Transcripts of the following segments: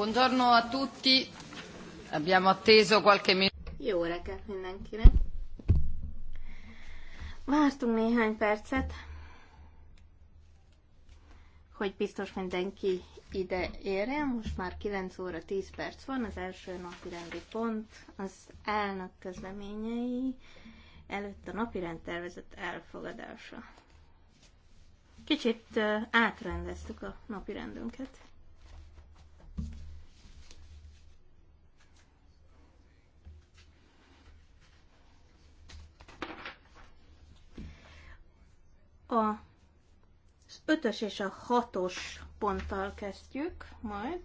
Buongiorno a tutti. Abbiamo atteso qualche minuto. Jó reggelt mindenkinek. Vártunk néhány percet, hogy biztos mindenki ide érjen. Most már 9 óra 10 perc van, az első napi rendi pont, az elnök közleményei, előtt a napi rendtervezet elfogadása. Kicsit átrendeztük a napi rendünket. A az ötös és a hatos ponttal kezdjük majd,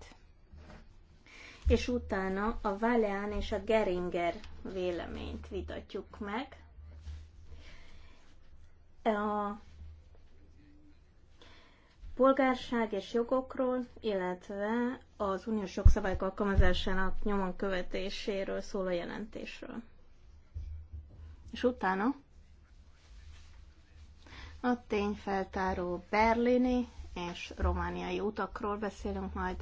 és utána a Valeán és a Geringer véleményt vitatjuk meg. A polgárság és jogokról, illetve az uniós jogszabályok alkalmazásának nyomon követéséről szóló jelentésről. És utána a tényfeltáró berlini és romániai utakról beszélünk majd,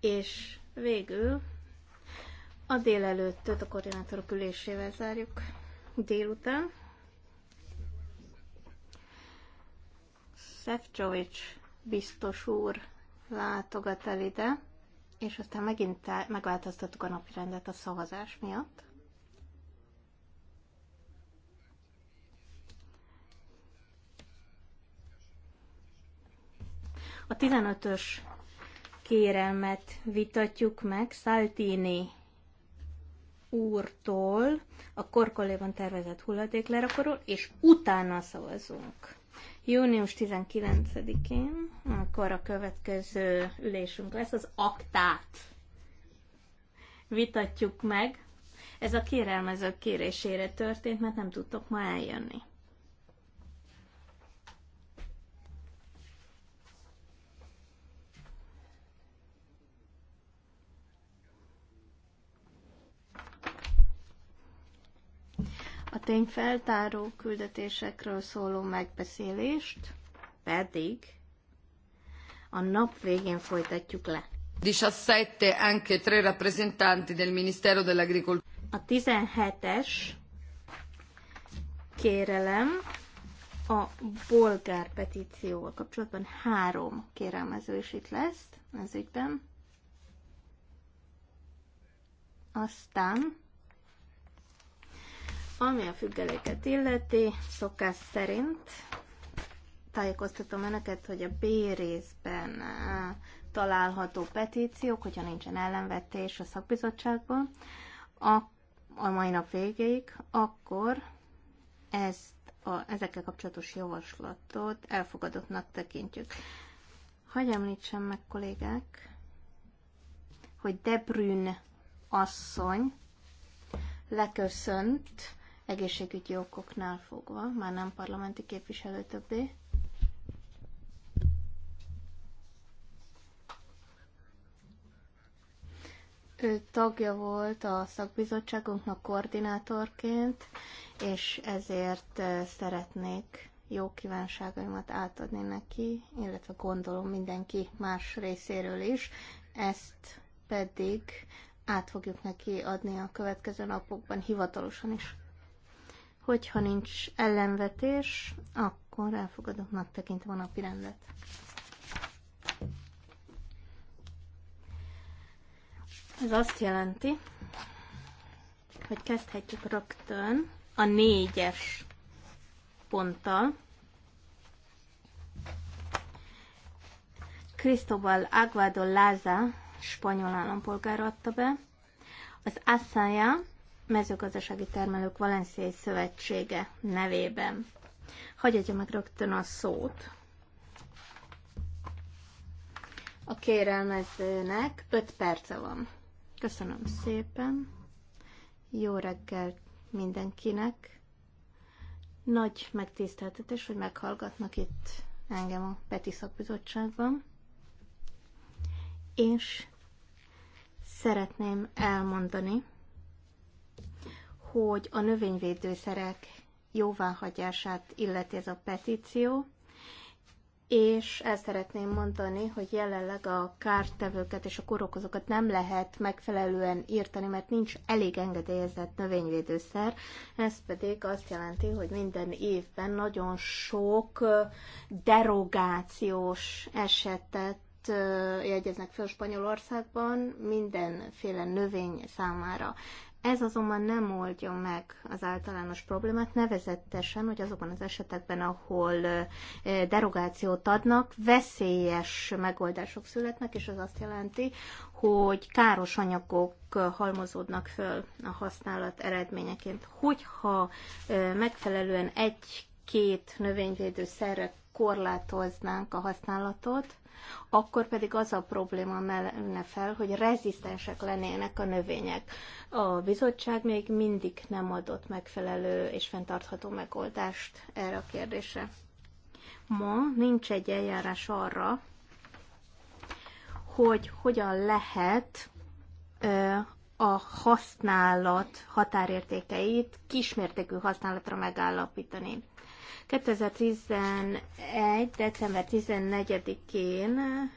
és végül a délelőttöt a koordinátorok ülésével zárjuk délután. Szefcsovics biztos úr látogat el ide, és aztán megint megváltoztattuk a napirendet a szavazás miatt. A 15-ös kérelmet vitatjuk meg Saltini úrtól a korkoléban tervezett hulladéklerakóról, és utána szavazunk. Június 19-én, akkor a következő ülésünk lesz, az aktát vitatjuk meg. Ez a kérelmezők kérésére történt, mert nem tudtok ma eljönni. a tényfeltáró küldetésekről szóló megbeszélést pedig a nap végén folytatjuk le. 17 anche tre rappresentanti del Ministero dell'Agricoltura. A 17-es kérelem a bolgár petícióval kapcsolatban három kérelmező is itt lesz ez ügyben. Aztán ami a függeléket illeti, szokás szerint tájékoztatom önöket, hogy a B részben eh, található petíciók, hogyha nincsen ellenvetés a szakbizottságban, a, a mai nap végéig, akkor ezt a, ezekkel kapcsolatos javaslatot elfogadottnak tekintjük. Hogy említsem meg, kollégák, hogy Debrün asszony leköszönt egészségügyi okoknál fogva, már nem parlamenti képviselő többé. Ő tagja volt a szakbizottságunknak koordinátorként, és ezért szeretnék jó kívánságaimat átadni neki, illetve gondolom mindenki más részéről is. Ezt pedig át fogjuk neki adni a következő napokban hivatalosan is. Hogyha nincs ellenvetés, akkor elfogadottnak tekintve a napi rendet. Ez azt jelenti, hogy kezdhetjük rögtön a négyes ponttal. Cristobal Aguado Laza spanyol állampolgár adta be, az Asaya mezőgazdasági termelők Valenciai Szövetsége nevében. Hagyja meg rögtön a szót. A kérelmezőnek 5 perce van. Köszönöm szépen. Jó reggelt mindenkinek. Nagy megtiszteltetés, hogy meghallgatnak itt engem a Peti Szakbizottságban. És szeretném elmondani, hogy a növényvédőszerek jóváhagyását illeti ez a petíció, és el szeretném mondani, hogy jelenleg a kártevőket és a korokozókat nem lehet megfelelően írtani, mert nincs elég engedélyezett növényvédőszer. Ez pedig azt jelenti, hogy minden évben nagyon sok derogációs esetet jegyeznek föl Spanyolországban mindenféle növény számára. Ez azonban nem oldja meg az általános problémát, nevezetesen, hogy azokban az esetekben, ahol derogációt adnak, veszélyes megoldások születnek, és az azt jelenti, hogy káros anyagok halmozódnak föl a használat eredményeként. Hogyha megfelelően egy-két növényvédőszerre korlátoznánk a használatot, akkor pedig az a probléma menne fel, hogy rezisztensek lennének a növények. A bizottság még mindig nem adott megfelelő és fenntartható megoldást erre a kérdésre. Ma nincs egy eljárás arra, hogy hogyan lehet a használat határértékeit kismértékű használatra megállapítani. 2011. december 14-én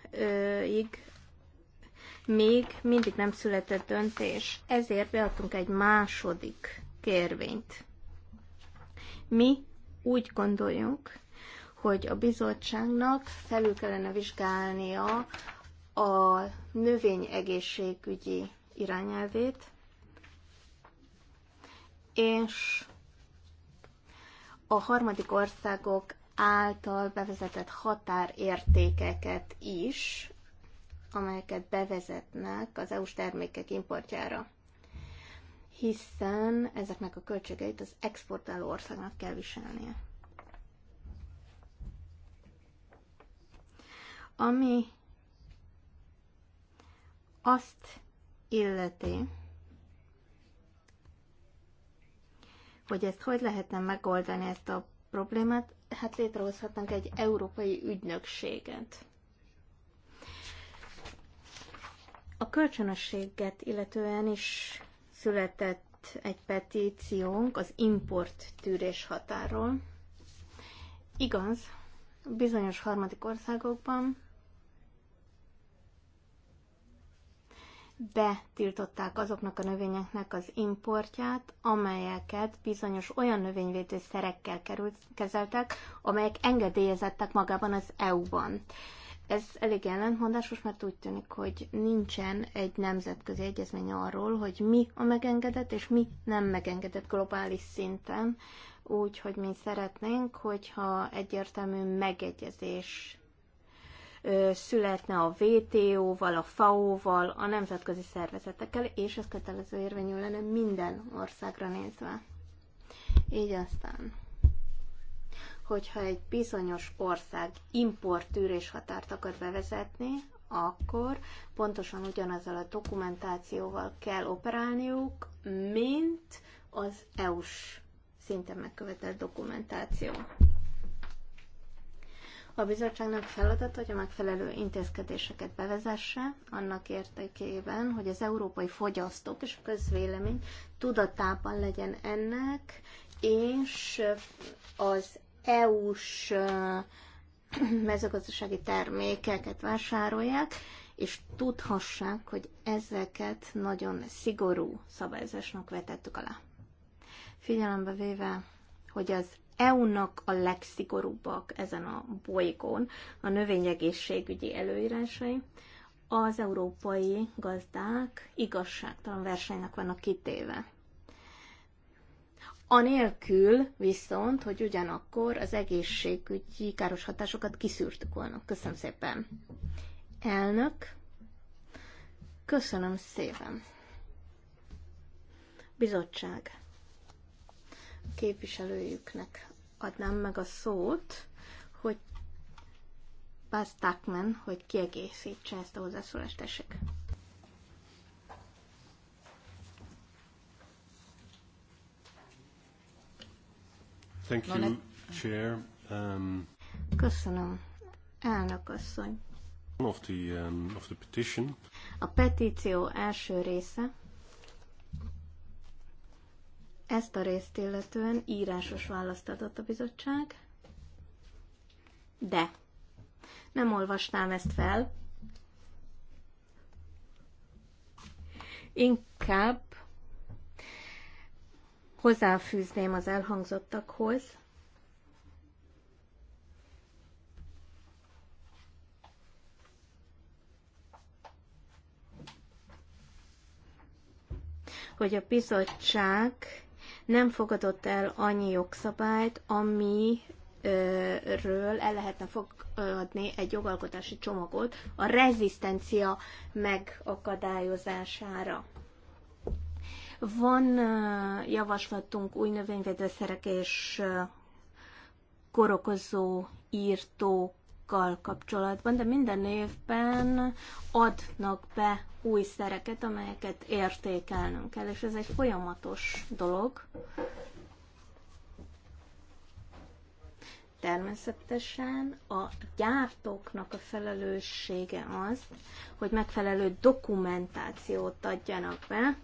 ig még mindig nem született döntés, ezért beadtunk egy második kérvényt. Mi úgy gondoljuk, hogy a bizottságnak felül kellene vizsgálnia a növényegészségügyi irányelvét, és a harmadik országok által bevezetett határértékeket is, amelyeket bevezetnek az EU-s termékek importjára, hiszen ezeknek a költségeit az exportáló országnak kell viselnie. Ami azt illeti, hogy ezt hogy lehetne megoldani ezt a problémát, hát létrehozhatnánk egy európai ügynökséget. A kölcsönösséget illetően is született egy petíciónk az import tűrés határól. Igaz, bizonyos harmadik országokban betiltották azoknak a növényeknek az importját, amelyeket bizonyos olyan szerekkel került, kezeltek, amelyek engedélyezettek magában az EU-ban. Ez elég ellentmondásos, mert úgy tűnik, hogy nincsen egy nemzetközi egyezmény arról, hogy mi a megengedett és mi nem megengedett globális szinten, úgyhogy mi szeretnénk, hogyha egyértelmű megegyezés születne a WTO-val, a FAO-val, a nemzetközi szervezetekkel, és ez kötelező érvényű lenne minden országra nézve. Így aztán hogyha egy bizonyos ország importűrés határt akar bevezetni, akkor pontosan ugyanazzal a dokumentációval kell operálniuk, mint az EU-s szinten megkövetett dokumentáció. A bizottságnak feladat, hogy a megfelelő intézkedéseket bevezesse, annak értekében, hogy az európai fogyasztók és a közvélemény tudatában legyen ennek, és az EU-s mezőgazdasági termékeket vásárolják, és tudhassák, hogy ezeket nagyon szigorú szabályozásnak vetettük alá. Figyelembe véve, hogy az EU-nak a legszigorúbbak ezen a bolygón a növényegészségügyi előírásai, az európai gazdák igazságtalan versenynek vannak kitéve. Anélkül viszont, hogy ugyanakkor az egészségügyi káros hatásokat kiszűrtük volna. Köszönöm szépen. Elnök, köszönöm szépen. Bizottság képviselőjüknek adnám meg a szót, hogy Buzz Tuckman, hogy kiegészítse ezt a hozzászólást, tessék. Thank you, Chair. Um, Köszönöm, elnök asszony. Of the, um, of the petition. A petíció első része ezt a részt illetően írásos választ adott a bizottság, de nem olvasnám ezt fel. Inkább hozzáfűzném az elhangzottakhoz, hogy a bizottság nem fogadott el annyi jogszabályt, ami ről el lehetne fogadni egy jogalkotási csomagot a rezisztencia megakadályozására. Van javaslatunk új növényvédőszerek és korokozó írtókkal kapcsolatban, de minden évben adnak be új szereket, amelyeket értékelnünk kell, és ez egy folyamatos dolog. Természetesen a gyártóknak a felelőssége az, hogy megfelelő dokumentációt adjanak be.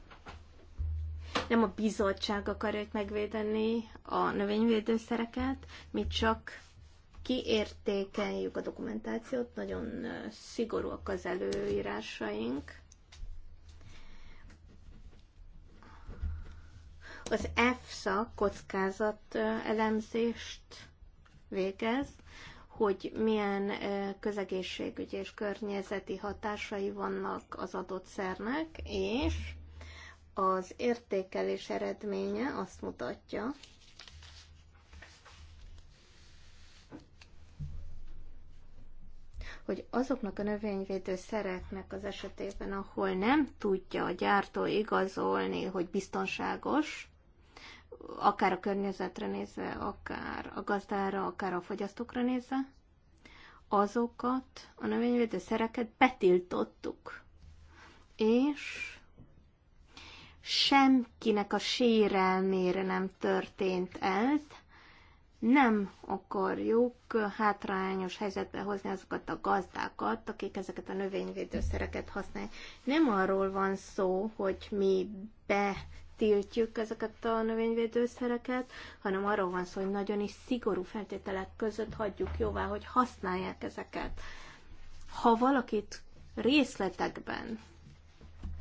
Nem a bizottság akarja megvédeni a növényvédőszereket, mi csak kiértékeljük a dokumentációt, nagyon szigorúak az előírásaink, Az EFSA kockázat elemzést végez, hogy milyen közegészségügyi és környezeti hatásai vannak az adott szernek, és az értékelés eredménye azt mutatja, hogy azoknak a növényvédő szereknek az esetében, ahol nem tudja a gyártó igazolni, hogy biztonságos, akár a környezetre nézve, akár a gazdára, akár a fogyasztókra nézve, azokat a növényvédőszereket betiltottuk. És semkinek a sérelmére nem történt ez, nem akarjuk hátrányos helyzetbe hozni azokat a gazdákat, akik ezeket a növényvédőszereket használják. Nem arról van szó, hogy mi be tiltjük ezeket a növényvédőszereket, hanem arról van szó, hogy nagyon is szigorú feltételek között hagyjuk jóvá, hogy használják ezeket. Ha valakit részletekben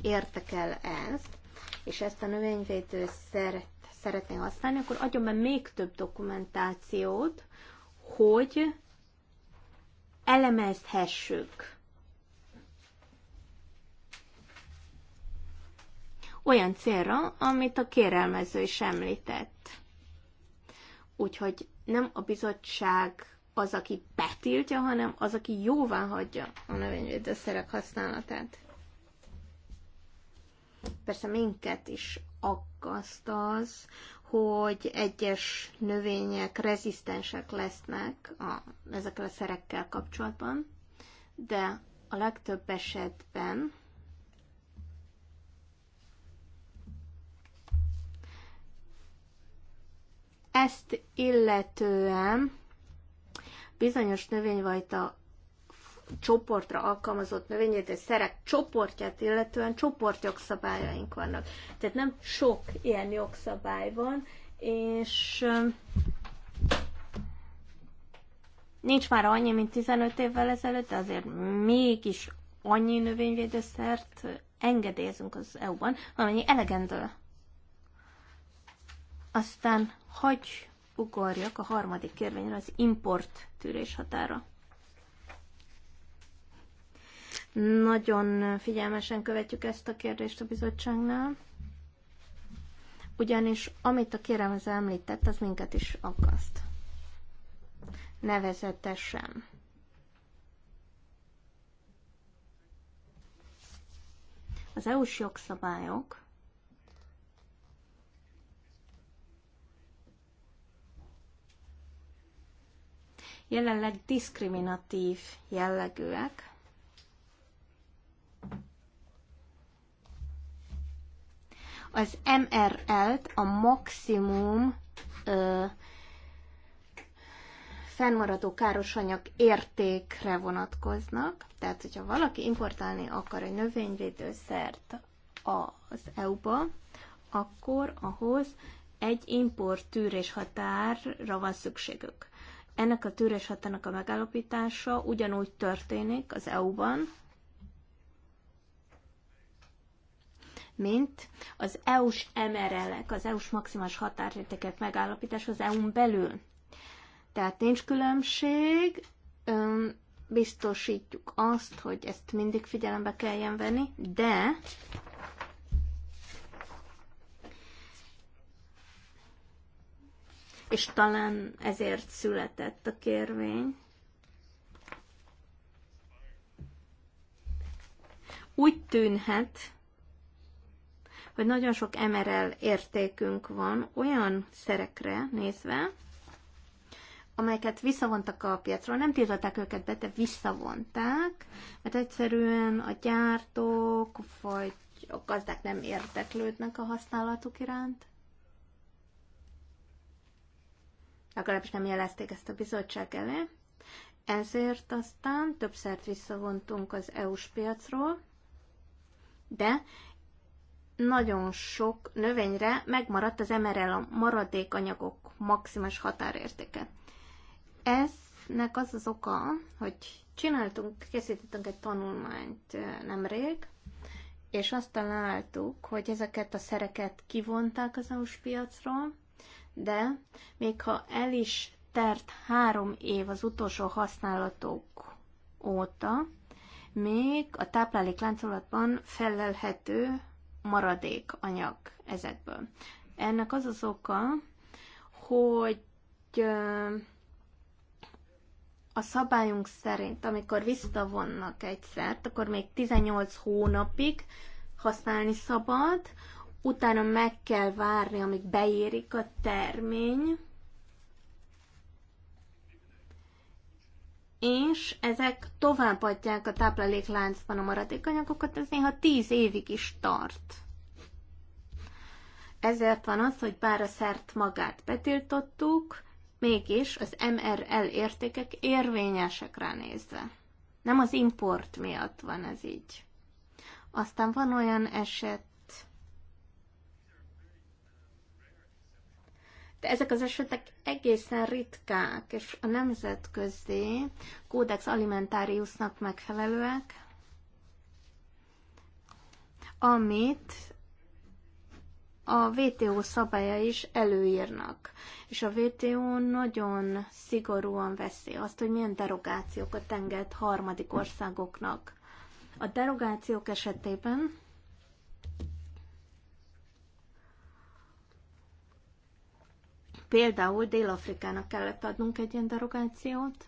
értekel ez, és ezt a növényvédőszert szeretné használni, akkor adjon be még több dokumentációt, hogy elemezhessük olyan célra, amit a kérelmező is említett. Úgyhogy nem a bizottság az, aki betiltja, hanem az, aki jóvá hagyja a növényvédőszerek használatát. Persze minket is aggaszt az, hogy egyes növények rezisztensek lesznek a, ezekkel a szerekkel kapcsolatban, de a legtöbb esetben Ezt illetően bizonyos növényvajta csoportra alkalmazott növényvédő szerek csoportját illetően csoportjogszabályaink vannak. Tehát nem sok ilyen jogszabály van, és nincs már annyi, mint 15 évvel ezelőtt, de azért mégis annyi növényvédőszert engedélyezünk az EU-ban, amennyi elegendő. Aztán Hagy ugorjak a harmadik kérvényre, az import tűrés határa. Nagyon figyelmesen követjük ezt a kérdést a bizottságnál, ugyanis amit a az említett, az minket is aggaszt. Nevezetesen. Az EU-s jogszabályok jelenleg diszkriminatív jellegűek. Az MRL-t a maximum ö, fennmaradó károsanyag értékre vonatkoznak, tehát hogyha valaki importálni akar egy növényvédőszert az EU-ba, akkor ahhoz egy import határra van szükségük. Ennek a tűrés hatának a megállapítása ugyanúgy történik az EU-ban, mint az EU-s MRL-ek, az EU-s maximális határértékek megállapítása az EU-n belül. Tehát nincs különbség, biztosítjuk azt, hogy ezt mindig figyelembe kelljen venni, de és talán ezért született a kérvény. Úgy tűnhet, hogy nagyon sok MRL értékünk van olyan szerekre nézve, amelyeket visszavontak a piacról, nem tiltották őket be, de visszavonták, mert egyszerűen a gyártók vagy a gazdák nem érdeklődnek a használatuk iránt. legalábbis nem jelezték ezt a bizottság elé. Ezért aztán többször visszavontunk az EU-s piacról, de nagyon sok növényre megmaradt az MRL a maradékanyagok maximális határértéke. Eznek az az oka, hogy csináltunk, készítettünk egy tanulmányt nemrég, és azt találtuk, hogy ezeket a szereket kivonták az EU-s piacról, de még ha el is tert három év az utolsó használatok óta, még a táplálékláncolatban felelhető maradék anyag ezekből. Ennek az az oka, hogy a szabályunk szerint, amikor visszavonnak egy szert, akkor még 18 hónapig használni szabad, utána meg kell várni, amíg beérik a termény, és ezek továbbadják a táplálékláncban a maradékanyagokat, ez néha tíz évig is tart. Ezért van az, hogy bár a szert magát betiltottuk, mégis az MRL értékek érvényesek ránézve. Nem az import miatt van ez így. Aztán van olyan eset, de ezek az esetek egészen ritkák, és a nemzetközi kódex alimentáriusnak megfelelőek, amit a WTO szabálya is előírnak. És a WTO nagyon szigorúan veszi azt, hogy milyen derogációkat enged harmadik országoknak. A derogációk esetében Például Dél-Afrikának kellett adnunk egy ilyen derogációt,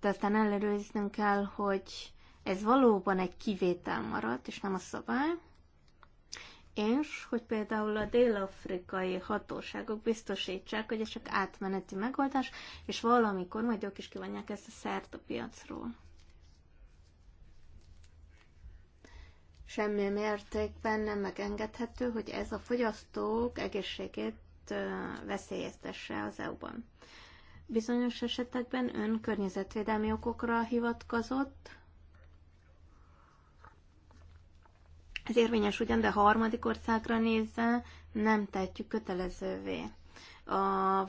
de aztán ellenőriznünk kell, hogy ez valóban egy kivétel maradt, és nem a szabály, és hogy például a dél-afrikai hatóságok biztosítsák, hogy ez csak átmeneti megoldás, és valamikor majd ők is kivonják ezt a szert a piacról. semmi mértékben nem megengedhető, hogy ez a fogyasztók egészségét veszélyeztesse az EU-ban. Bizonyos esetekben ön környezetvédelmi okokra hivatkozott, ez érvényes ugyan, de harmadik országra nézve nem tehetjük kötelezővé. A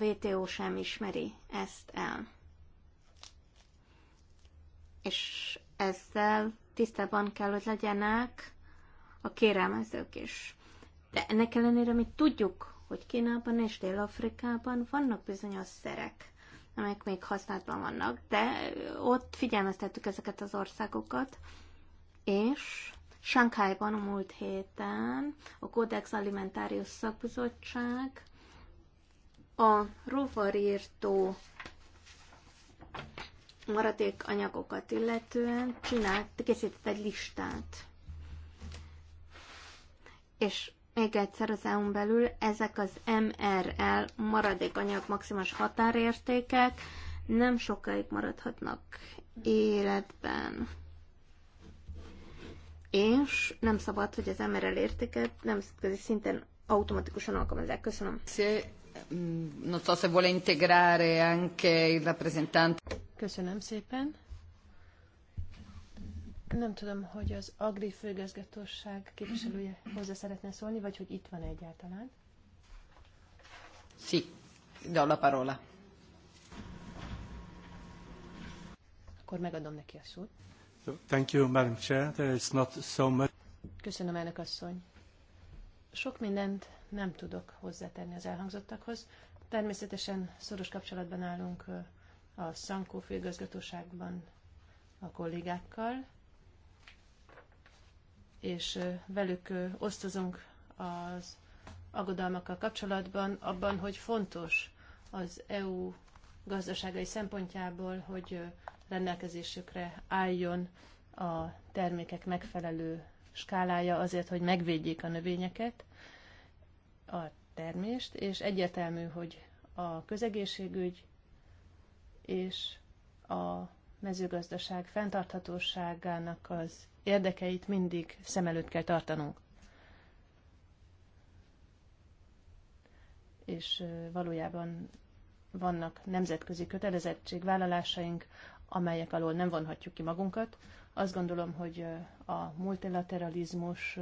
WTO sem ismeri ezt el. És ezzel tisztában kell, hogy legyenek a kérelmezők is. De ennek ellenére mi tudjuk, hogy Kínában és Dél-Afrikában vannak bizonyos szerek, amelyek még használatban vannak, de ott figyelmeztettük ezeket az országokat, és Sankhájban a múlt héten a Codex Alimentarius Szakbizottság a rovarírtó maradék anyagokat illetően csinált, készített egy listát. És még egyszer az EU-n belül ezek az MRL anyag maximális határértékek nem sokáig maradhatnak életben. És nem szabad, hogy az MRL értéket nemzetközi szinten automatikusan alkalmazzák. Köszönöm. Mm, non so se vuole integrare anche il rappresentante. Köszönöm szépen. Nem tudom, hogy az Agri főigazgatóság képviselője hozzá szeretne szólni, vagy hogy itt van egyáltalán. Sí, do la parola. Akkor megadom neki a szót. Thank you, Madam Chair. There is not so much. Köszönöm, elnök asszony. Sok mindent nem tudok hozzátenni az elhangzottakhoz. Természetesen szoros kapcsolatban állunk a Szankó főigazgatóságban a kollégákkal, és velük osztozunk az aggodalmakkal kapcsolatban abban, hogy fontos az EU gazdaságai szempontjából, hogy rendelkezésükre álljon a termékek megfelelő skálája azért, hogy megvédjék a növényeket, a termést, és egyértelmű, hogy a közegészségügy és a mezőgazdaság fenntarthatóságának az érdekeit mindig szem előtt kell tartanunk. És valójában vannak nemzetközi kötelezettségvállalásaink, amelyek alól nem vonhatjuk ki magunkat. Azt gondolom, hogy a multilateralizmus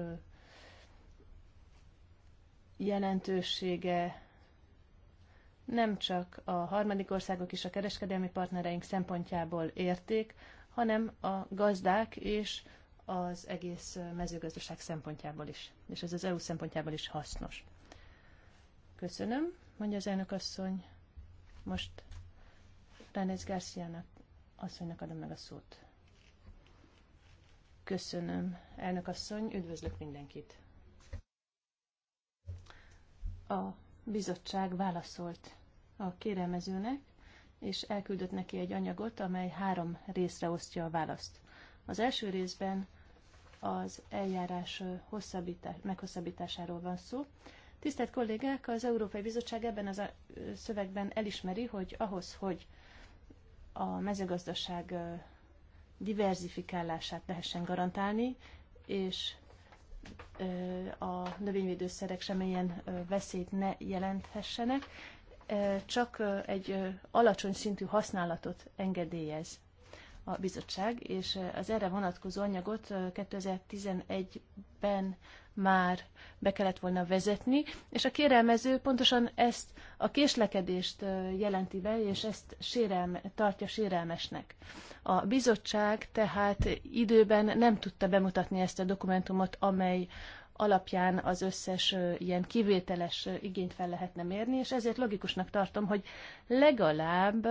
jelentősége nem csak a harmadik országok és a kereskedelmi partnereink szempontjából érték, hanem a gazdák és az egész mezőgazdaság szempontjából is, és ez az EU szempontjából is hasznos. Köszönöm, mondja az elnök asszony. Most Ránec Garciának asszonynak adom meg a szót. Köszönöm, elnök asszony, üdvözlök mindenkit a bizottság válaszolt a kérelmezőnek, és elküldött neki egy anyagot, amely három részre osztja a választ. Az első részben az eljárás meghosszabbításáról van szó. Tisztelt kollégák, az Európai Bizottság ebben az a szövegben elismeri, hogy ahhoz, hogy a mezőgazdaság diverzifikálását lehessen garantálni, és a növényvédőszerek semmilyen veszélyt ne jelenthessenek, csak egy alacsony szintű használatot engedélyez a bizottság, és eh, az erre vonatkozó anyagot 2011-ben eh, már be kellett volna vezetni, és a kérelmező pontosan ezt a késlekedést eh, jelenti be, és ezt sérelme, tartja sérelmesnek. A bizottság tehát időben nem tudta bemutatni ezt a dokumentumot, amely alapján az összes ilyen kivételes igényt fel lehetne mérni, és ezért logikusnak tartom, hogy legalább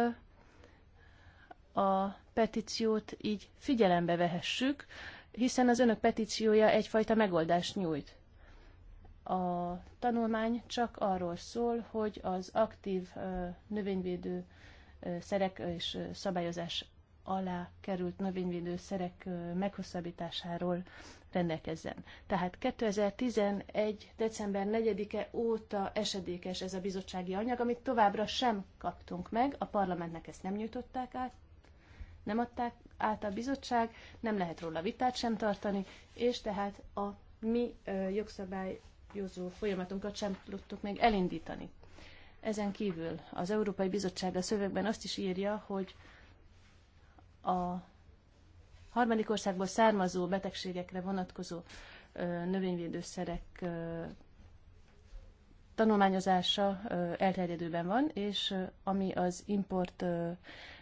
a petíciót így figyelembe vehessük, hiszen az önök petíciója egyfajta megoldást nyújt. A tanulmány csak arról szól, hogy az aktív növényvédő szerek és szabályozás alá került növényvédő szerek meghosszabbításáról rendelkezzen. Tehát 2011. december 4-e óta esedékes ez a bizottsági anyag, amit továbbra sem kaptunk meg, a parlamentnek ezt nem nyújtották át, nem adták át a bizottság, nem lehet róla vitát sem tartani, és tehát a mi jogszabályozó folyamatunkat sem tudtuk még elindítani. Ezen kívül az Európai Bizottság a szövegben azt is írja, hogy a harmadik országból származó betegségekre vonatkozó növényvédőszerek tanulmányozása elterjedőben van, és ami az import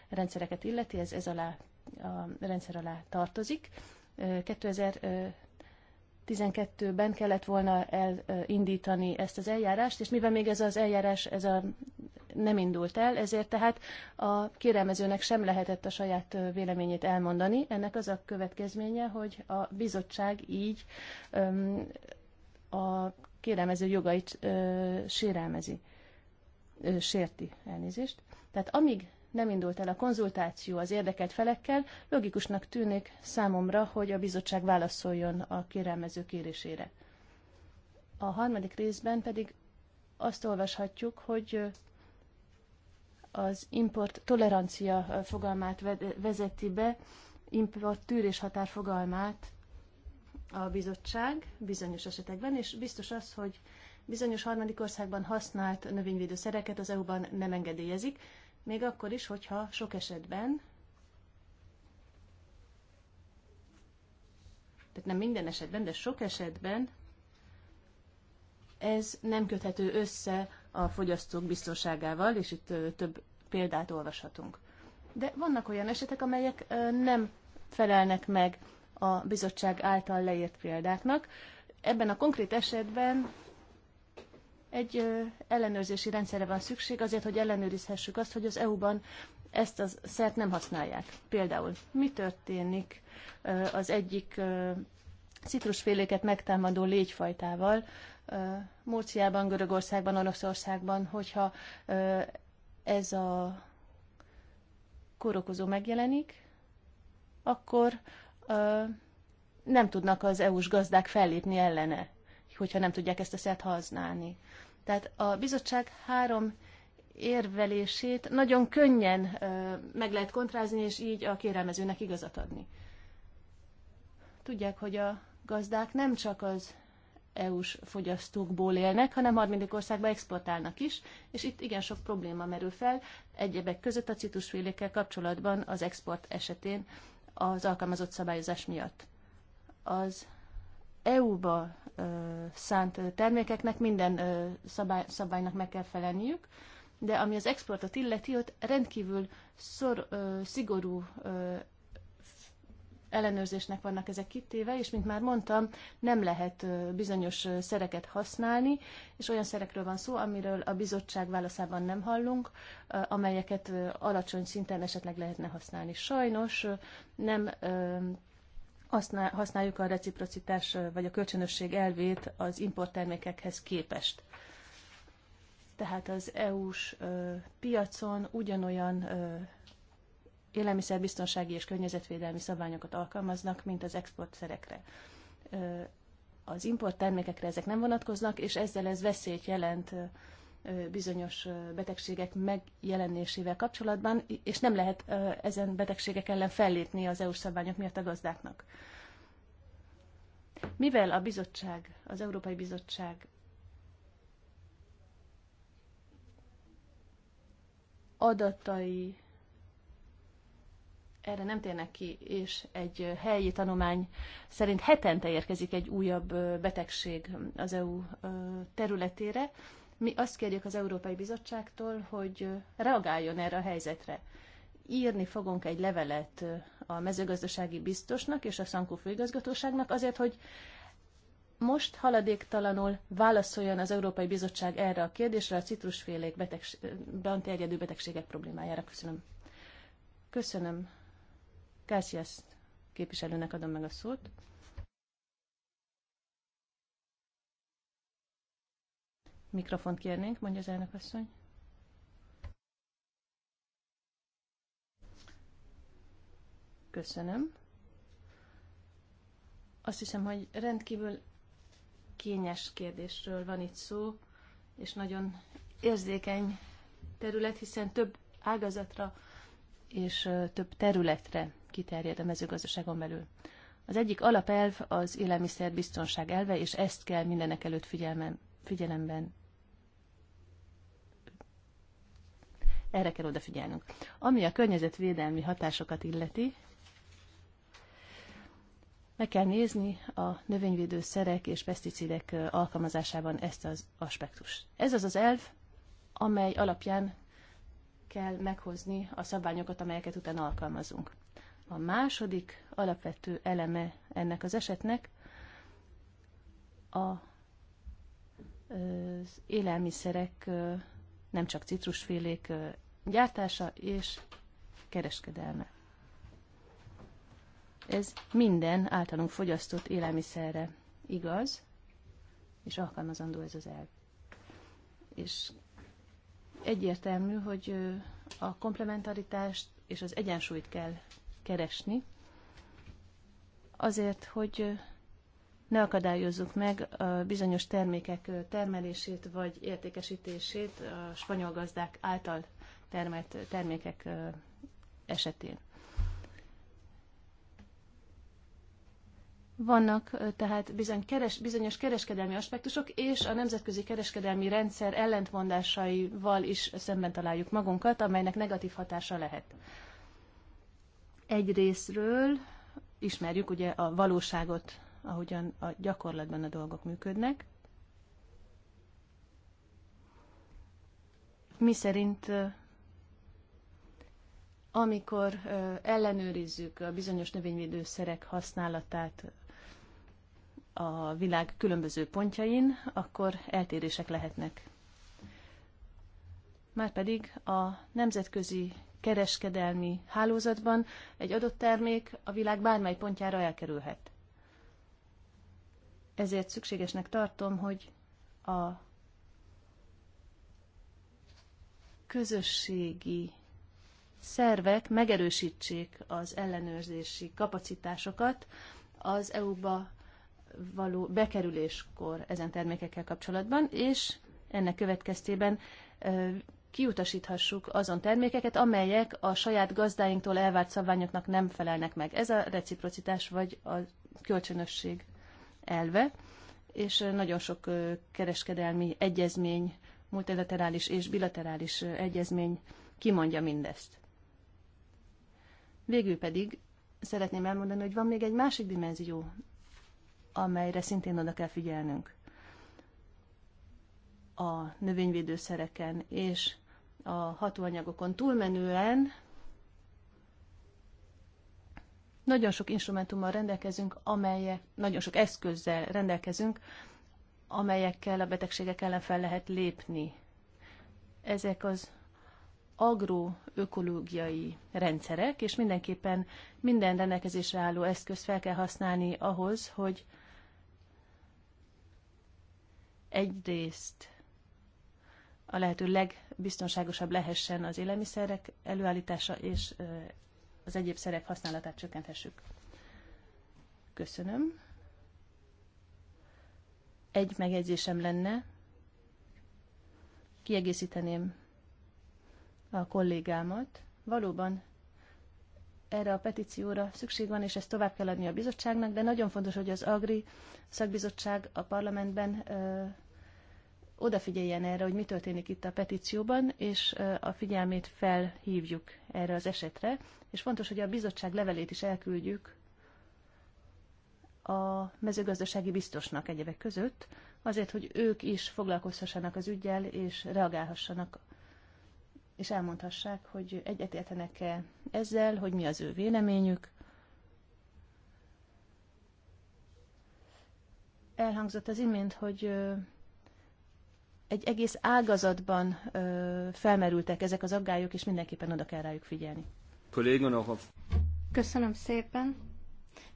rendszereket illeti, ez, ez alá, a rendszer alá tartozik. 2012-ben kellett volna elindítani ezt az eljárást, és mivel még ez az eljárás ez a, nem indult el, ezért tehát a kérelmezőnek sem lehetett a saját véleményét elmondani. Ennek az a következménye, hogy a bizottság így a kérelmező jogait ö, sérelmezi, ö, sérti elnézést. Tehát amíg nem indult el a konzultáció az érdekelt felekkel, logikusnak tűnik számomra, hogy a bizottság válaszoljon a kérelmező kérésére. A harmadik részben pedig azt olvashatjuk, hogy az import tolerancia fogalmát vezeti be, import tűrés határ fogalmát a bizottság bizonyos esetekben, és biztos az, hogy bizonyos harmadik országban használt növényvédőszereket az EU-ban nem engedélyezik, még akkor is, hogyha sok esetben, tehát nem minden esetben, de sok esetben ez nem köthető össze a fogyasztók biztonságával, és itt több példát olvashatunk. De vannak olyan esetek, amelyek nem felelnek meg a bizottság által leírt példáknak. Ebben a konkrét esetben egy ellenőrzési rendszerre van szükség azért, hogy ellenőrizhessük azt, hogy az EU-ban ezt a szert nem használják. Például mi történik az egyik citrusféléket megtámadó légyfajtával, Murciában, Görögországban, Olaszországban, hogyha ez a korokozó megjelenik, akkor nem tudnak az EU-s gazdák fellépni ellene, hogyha nem tudják ezt a szert használni. Tehát a bizottság három érvelését nagyon könnyen meg lehet kontrázni, és így a kérelmezőnek igazat adni. Tudják, hogy a gazdák nem csak az EU-s fogyasztókból élnek, hanem harmadik országba exportálnak is, és itt igen sok probléma merül fel, egyebek között a citusfélékkel kapcsolatban az export esetén az alkalmazott szabályozás miatt. Az EU-ba szánt termékeknek minden szabály, szabálynak meg kell felelniük, de ami az exportot illeti, ott rendkívül szor, szigorú ellenőrzésnek vannak ezek kitéve, és mint már mondtam, nem lehet bizonyos szereket használni, és olyan szerekről van szó, amiről a bizottság válaszában nem hallunk, amelyeket alacsony szinten esetleg lehetne használni. Sajnos nem használjuk a reciprocitás vagy a kölcsönösség elvét az importtermékekhez képest. Tehát az EU-s piacon ugyanolyan élelmiszerbiztonsági és környezetvédelmi szabványokat alkalmaznak, mint az exportszerekre. Az importtermékekre ezek nem vonatkoznak, és ezzel ez veszélyt jelent bizonyos betegségek megjelenésével kapcsolatban, és nem lehet ezen betegségek ellen fellépni az EU-s szabványok miatt a gazdáknak. Mivel a bizottság, az Európai Bizottság adatai erre nem térnek ki, és egy helyi tanulmány szerint hetente érkezik egy újabb betegség az EU területére, mi azt kérjük az Európai Bizottságtól, hogy reagáljon erre a helyzetre. Írni fogunk egy levelet a mezőgazdasági biztosnak és a Szankó főigazgatóságnak azért, hogy most haladéktalanul válaszoljon az Európai Bizottság erre a kérdésre, a citrusfélék betegségben terjedő betegségek problémájára. Köszönöm. Köszönöm. Kásziász képviselőnek adom meg a szót. Mikrofont kérnénk, mondja az elnök asszony. Köszönöm. Azt hiszem, hogy rendkívül kényes kérdésről van itt szó, és nagyon érzékeny terület, hiszen több ágazatra és több területre kiterjed a mezőgazdaságon belül. Az egyik alapelv az élelmiszerbiztonság elve, és ezt kell mindenek előtt figyelmen, figyelemben Erre kell odafigyelnünk. Ami a környezetvédelmi hatásokat illeti, meg kell nézni a növényvédő szerek és peszticidek alkalmazásában ezt az aspektust. Ez az az elv, amely alapján kell meghozni a szabványokat, amelyeket utána alkalmazunk. A második alapvető eleme ennek az esetnek a, az élelmiszerek, nem csak citrusfélék, gyártása és kereskedelme. Ez minden általunk fogyasztott élelmiszerre igaz, és alkalmazandó ez az elv. És egyértelmű, hogy a komplementaritást és az egyensúlyt kell keresni, azért, hogy ne akadályozzuk meg a bizonyos termékek termelését vagy értékesítését a spanyol gazdák által termelt termékek esetén. Vannak tehát bizony keres, bizonyos kereskedelmi aspektusok, és a nemzetközi kereskedelmi rendszer ellentmondásaival is szemben találjuk magunkat, amelynek negatív hatása lehet. Egy részről ismerjük ugye a valóságot, ahogyan a gyakorlatban a dolgok működnek. Mi szerint amikor ellenőrizzük a bizonyos növényvédőszerek használatát a világ különböző pontjain, akkor eltérések lehetnek. Márpedig a nemzetközi kereskedelmi hálózatban egy adott termék a világ bármely pontjára elkerülhet. Ezért szükségesnek tartom, hogy a közösségi szervek megerősítsék az ellenőrzési kapacitásokat az EU-ba való bekerüléskor ezen termékekkel kapcsolatban, és ennek következtében kiutasíthassuk azon termékeket, amelyek a saját gazdáinktól elvárt szabványoknak nem felelnek meg. Ez a reciprocitás vagy a kölcsönösség elve, és nagyon sok kereskedelmi egyezmény, multilaterális és bilaterális egyezmény kimondja mindezt. Végül pedig szeretném elmondani, hogy van még egy másik dimenzió, amelyre szintén oda kell figyelnünk. A növényvédőszereken és a hatóanyagokon túlmenően nagyon sok instrumentummal rendelkezünk, amelyek, nagyon sok eszközzel rendelkezünk, amelyekkel a betegségek ellen fel lehet lépni. Ezek az agroökológiai rendszerek, és mindenképpen minden rendelkezésre álló eszközt fel kell használni ahhoz, hogy egyrészt a lehető legbiztonságosabb lehessen az élelmiszerek előállítása, és az egyéb szerek használatát csökkenthessük. Köszönöm. Egy megjegyzésem lenne. Kiegészíteném a kollégámat. Valóban erre a petícióra szükség van, és ezt tovább kell adni a bizottságnak, de nagyon fontos, hogy az Agri szakbizottság a parlamentben ö, odafigyeljen erre, hogy mi történik itt a petícióban, és ö, a figyelmét felhívjuk erre az esetre, és fontos, hogy a bizottság levelét is elküldjük a mezőgazdasági biztosnak egyebek között, azért, hogy ők is foglalkozhassanak az ügyel, és reagálhassanak és elmondhassák, hogy egyetértenek-e ezzel, hogy mi az ő véleményük. Elhangzott az imént, hogy egy egész ágazatban felmerültek ezek az aggályok, és mindenképpen oda kell rájuk figyelni. Köszönöm szépen.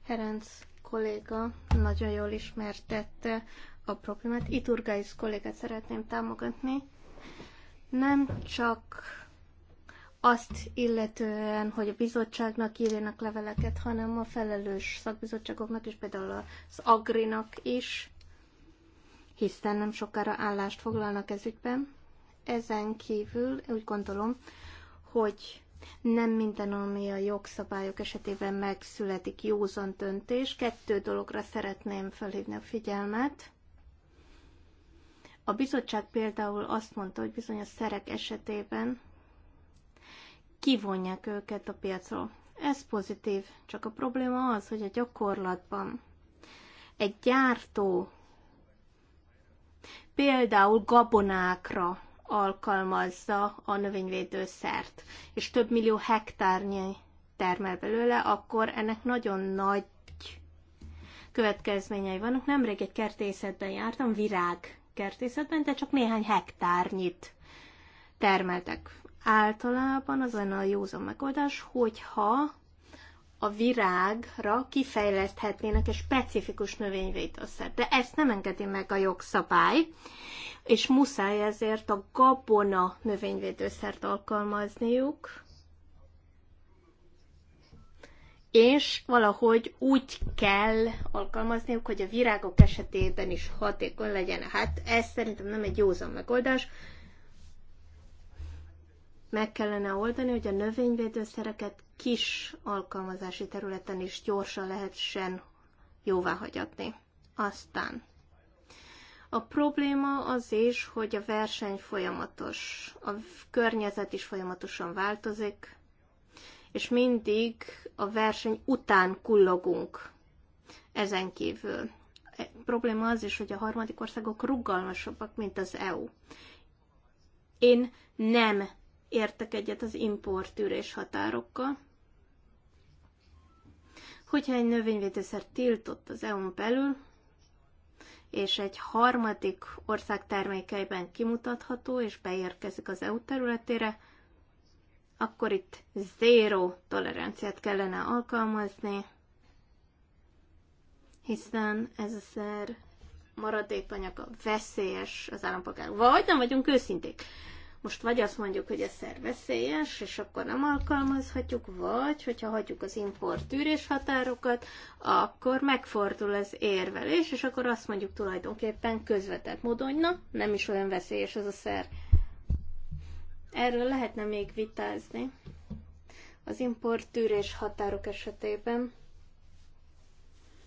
Herenc kolléga nagyon jól ismertette a problémát. Iturgáis kollégát szeretném támogatni nem csak azt illetően, hogy a bizottságnak írjanak leveleket, hanem a felelős szakbizottságoknak is, például az Agrinak is, hiszen nem sokára állást foglalnak ezükben. Ezen kívül úgy gondolom, hogy nem minden, ami a jogszabályok esetében megszületik józan döntés. Kettő dologra szeretném felhívni a figyelmet. A bizottság például azt mondta, hogy bizony a szerek esetében kivonják őket a piacról. Ez pozitív, csak a probléma az, hogy a gyakorlatban egy gyártó például gabonákra alkalmazza a növényvédőszert, és több millió hektárnyi termel belőle, akkor ennek nagyon nagy következményei vannak. Nemrég egy kertészetben jártam, virág kertészetben, de csak néhány hektárnyit termeltek. Általában az lenne a józan megoldás, hogyha a virágra kifejleszthetnének egy specifikus növényvédőszert, de ezt nem engedi meg a jogszabály, és muszáj ezért a gabona növényvédőszert alkalmazniuk, és valahogy úgy kell alkalmazniuk, hogy a virágok esetében is hatékony legyen. Hát ez szerintem nem egy józan megoldás. Meg kellene oldani, hogy a növényvédőszereket kis alkalmazási területen is gyorsan lehessen jóvá hagyatni. Aztán a probléma az is, hogy a verseny folyamatos, a környezet is folyamatosan változik, és mindig a verseny után kullogunk ezen kívül. A e, probléma az is, hogy a harmadik országok rugalmasabbak, mint az EU. Én nem értek egyet az importűrés határokkal. Hogyha egy növényvédőszer tiltott az EU-n belül, és egy harmadik ország termékeiben kimutatható, és beérkezik az EU területére, akkor itt zéró toleranciát kellene alkalmazni, hiszen ez a szer maradékanyaga veszélyes az állampolgárok. Vagy nem vagyunk őszinték. Most vagy azt mondjuk, hogy a szer veszélyes, és akkor nem alkalmazhatjuk, vagy hogyha hagyjuk az importűrés határokat, akkor megfordul az érvelés, és akkor azt mondjuk tulajdonképpen közvetett módon, hogy na, nem is olyan veszélyes ez a szer. Erről lehetne még vitázni. Az importűrés határok esetében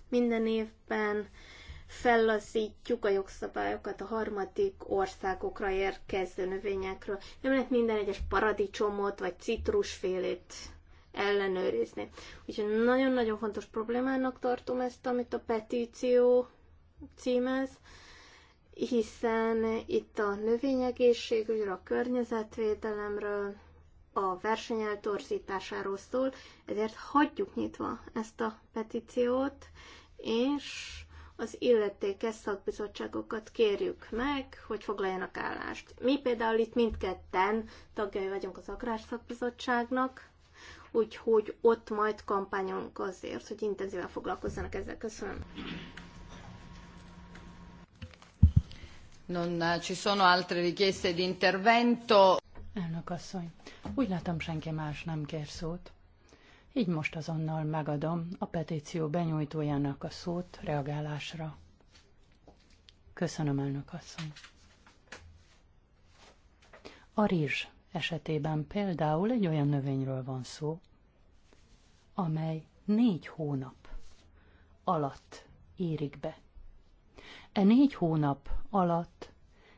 minden évben fellazítjuk a jogszabályokat a harmadik országokra érkező növényekről. Nem lehet minden egyes paradicsomot vagy citrusfélét ellenőrizni. Úgyhogy nagyon-nagyon fontos problémának tartom ezt, amit a petíció címez, hiszen itt a növényegészségügyről, a környezetvédelemről, a verseny eltorzításáról szól, ezért hagyjuk nyitva ezt a petíciót, és az illetékes szakbizottságokat kérjük meg, hogy foglaljanak állást. Mi például itt mindketten tagjai vagyunk az Agrár Szakbizottságnak, úgyhogy ott majd kampányolunk azért, hogy intenzíven foglalkozzanak ezzel. Köszönöm. Non eh, ci sono altre richieste di intervento. Elnök asszony, úgy látom senki más nem kér szót. Így most azonnal megadom a petíció benyújtójának a szót reagálásra. Köszönöm, elnök asszony. A rizs esetében például egy olyan növényről van szó, amely négy hónap alatt érik be E négy hónap alatt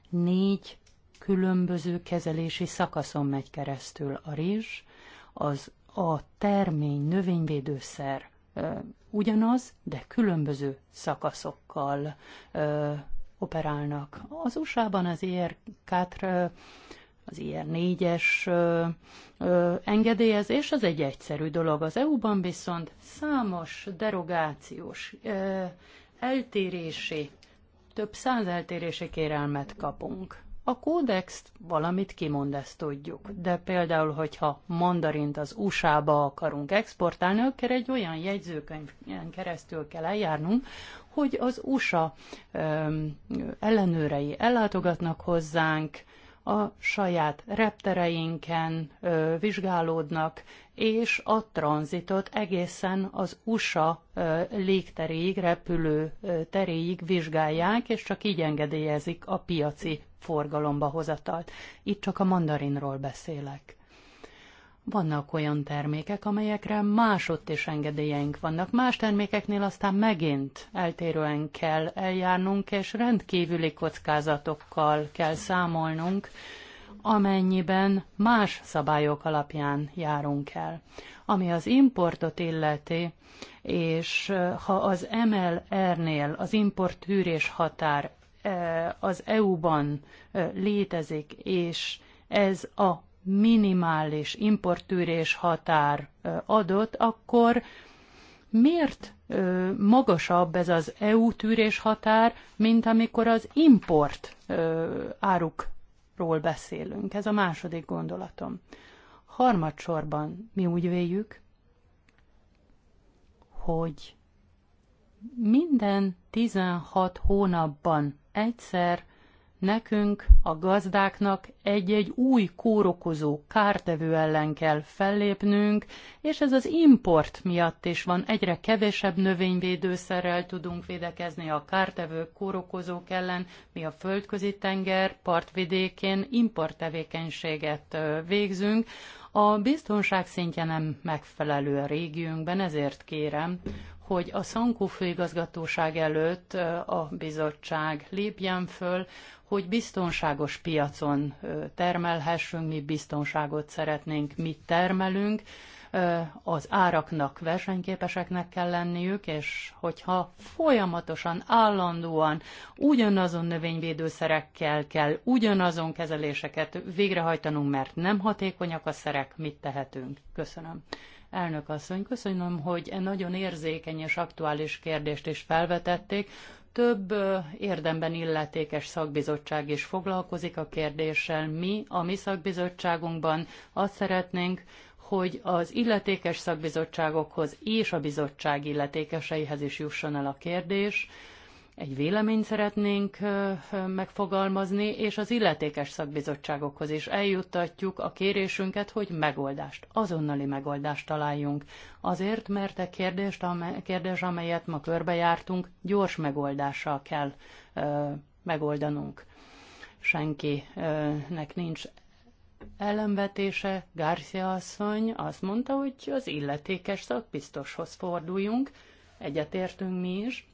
négy különböző kezelési szakaszon megy keresztül a rizs, az a termény növényvédőszer ugyanaz, de különböző szakaszokkal operálnak. Az USA-ban az IR-4 az ilyen négyes ö, ö, engedélyezés, az egy egyszerű dolog. Az EU-ban viszont számos derogációs, ö, eltérési több száz eltérési kérelmet kapunk. A kódex valamit kimond, ezt tudjuk. De például, hogyha mandarint az USA-ba akarunk exportálni, akkor egy olyan jegyzőkönyvén keresztül kell eljárnunk, hogy az USA ö, ellenőrei ellátogatnak hozzánk, a saját reptereinken ö, vizsgálódnak, és a tranzitot egészen az USA ö, légteréig, repülő teréig vizsgálják, és csak így engedélyezik a piaci forgalomba hozatalt. Itt csak a mandarinról beszélek. Vannak olyan termékek, amelyekre másodt is engedélyeink vannak, más termékeknél aztán megint eltérően kell eljárnunk, és rendkívüli kockázatokkal kell számolnunk, amennyiben más szabályok alapján járunk el. Ami az importot illeti, és ha az MLR-nél az importűrés határ az EU-ban létezik, és ez a minimális importűrés határ adott, akkor miért magasabb ez az EU tűrés határ, mint amikor az import árukról beszélünk? Ez a második gondolatom. Harmadsorban mi úgy véljük, hogy minden 16 hónapban egyszer Nekünk, a gazdáknak egy-egy új kórokozó, kártevő ellen kell fellépnünk, és ez az import miatt is van. Egyre kevesebb növényvédőszerrel tudunk védekezni a kártevők, kórokozók ellen. Mi a földközi tenger partvidékén importtevékenységet végzünk. A biztonság szintje nem megfelelő a régiónkban, ezért kérem, hogy a Szankó főigazgatóság előtt a bizottság lépjen föl, hogy biztonságos piacon termelhessünk, mi biztonságot szeretnénk, mit termelünk, az áraknak versenyképeseknek kell lenniük, és hogyha folyamatosan, állandóan ugyanazon növényvédőszerekkel kell ugyanazon kezeléseket végrehajtanunk, mert nem hatékonyak a szerek, mit tehetünk? Köszönöm. Elnök asszony, köszönöm, hogy e nagyon érzékeny és aktuális kérdést is felvetették. Több érdemben illetékes szakbizottság is foglalkozik a kérdéssel. Mi a mi szakbizottságunkban azt szeretnénk, hogy az illetékes szakbizottságokhoz és a bizottság illetékeseihez is jusson el a kérdés, egy véleményt szeretnénk megfogalmazni, és az illetékes szakbizottságokhoz is eljuttatjuk a kérésünket, hogy megoldást, azonnali megoldást találjunk. Azért, mert a e kérdést, kérdés, amelyet ma körbejártunk, gyors megoldással kell megoldanunk. Senkinek nincs ellenvetése. Garcia asszony azt mondta, hogy az illetékes szakbiztoshoz forduljunk, egyetértünk mi is,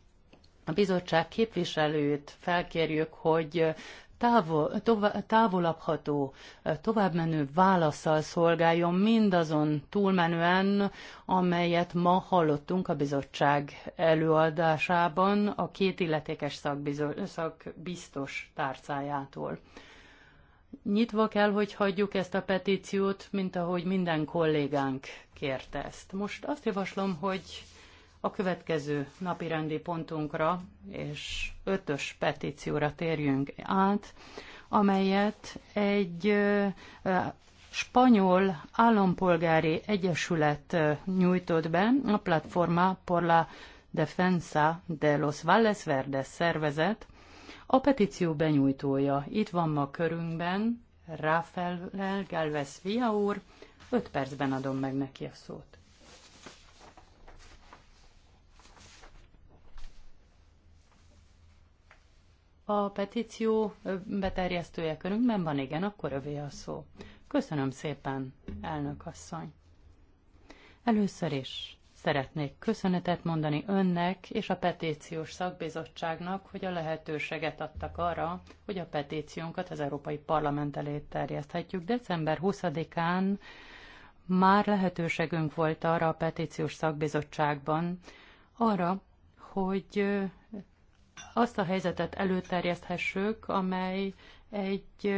a bizottság képviselőt felkérjük, hogy távol, tovább, távolabbható, továbbmenő válaszsal szolgáljon mindazon túlmenően, amelyet ma hallottunk a bizottság előadásában a két illetékes szakbizor, szakbiztos tárcájától. Nyitva kell, hogy hagyjuk ezt a petíciót, mint ahogy minden kollégánk kérte ezt. Most azt javaslom, hogy a következő napi rendi pontunkra és ötös petícióra térjünk át, amelyet egy spanyol állampolgári egyesület nyújtott be, a Platforma por la Defensa de los Valles Verdes szervezet. A petíció benyújtója itt van ma körünkben, Rafael Galvez Via úr, öt percben adom meg neki a szót. a petíció beterjesztője körünkben van, igen, akkor övé a szó. Köszönöm szépen, elnök asszony. Először is szeretnék köszönetet mondani önnek és a petíciós szakbizottságnak, hogy a lehetőséget adtak arra, hogy a petíciónkat az Európai Parlament elé terjeszthetjük. December 20-án már lehetőségünk volt arra a petíciós szakbizottságban, arra, hogy azt a helyzetet előterjeszthessük, amely egy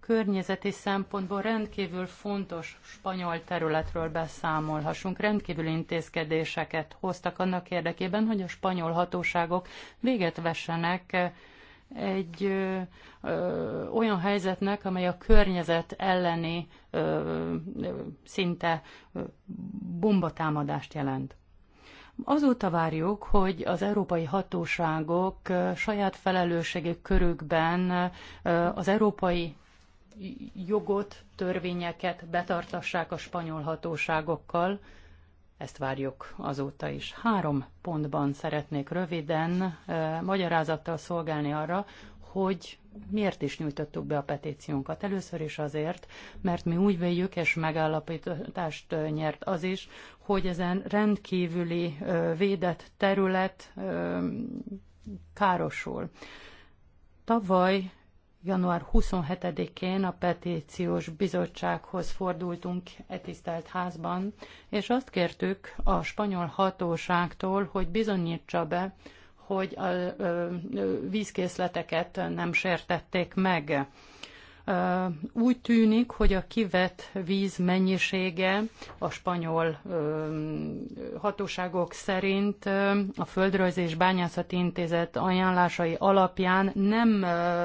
környezeti szempontból rendkívül fontos spanyol területről beszámolhassunk. Rendkívül intézkedéseket hoztak annak érdekében, hogy a spanyol hatóságok véget vessenek egy ö, ö, olyan helyzetnek, amely a környezet elleni ö, ö, szinte bombatámadást jelent. Azóta várjuk, hogy az európai hatóságok saját felelősségük körükben az európai jogot, törvényeket betartassák a spanyol hatóságokkal. Ezt várjuk azóta is. Három pontban szeretnék röviden magyarázattal szolgálni arra, hogy miért is nyújtottuk be a petíciónkat. Először is azért, mert mi úgy véljük, és megállapítást nyert az is, hogy ezen rendkívüli védett terület károsul. Tavaly január 27-én a petíciós bizottsághoz fordultunk e tisztelt házban, és azt kértük a spanyol hatóságtól, hogy bizonyítsa be, hogy a vízkészleteket nem sértették meg. Úgy tűnik, hogy a kivett víz mennyisége a spanyol hatóságok szerint a Földrajz és Bányászati Intézet ajánlásai alapján nem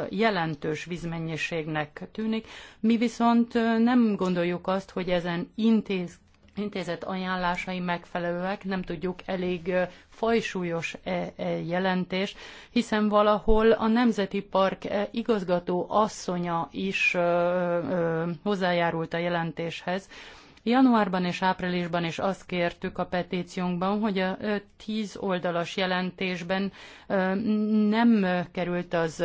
jelentős vízmennyiségnek tűnik. Mi viszont nem gondoljuk azt, hogy ezen intéz intézet ajánlásai megfelelőek, nem tudjuk elég fajsúlyos e, e, jelentés, hiszen valahol a Nemzeti Park e, igazgató asszonya is hozzájárult a jelentéshez, Januárban és áprilisban is azt kértük a petíciónkban, hogy a tíz oldalas jelentésben nem került az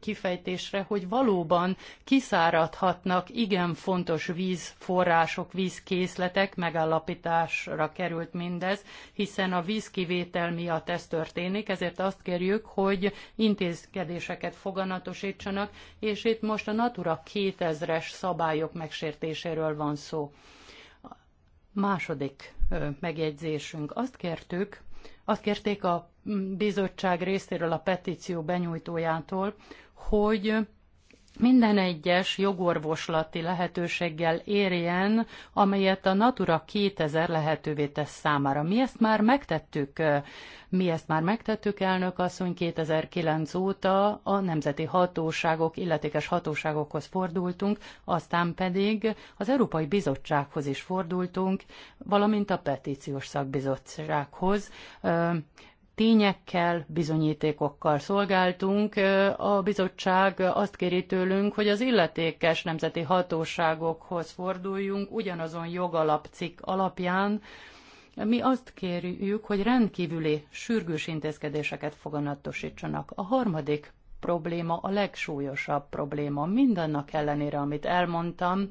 kifejtésre, hogy valóban kiszáradhatnak igen fontos vízforrások, vízkészletek, megállapításra került mindez, hiszen a vízkivétel miatt ez történik, ezért azt kérjük, hogy intézkedéseket foganatosítsanak, és itt most a Natura 2000-es szabályok megsértéséről van szó. Második megjegyzésünk. Azt kértük, azt kérték a bizottság részéről a petíció benyújtójától, hogy minden egyes jogorvoslati lehetőséggel érjen, amelyet a Natura 2000 lehetővé tesz számára. Mi ezt már megtettük, mi ezt már megtettük, elnök asszony, 2009 óta a nemzeti hatóságok, illetékes hatóságokhoz fordultunk, aztán pedig az Európai Bizottsághoz is fordultunk, valamint a Petíciós Szakbizottsághoz tényekkel, bizonyítékokkal szolgáltunk. A bizottság azt kéri tőlünk, hogy az illetékes nemzeti hatóságokhoz forduljunk ugyanazon jogalapcikk alapján, mi azt kérjük, hogy rendkívüli sürgős intézkedéseket foganatosítsanak. A harmadik probléma a legsúlyosabb probléma, mindannak ellenére, amit elmondtam,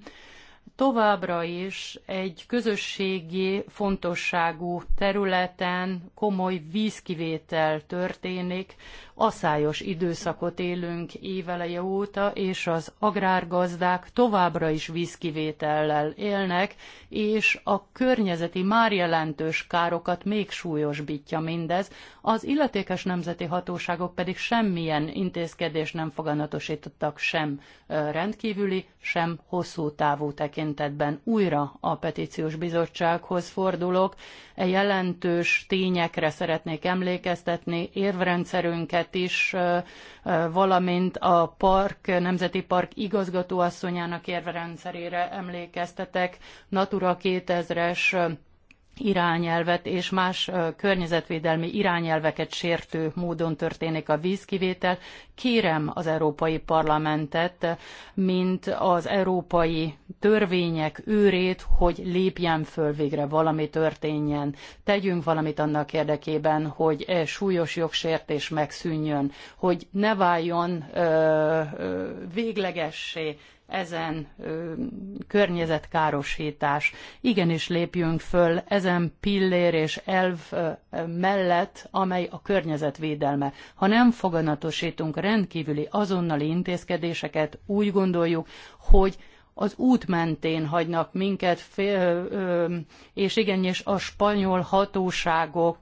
továbbra is egy közösségi fontosságú területen komoly vízkivétel történik. Aszályos időszakot élünk éveleje óta, és az agrárgazdák továbbra is vízkivétellel élnek, és a környezeti már jelentős károkat még súlyosbítja mindez, az illetékes nemzeti hatóságok pedig semmilyen intézkedést nem foganatosítottak sem rendkívüli, sem hosszú távú tekintetben tekintetben újra a petíciós bizottsághoz fordulok. E jelentős tényekre szeretnék emlékeztetni, érvrendszerünket is, valamint a park, Nemzeti Park igazgatóasszonyának érvrendszerére emlékeztetek, Natura 2000-es irányelvet és más környezetvédelmi irányelveket sértő módon történik a vízkivétel. Kérem az Európai Parlamentet, mint az európai törvények őrét, hogy lépjen föl végre, valami történjen. Tegyünk valamit annak érdekében, hogy e súlyos jogsértés megszűnjön, hogy ne váljon ö, ö, véglegessé ezen ö, környezetkárosítás. Igenis lépjünk föl ezen pillér és elv ö, mellett, amely a környezetvédelme. Ha nem foganatosítunk rendkívüli azonnali intézkedéseket, úgy gondoljuk, hogy az út mentén hagynak minket, és igenis a spanyol hatóságok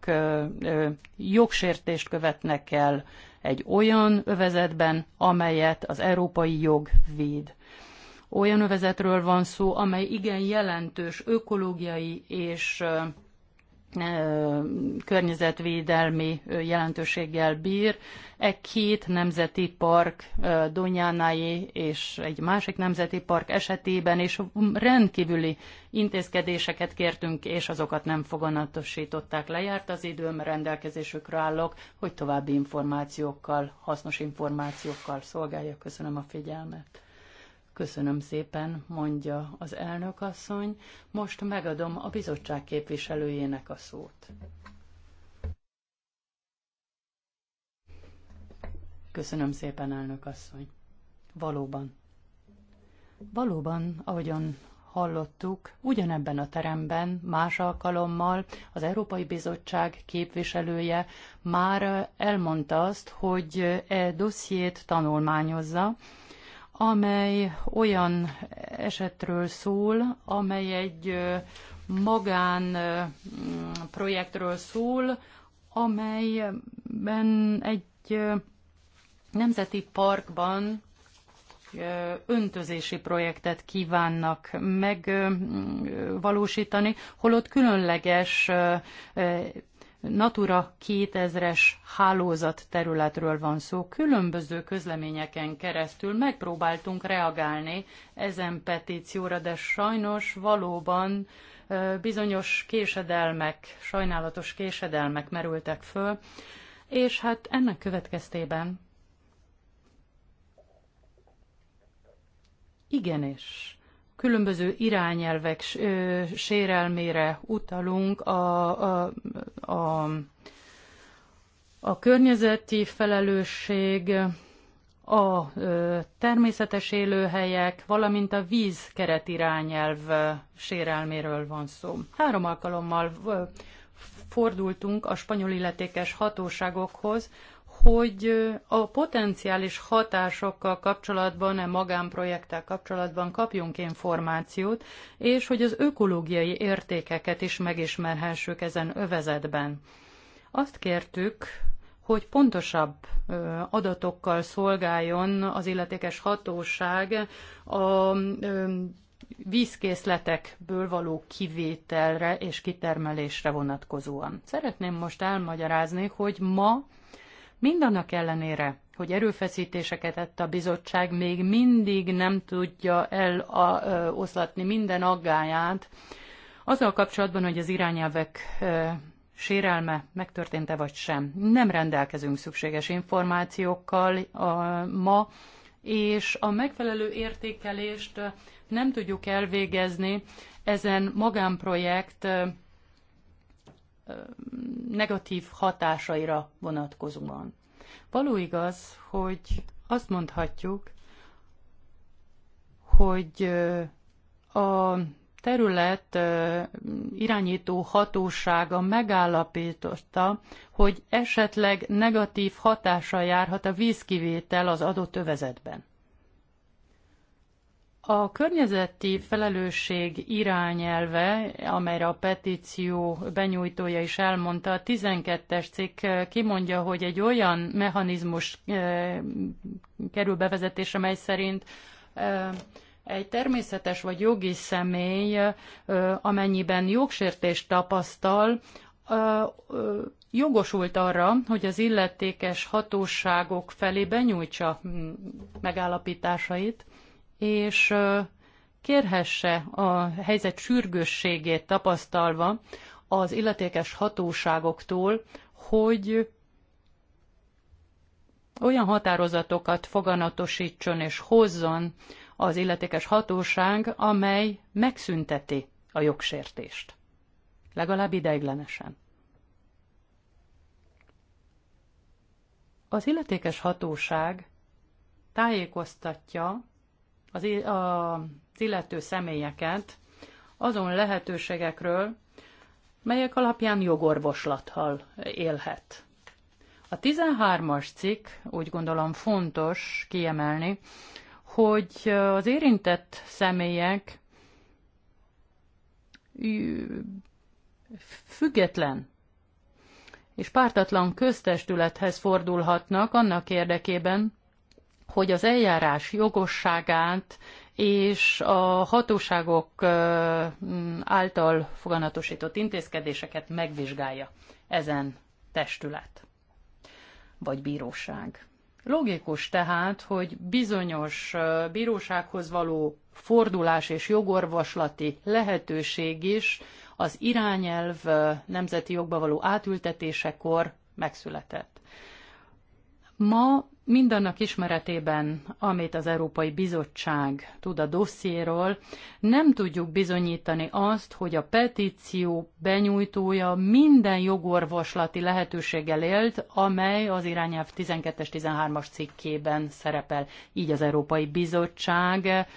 jogsértést követnek el egy olyan övezetben, amelyet az európai jog véd. Olyan övezetről van szó, amely igen jelentős ökológiai és környezetvédelmi jelentőséggel bír. E két nemzeti park, Donyánái és egy másik nemzeti park esetében is rendkívüli intézkedéseket kértünk, és azokat nem foganatosították. Lejárt az időm, rendelkezésükre állok, hogy további információkkal, hasznos információkkal szolgálja. Köszönöm a figyelmet. Köszönöm szépen, mondja az elnökasszony. Most megadom a bizottság képviselőjének a szót. Köszönöm szépen, elnökasszony. Valóban. Valóban, ahogyan hallottuk, ugyanebben a teremben más alkalommal az Európai Bizottság képviselője már elmondta azt, hogy e dossziét tanulmányozza, amely olyan esetről szól, amely egy magán projektről szól, amelyben egy nemzeti parkban öntözési projektet kívánnak megvalósítani, holott különleges Natura 2000-es hálózat területről van szó. Különböző közleményeken keresztül megpróbáltunk reagálni ezen petícióra, de sajnos valóban bizonyos késedelmek, sajnálatos késedelmek merültek föl, és hát ennek következtében igenis különböző irányelvek sérelmére utalunk a, a, a, a környezeti felelősség, a természetes élőhelyek, valamint a víz keretirányelv sérelméről van szó. Három alkalommal fordultunk a spanyol illetékes hatóságokhoz, hogy a potenciális hatásokkal kapcsolatban, a magánprojekttel kapcsolatban kapjunk információt, és hogy az ökológiai értékeket is megismerhessük ezen övezetben. Azt kértük, hogy pontosabb adatokkal szolgáljon az illetékes hatóság a vízkészletekből való kivételre és kitermelésre vonatkozóan. Szeretném most elmagyarázni, hogy ma Mindannak ellenére, hogy erőfeszítéseket tett a bizottság, még mindig nem tudja eloszlatni minden aggáját azzal kapcsolatban, hogy az irányelvek sérelme megtörtént-e vagy sem. Nem rendelkezünk szükséges információkkal ma, és a megfelelő értékelést nem tudjuk elvégezni ezen magánprojekt negatív hatásaira vonatkozóan. Való igaz, hogy azt mondhatjuk, hogy a terület irányító hatósága megállapította, hogy esetleg negatív hatással járhat a vízkivétel az adott övezetben. A környezeti felelősség irányelve, amelyre a petíció benyújtója is elmondta, a 12-es cikk eh, kimondja, hogy egy olyan mechanizmus eh, kerül bevezetésre, mely szerint eh, egy természetes vagy jogi személy, amennyiben jogsértést tapasztal, jogosult arra, hogy az illetékes hatóságok felé benyújtsa mm, megállapításait, és kérhesse a helyzet sürgősségét tapasztalva az illetékes hatóságoktól, hogy olyan határozatokat foganatosítson és hozzon az illetékes hatóság, amely megszünteti a jogsértést. Legalább ideiglenesen. Az illetékes hatóság tájékoztatja az, az illető személyeket azon lehetőségekről, melyek alapján jogorvoslattal élhet. A 13-as cikk úgy gondolom fontos kiemelni, hogy az érintett személyek független és pártatlan köztestülethez fordulhatnak annak érdekében, hogy az eljárás jogosságát és a hatóságok által foganatosított intézkedéseket megvizsgálja ezen testület vagy bíróság. Logikus tehát, hogy bizonyos bírósághoz való fordulás és jogorvoslati lehetőség is az irányelv nemzeti jogba való átültetésekor megszületett. Ma mindannak ismeretében, amit az Európai Bizottság tud a dossziéról, nem tudjuk bizonyítani azt, hogy a petíció benyújtója minden jogorvoslati lehetőséggel élt, amely az irányelv 12-es 13-as cikkében szerepel. Így az Európai Bizottság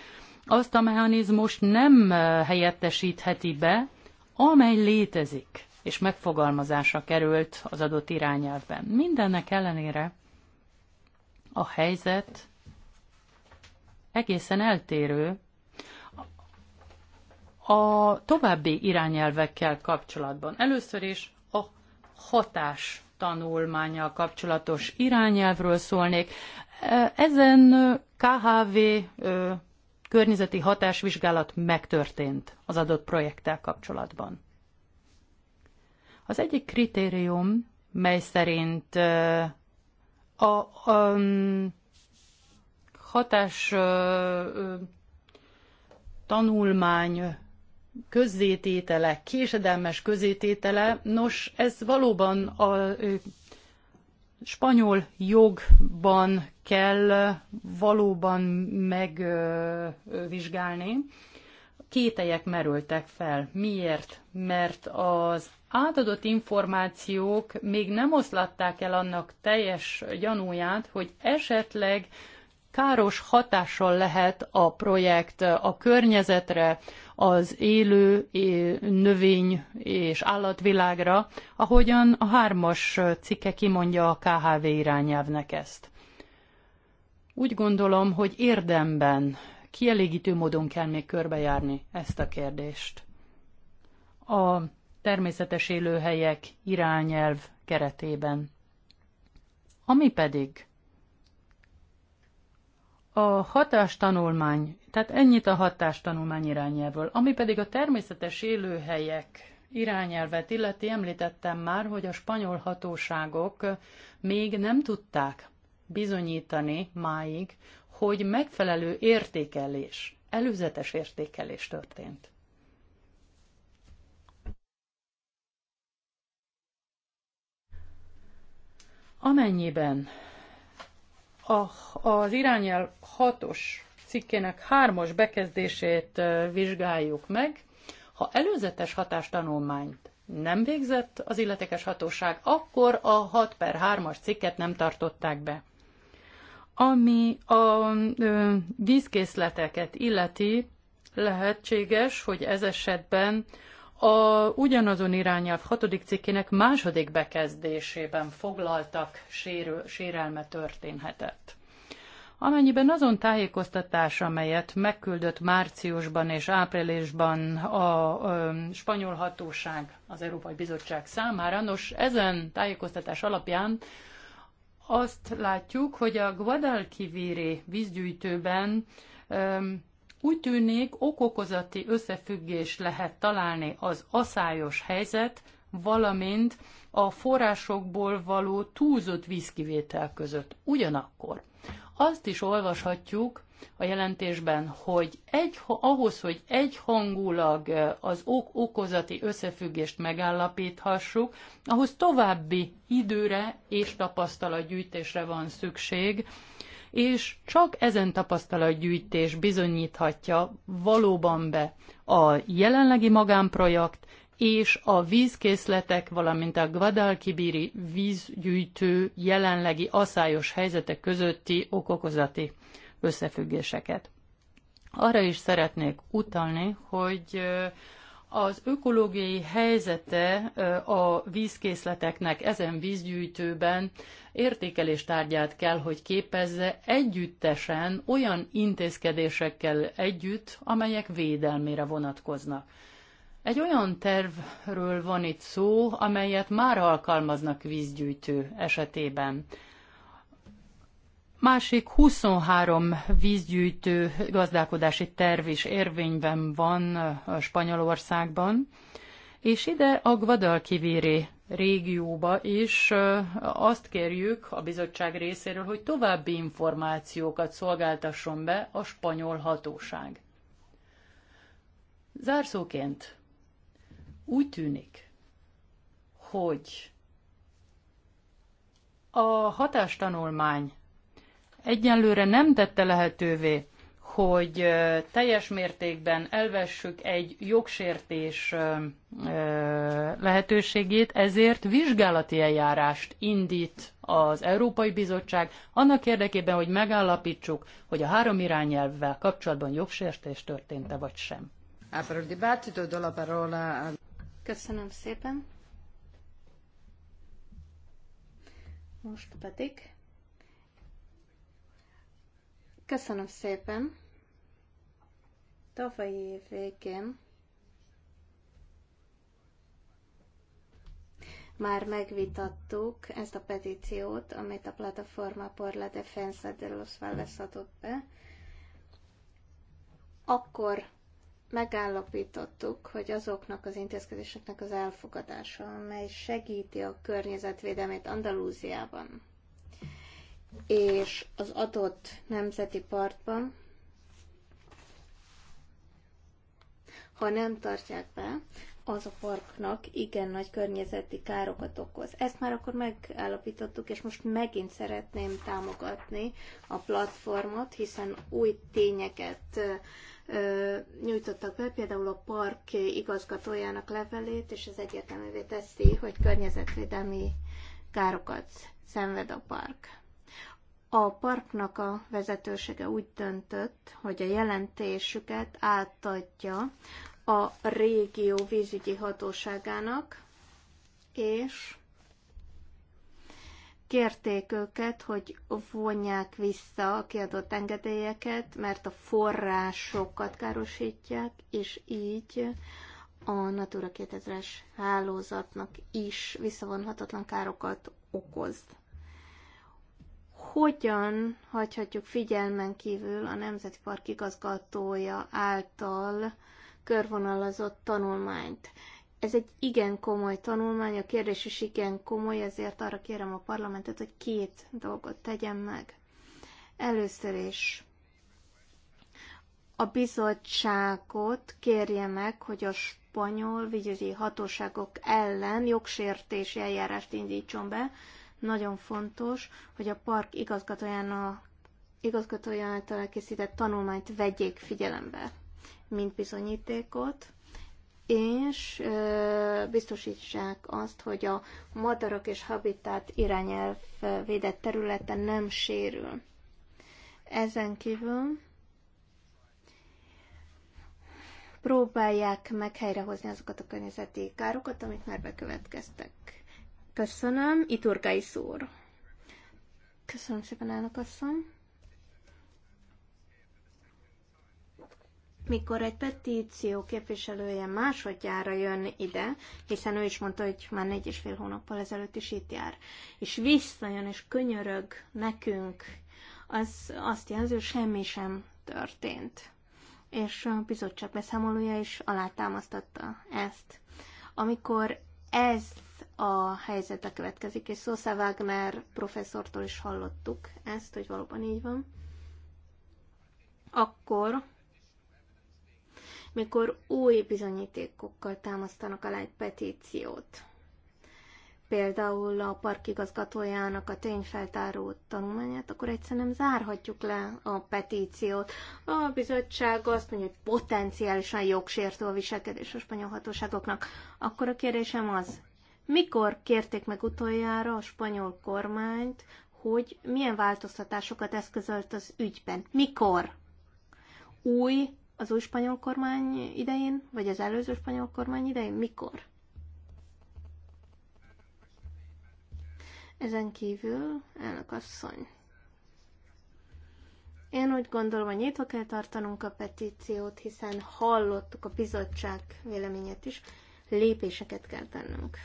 azt a mechanizmust nem helyettesítheti be, amely létezik és megfogalmazásra került az adott irányelvben. Mindennek ellenére a helyzet egészen eltérő a további irányelvekkel kapcsolatban. Először is a hatás tanulmányjal kapcsolatos irányelvről szólnék. E, ezen KHV környezeti hatásvizsgálat megtörtént az adott projekttel kapcsolatban. Az egyik kritérium, mely szerint a, a um, hatás tanulmány közzététele, késedelmes közzététele, nos, ez valóban a spanyol jogban kell valóban megvizsgálni. Kételyek merültek fel. Miért? Mert az átadott információk még nem oszlatták el annak teljes gyanúját, hogy esetleg káros hatással lehet a projekt a környezetre, az élő növény és állatvilágra, ahogyan a hármas cikke kimondja a KHV irányelvnek ezt. Úgy gondolom, hogy érdemben, kielégítő módon kell még körbejárni ezt a kérdést. A természetes élőhelyek irányelv keretében. Ami pedig a hatástanulmány, tehát ennyit a hatástanulmány irányelvről, ami pedig a természetes élőhelyek irányelvet illeti, említettem már, hogy a spanyol hatóságok még nem tudták bizonyítani máig, hogy megfelelő értékelés, előzetes értékelés történt. Amennyiben a, az irányel hatos cikkének 3-os bekezdését vizsgáljuk meg, ha előzetes hatástanulmányt nem végzett az illetékes hatóság, akkor a 6 per 3-as cikket nem tartották be. Ami a díszkészleteket vízkészleteket illeti, lehetséges, hogy ez esetben a ugyanazon irányelv hatodik cikkének második bekezdésében foglaltak sérül, sérelme történhetett. Amennyiben azon tájékoztatás, amelyet megküldött márciusban és áprilisban a ö, spanyol hatóság az Európai Bizottság számára, nos, ezen tájékoztatás alapján azt látjuk, hogy a Guadalquiviri vízgyűjtőben ö, úgy tűnik, okokozati összefüggés lehet találni az aszályos helyzet, valamint a forrásokból való túlzott vízkivétel között. Ugyanakkor azt is olvashatjuk a jelentésben, hogy egy, ahhoz, hogy egyhangulag eh, az ok-okozati összefüggést megállapíthassuk, ahhoz további időre és tapasztalatgyűjtésre van szükség, és csak ezen tapasztalatgyűjtés bizonyíthatja valóban be a jelenlegi magánprojekt és a vízkészletek, valamint a Guadalquibiri vízgyűjtő jelenlegi aszályos helyzetek közötti okokozati összefüggéseket. Arra is szeretnék utalni, hogy az ökológiai helyzete a vízkészleteknek ezen vízgyűjtőben értékelés tárgyát kell, hogy képezze együttesen olyan intézkedésekkel együtt, amelyek védelmére vonatkoznak. Egy olyan tervről van itt szó, amelyet már alkalmaznak vízgyűjtő esetében. Másik 23 vízgyűjtő gazdálkodási terv is érvényben van a Spanyolországban, és ide a Guadalquiviri régióba is azt kérjük a bizottság részéről, hogy további információkat szolgáltasson be a spanyol hatóság. Zárszóként úgy tűnik, hogy a hatástanulmány egyenlőre nem tette lehetővé, hogy teljes mértékben elvessük egy jogsértés lehetőségét, ezért vizsgálati eljárást indít az Európai Bizottság annak érdekében, hogy megállapítsuk, hogy a három irányelvvel kapcsolatban jogsértés történt-e vagy sem. Köszönöm szépen. Most pedig Köszönöm szépen. Tavalyi év végén már megvitattuk ezt a petíciót, amit a plataforma por la defensa de los Valles adott be. Akkor megállapítottuk, hogy azoknak az intézkedéseknek az elfogadása, amely segíti a környezetvédelmét Andalúziában, és az adott nemzeti partban, ha nem tartják be, az a parknak igen nagy környezeti károkat okoz. Ezt már akkor megállapítottuk, és most megint szeretném támogatni a platformot, hiszen új tényeket ö, nyújtottak be, például a park igazgatójának levelét, és ez egyértelművé teszi, hogy környezetvédelmi károkat szenved a park. A parknak a vezetősége úgy döntött, hogy a jelentésüket átadja a régió vízügyi hatóságának, és kérték őket, hogy vonják vissza a kiadott engedélyeket, mert a forrásokat károsítják, és így a Natura 2000-es hálózatnak is visszavonhatatlan károkat okoz hogyan hagyhatjuk figyelmen kívül a Nemzeti Park igazgatója által körvonalazott tanulmányt. Ez egy igen komoly tanulmány, a kérdés is igen komoly, ezért arra kérem a parlamentet, hogy két dolgot tegyen meg. Először is a bizottságot kérje meg, hogy a spanyol vigyázi hatóságok ellen jogsértési eljárást indítson be, nagyon fontos, hogy a park a igazgatója által elkészített tanulmányt vegyék figyelembe, mint bizonyítékot, és ö, biztosítsák azt, hogy a madarak és habitát irányelv védett területen nem sérül. Ezen kívül próbálják meg helyrehozni azokat a környezeti károkat, amik már bekövetkeztek. Köszönöm, Iturgai szúr. Köszönöm szépen, elnök asszony. Mikor egy petíció képviselője másodjára jön ide, hiszen ő is mondta, hogy már négy és fél hónappal ezelőtt is itt jár, és visszajön és könyörög nekünk, az azt jelzi, hogy semmi sem történt. És a bizottság beszámolója is alátámasztotta ezt. Amikor ez a helyzetre következik, és Szószá Wagner professzortól is hallottuk ezt, hogy valóban így van. Akkor, mikor új bizonyítékokkal támasztanak alá egy petíciót, például a parkigazgatójának a tényfeltáró tanulmányát, akkor egyszerűen nem zárhatjuk le a petíciót. A bizottság azt mondja, hogy potenciálisan jogsértő a viselkedés a spanyol hatóságoknak. Akkor a kérdésem az, mikor kérték meg utoljára a spanyol kormányt, hogy milyen változtatásokat eszközölt az ügyben? Mikor? Új, az új spanyol kormány idején, vagy az előző spanyol kormány idején? Mikor? Ezen kívül, elnök asszony, én úgy gondolom, hogy nyitva kell tartanunk a petíciót, hiszen hallottuk a bizottság véleményét is, lépéseket kell tennünk.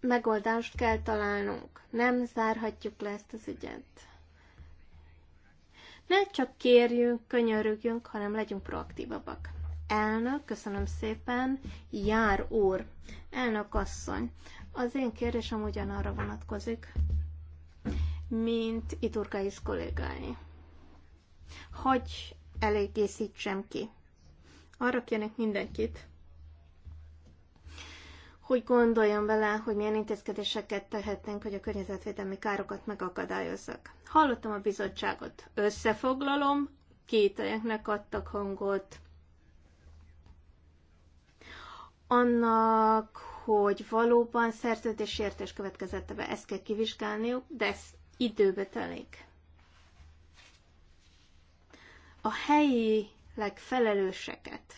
megoldást kell találnunk. Nem zárhatjuk le ezt az ügyet. Ne csak kérjünk, könyörögjünk, hanem legyünk proaktívabbak. Elnök, köszönöm szépen, jár úr. Elnök asszony, az én kérdésem ugyanarra vonatkozik, mint Iturkais kollégái. Hogy elégészítsem ki? Arra kérnek mindenkit, hogy gondoljon bele, hogy milyen intézkedéseket tehetnénk, hogy a környezetvédelmi károkat megakadályozzak. Hallottam a bizottságot. Összefoglalom, kételyeknek adtak hangot. Annak, hogy valóban értés következette be, ezt kell kivizsgálniuk, de ez időbe telik. A helyi legfelelőseket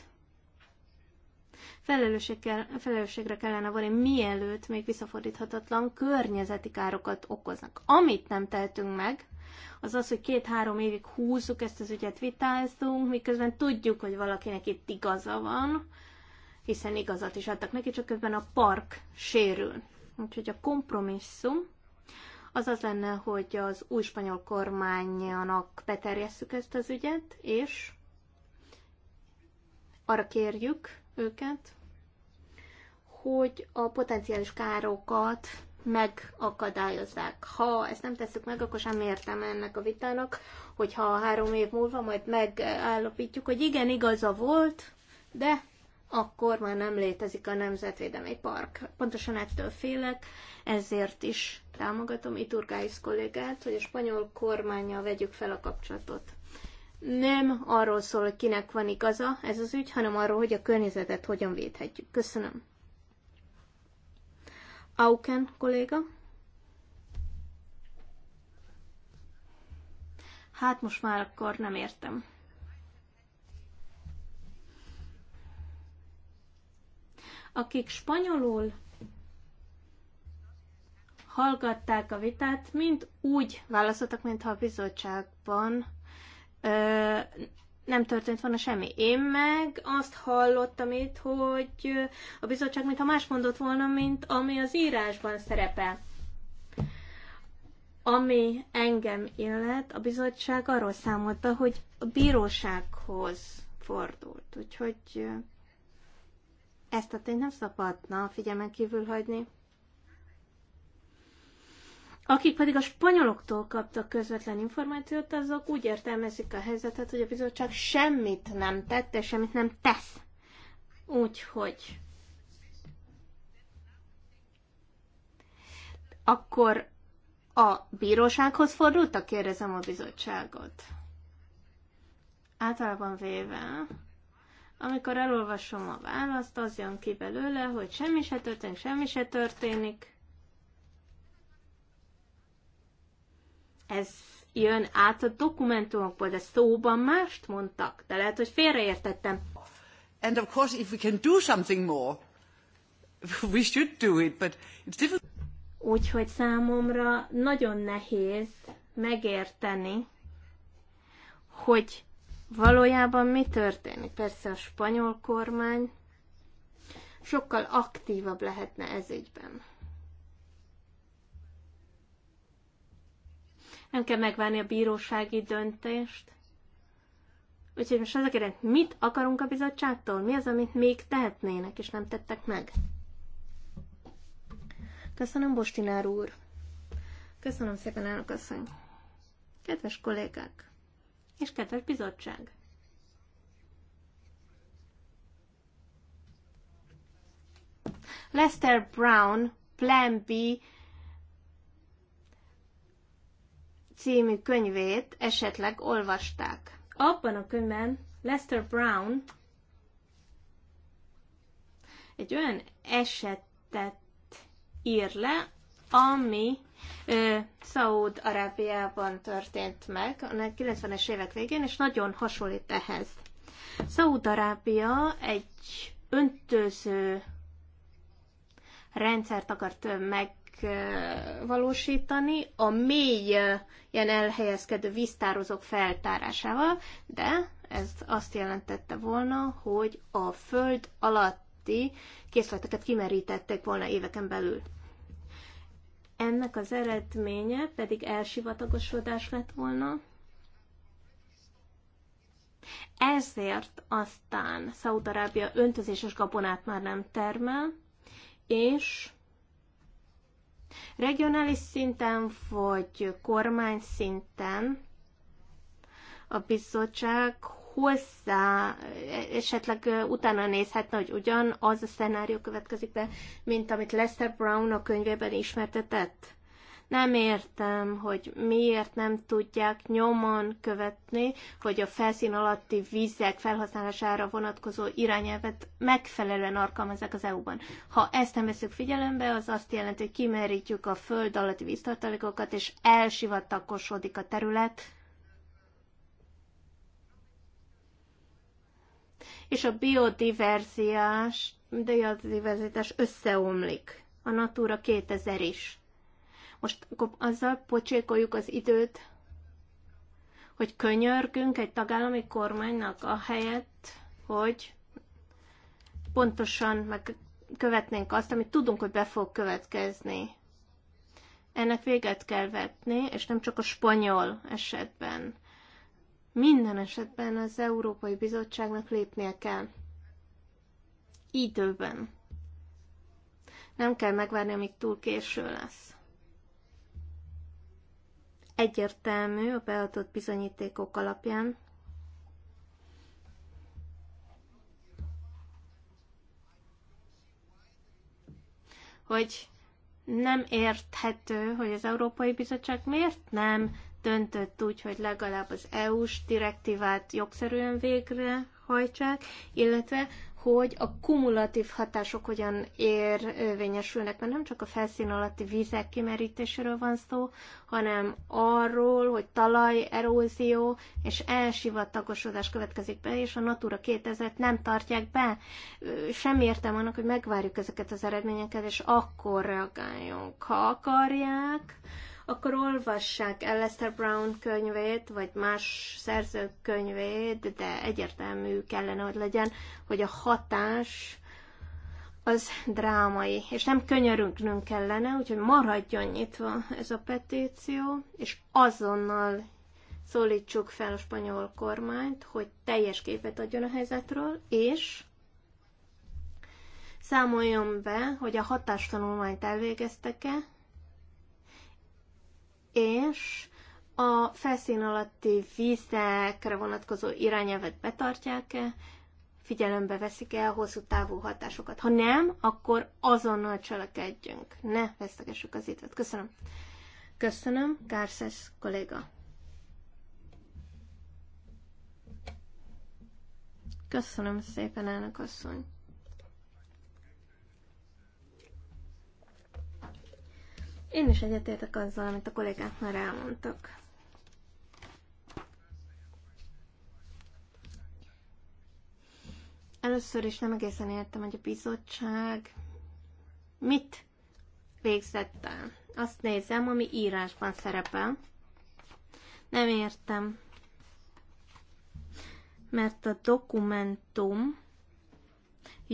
felelősségre, felelősségre kellene vonni, mielőtt még visszafordíthatatlan környezeti károkat okoznak. Amit nem tehetünk meg, az az, hogy két-három évig húzzuk ezt az ügyet, vitáztunk, miközben tudjuk, hogy valakinek itt igaza van, hiszen igazat is adtak neki, csak közben a park sérül. Úgyhogy a kompromisszum az az lenne, hogy az új spanyol kormánynak beterjesszük ezt az ügyet, és arra kérjük őket, hogy a potenciális károkat megakadályozzák. Ha ezt nem tesszük meg, akkor sem értem ennek a vitának, hogyha három év múlva majd megállapítjuk, hogy igen, igaza volt, de akkor már nem létezik a Nemzetvédelmi Park. Pontosan ettől félek, ezért is támogatom Iturgáis kollégát, hogy a spanyol kormánya vegyük fel a kapcsolatot. Nem arról szól, hogy kinek van igaza ez az ügy, hanem arról, hogy a környezetet hogyan védhetjük. Köszönöm. Auken kolléga. Hát most már akkor nem értem. Akik spanyolul hallgatták a vitát, mind úgy válaszoltak, mintha a bizottságban ö, nem történt volna semmi. Én meg azt hallottam itt, hogy a bizottság mintha más mondott volna, mint ami az írásban szerepel. Ami engem illet, a bizottság arról számolta, hogy a bírósághoz fordult. Úgyhogy ezt a tényt nem szabadna figyelmen kívül hagyni. Akik pedig a spanyoloktól kaptak közvetlen információt, azok úgy értelmezik a helyzetet, hogy a bizottság semmit nem tett, és semmit nem tesz. Úgyhogy akkor a bírósághoz fordultak, kérdezem a bizottságot. Általában véve, amikor elolvasom a választ, az jön ki belőle, hogy semmi se történik, semmi se történik. ez jön át a dokumentumokból, de szóban mást mondtak, de lehet, hogy félreértettem. And of course, if we can do something more, we should do it, but it's difficult. Úgyhogy számomra nagyon nehéz megérteni, hogy valójában mi történik. Persze a spanyol kormány sokkal aktívabb lehetne ez ügyben. nem kell megvárni a bírósági döntést. Úgyhogy most az a kérdés, mit akarunk a bizottságtól? Mi az, amit még tehetnének, és nem tettek meg? Köszönöm, Bostinár úr. Köszönöm szépen, elnök asszony. Kedves kollégák, és kedves bizottság. Lester Brown Plan B című könyvét esetleg olvasták. Abban a könyvben Lester Brown egy olyan esetet ír le, ami Saud Szaúd Arábiában történt meg a 90-es évek végén, és nagyon hasonlít ehhez. Szaúd Arábia egy öntöző rendszert akart meg megvalósítani a ilyen elhelyezkedő víztározók feltárásával, de ez azt jelentette volna, hogy a föld alatti készleteket kimerítették volna éveken belül. Ennek az eredménye pedig elsivatagosodás lett volna, ezért aztán Szaudarábia öntözéses gabonát már nem termel, és Regionális szinten vagy kormány szinten a bizottság hozzá esetleg utána nézhetne, hogy ugyan az a szenárió következik be, mint amit Lester Brown a könyvében ismertetett. Nem értem, hogy miért nem tudják nyomon követni, hogy a felszín alatti vízek felhasználására vonatkozó irányelvet megfelelően alkalmazzák az EU-ban. Ha ezt nem veszük figyelembe, az azt jelenti, hogy kimerítjük a föld alatti víztartalékokat, és elsivatakosodik a terület, és a biodiverzitás összeomlik. A Natura 2000 is. Most akkor azzal pocsékoljuk az időt, hogy könyörgünk egy tagállami kormánynak a helyett, hogy pontosan megkövetnénk azt, amit tudunk, hogy be fog következni. Ennek véget kell vetni, és nem csak a spanyol esetben. Minden esetben az Európai Bizottságnak lépnie kell. Időben. Nem kell megvárni, amíg túl késő lesz egyértelmű a beadott bizonyítékok alapján, hogy nem érthető, hogy az Európai Bizottság miért nem döntött úgy, hogy legalább az EU-s direktívát jogszerűen végrehajtsák, illetve hogy a kumulatív hatások hogyan érvényesülnek, mert nem csak a felszín alatti vizek kimerítéséről van szó, hanem arról, hogy talaj, erózió és elsivatagosodás következik be, és a Natura 2000 et nem tartják be. Sem értem annak, hogy megvárjuk ezeket az eredményeket, és akkor reagáljunk. Ha akarják, akkor olvassák Lester Brown könyvét, vagy más szerzők könyvét, de egyértelmű kellene, hogy legyen, hogy a hatás az drámai, és nem könyörünknünk kellene, úgyhogy maradjon nyitva ez a petíció, és azonnal szólítsuk fel a spanyol kormányt, hogy teljes képet adjon a helyzetről, és számoljon be, hogy a hatástanulmányt elvégeztek-e, és a felszín alatti vízekre vonatkozó irányelvet betartják-e, figyelembe veszik el hosszú távú hatásokat. Ha nem, akkor azonnal cselekedjünk. Ne vesztegessük az időt. Köszönöm. Köszönöm, Gárszes kolléga. Köszönöm szépen, elnök asszony. Én is egyetértek azzal, amit a kollégák már elmondtak. Először is nem egészen értem, hogy a bizottság mit végzett el. Azt nézem, ami írásban szerepel. Nem értem. Mert a dokumentum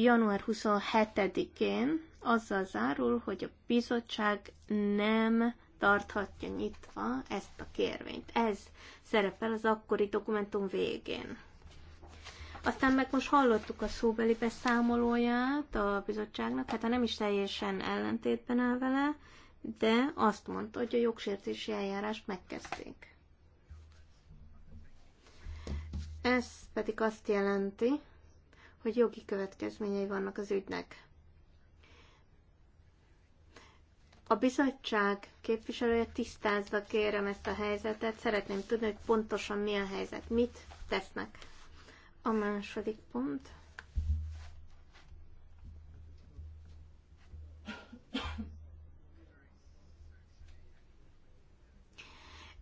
január 27-én azzal zárul, hogy a bizottság nem tarthatja nyitva ezt a kérvényt. Ez szerepel az akkori dokumentum végén. Aztán meg most hallottuk a szóbeli beszámolóját a bizottságnak, hát nem is teljesen ellentétben áll vele, de azt mondta, hogy a jogsértési eljárást megkezdték. Ez pedig azt jelenti, hogy jogi következményei vannak az ügynek. A bizottság képviselője tisztázva kérem ezt a helyzetet, szeretném tudni, hogy pontosan mi a helyzet, mit tesznek. A második pont.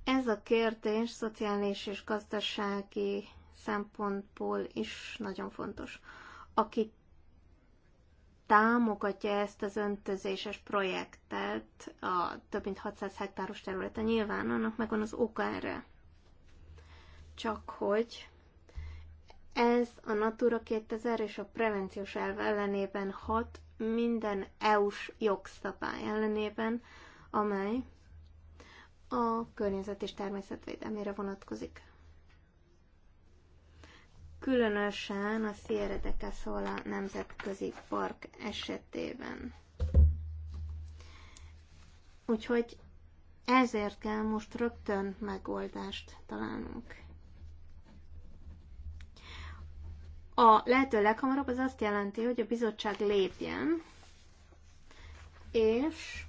Ez a kérdés szociális és gazdasági szempontból is nagyon fontos. Aki támogatja ezt az öntözéses projektet a több mint 600 hektáros területen, nyilván annak megvan az oka erre. Csak hogy ez a Natura 2000 és a prevenciós elv ellenében hat minden EU-s jogszabály ellenében, amely a környezet és természetvédelmére vonatkozik különösen a Sierra de Casola Nemzetközi Park esetében. Úgyhogy ezért kell most rögtön megoldást találnunk. A lehető leghamarabb az azt jelenti, hogy a bizottság lépjen, és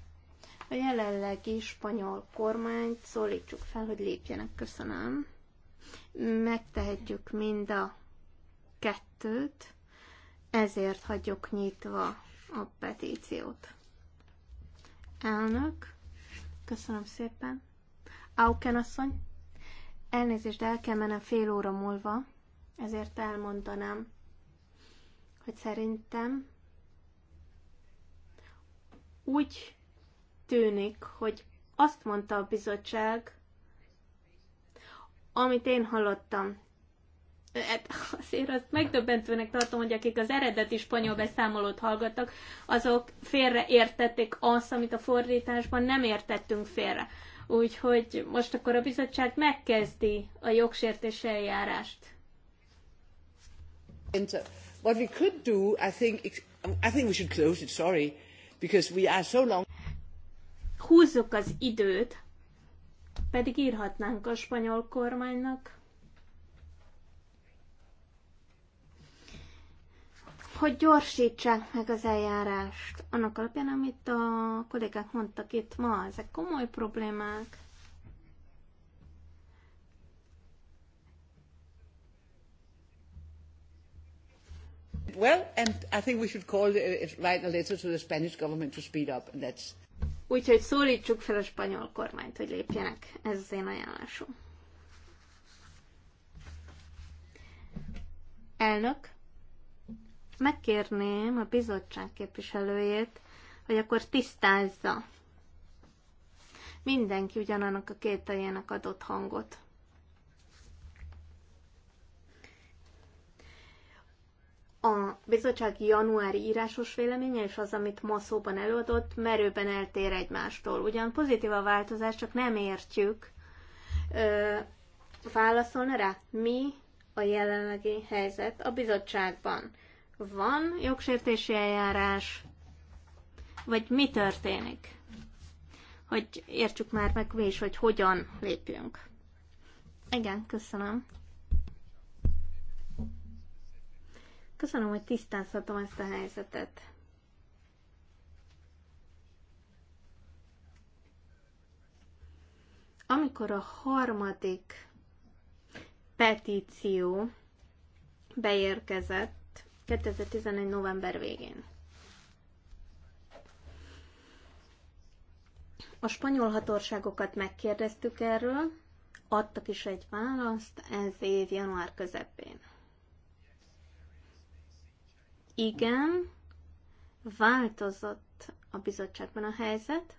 a jelenlegi spanyol kormányt szólítsuk fel, hogy lépjenek. Köszönöm. Megtehetjük mind a kettőt, ezért hagyjuk nyitva a petíciót. Elnök, köszönöm szépen. Auken asszony, elnézést, de el kell mennem fél óra múlva, ezért elmondanám, hogy szerintem úgy tűnik, hogy azt mondta a bizottság, amit én hallottam, Hát, azért azt megdöbbentőnek tartom, hogy akik az eredeti spanyol beszámolót hallgattak, azok félre értették azt, amit a fordításban nem értettünk félre. Úgyhogy most akkor a bizottság megkezdi a jogsértés eljárást. Uh, what we could do, I think, I think we should close it, sorry, because we are so long. Húzzuk az időt, pedig írhatnánk a spanyol kormánynak, hogy gyorsítsák meg az eljárást. Annak alapján, amit a kollégák mondtak itt ma, ezek komoly problémák. Well, and I think we should call it, uh, write a letter to the Spanish government to speed up. And that's... Úgyhogy szólítsuk fel a spanyol kormányt, hogy lépjenek. Ez az én ajánlásom. Elnök megkérném a bizottság képviselőjét, hogy akkor tisztázza. Mindenki ugyanannak a kételjének adott hangot. a bizottság januári írásos véleménye és az, amit ma szóban előadott, merőben eltér egymástól. Ugyan pozitív a változás, csak nem értjük. Ö, válaszolna rá, mi a jelenlegi helyzet a bizottságban? Van jogsértési eljárás, vagy mi történik? Hogy értsük már meg mi is, hogy hogyan lépjünk. Igen, köszönöm. Köszönöm, hogy tisztázhatom ezt a helyzetet. Amikor a harmadik petíció beérkezett, 2011. november végén. A spanyol hatóságokat megkérdeztük erről, adtak is egy választ ez év január közepén. Igen, változott a bizottságban a helyzet.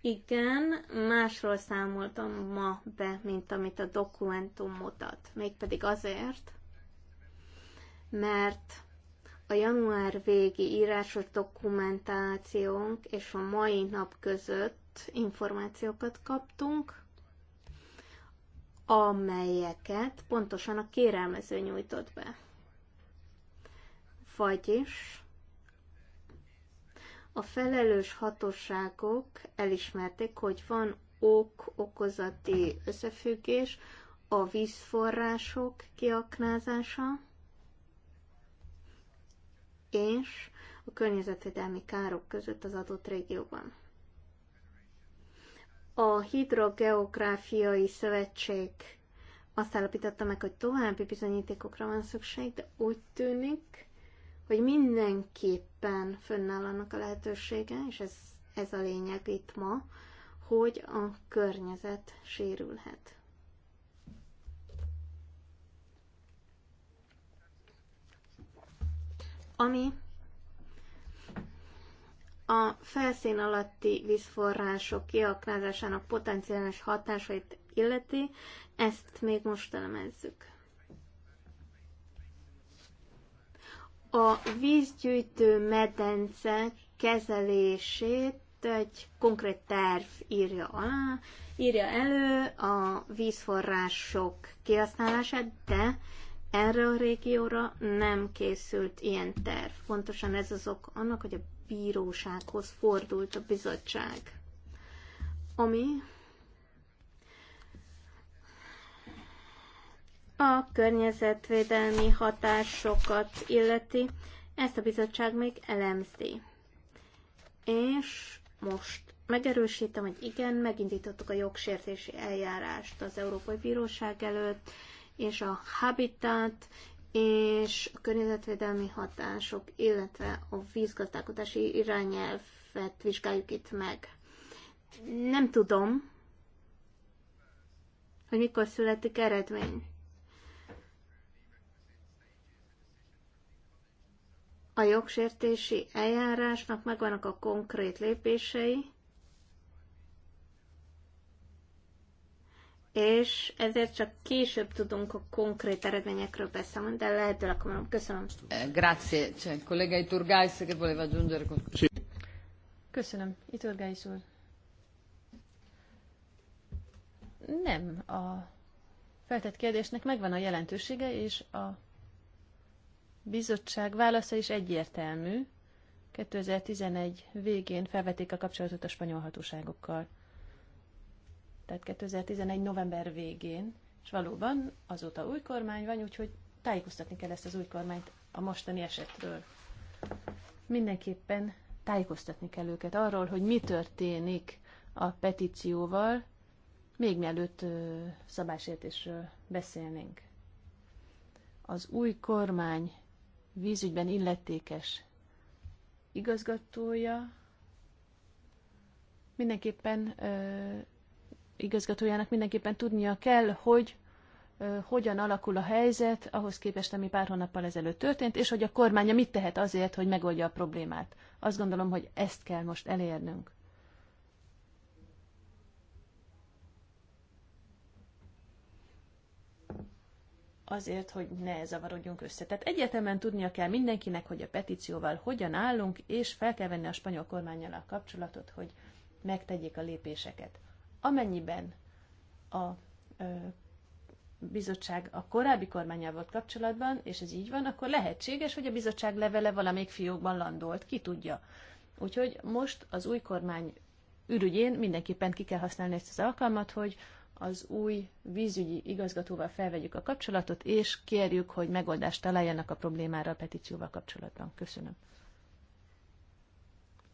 Igen, másról számoltam ma be, mint amit a dokumentum mutat. Mégpedig azért, mert a január végi írásos dokumentációnk és a mai nap között információkat kaptunk, amelyeket pontosan a kérelmező nyújtott be. Vagyis a felelős hatóságok elismerték, hogy van ok-okozati összefüggés, a vízforrások kiaknázása, és a környezetvédelmi károk között az adott régióban. A Hidrogeográfiai Szövetség azt állapította meg, hogy további bizonyítékokra van szükség, de úgy tűnik, hogy mindenképpen fönnáll annak a lehetősége, és ez, ez a lényeg itt ma, hogy a környezet sérülhet. ami a felszín alatti vízforrások kiaknázásának potenciális hatásait illeti, ezt még most elemezzük. A vízgyűjtő medence kezelését egy konkrét terv írja alá, írja elő a vízforrások kihasználását, de erre a régióra nem készült ilyen terv. Pontosan ez az ok annak, hogy a bírósághoz fordult a bizottság. Ami a környezetvédelmi hatásokat illeti, ezt a bizottság még elemzi. És most megerősítem, hogy igen, megindítottuk a jogsértési eljárást az Európai Bíróság előtt, és a habitat, és a környezetvédelmi hatások, illetve a vízgazdálkodási irányelvet vizsgáljuk itt meg. Nem tudom, hogy mikor születik eredmény. A jogsértési eljárásnak megvannak a konkrét lépései, és ezért csak később tudunk a konkrét eredményekről beszélni, de lehetőleg hamarabb. Köszönöm. Eh, grazie. C'è kollega Iturgais che voleva aggiungere qualcosa. Köszönöm. Iturgais úr. Nem, a feltett kérdésnek megvan a jelentősége, és a bizottság válasza is egyértelmű. 2011 végén felvették a kapcsolatot a spanyol hatóságokkal tehát 2011. november végén, és valóban azóta új kormány van, úgyhogy tájékoztatni kell ezt az új kormányt a mostani esetről. Mindenképpen tájékoztatni kell őket arról, hogy mi történik a petícióval, még mielőtt szabásértésről beszélnénk. Az új kormány vízügyben illetékes igazgatója mindenképpen igazgatójának mindenképpen tudnia kell, hogy hogyan alakul a helyzet ahhoz képest, ami pár hónappal ezelőtt történt, és hogy a kormánya mit tehet azért, hogy megoldja a problémát. Azt gondolom, hogy ezt kell most elérnünk. azért, hogy ne zavarodjunk össze. Tehát egyetemen tudnia kell mindenkinek, hogy a petícióval hogyan állunk, és fel kell venni a spanyol kormányjal a kapcsolatot, hogy megtegyék a lépéseket. Amennyiben a bizottság a korábbi kormányával volt kapcsolatban, és ez így van, akkor lehetséges, hogy a bizottság levele valamelyik fiókban landolt, ki tudja. Úgyhogy most az új kormány ürügyén mindenképpen ki kell használni ezt az alkalmat, hogy az új vízügyi igazgatóval felvegyük a kapcsolatot, és kérjük, hogy megoldást találjanak a problémára a petícióval kapcsolatban. Köszönöm.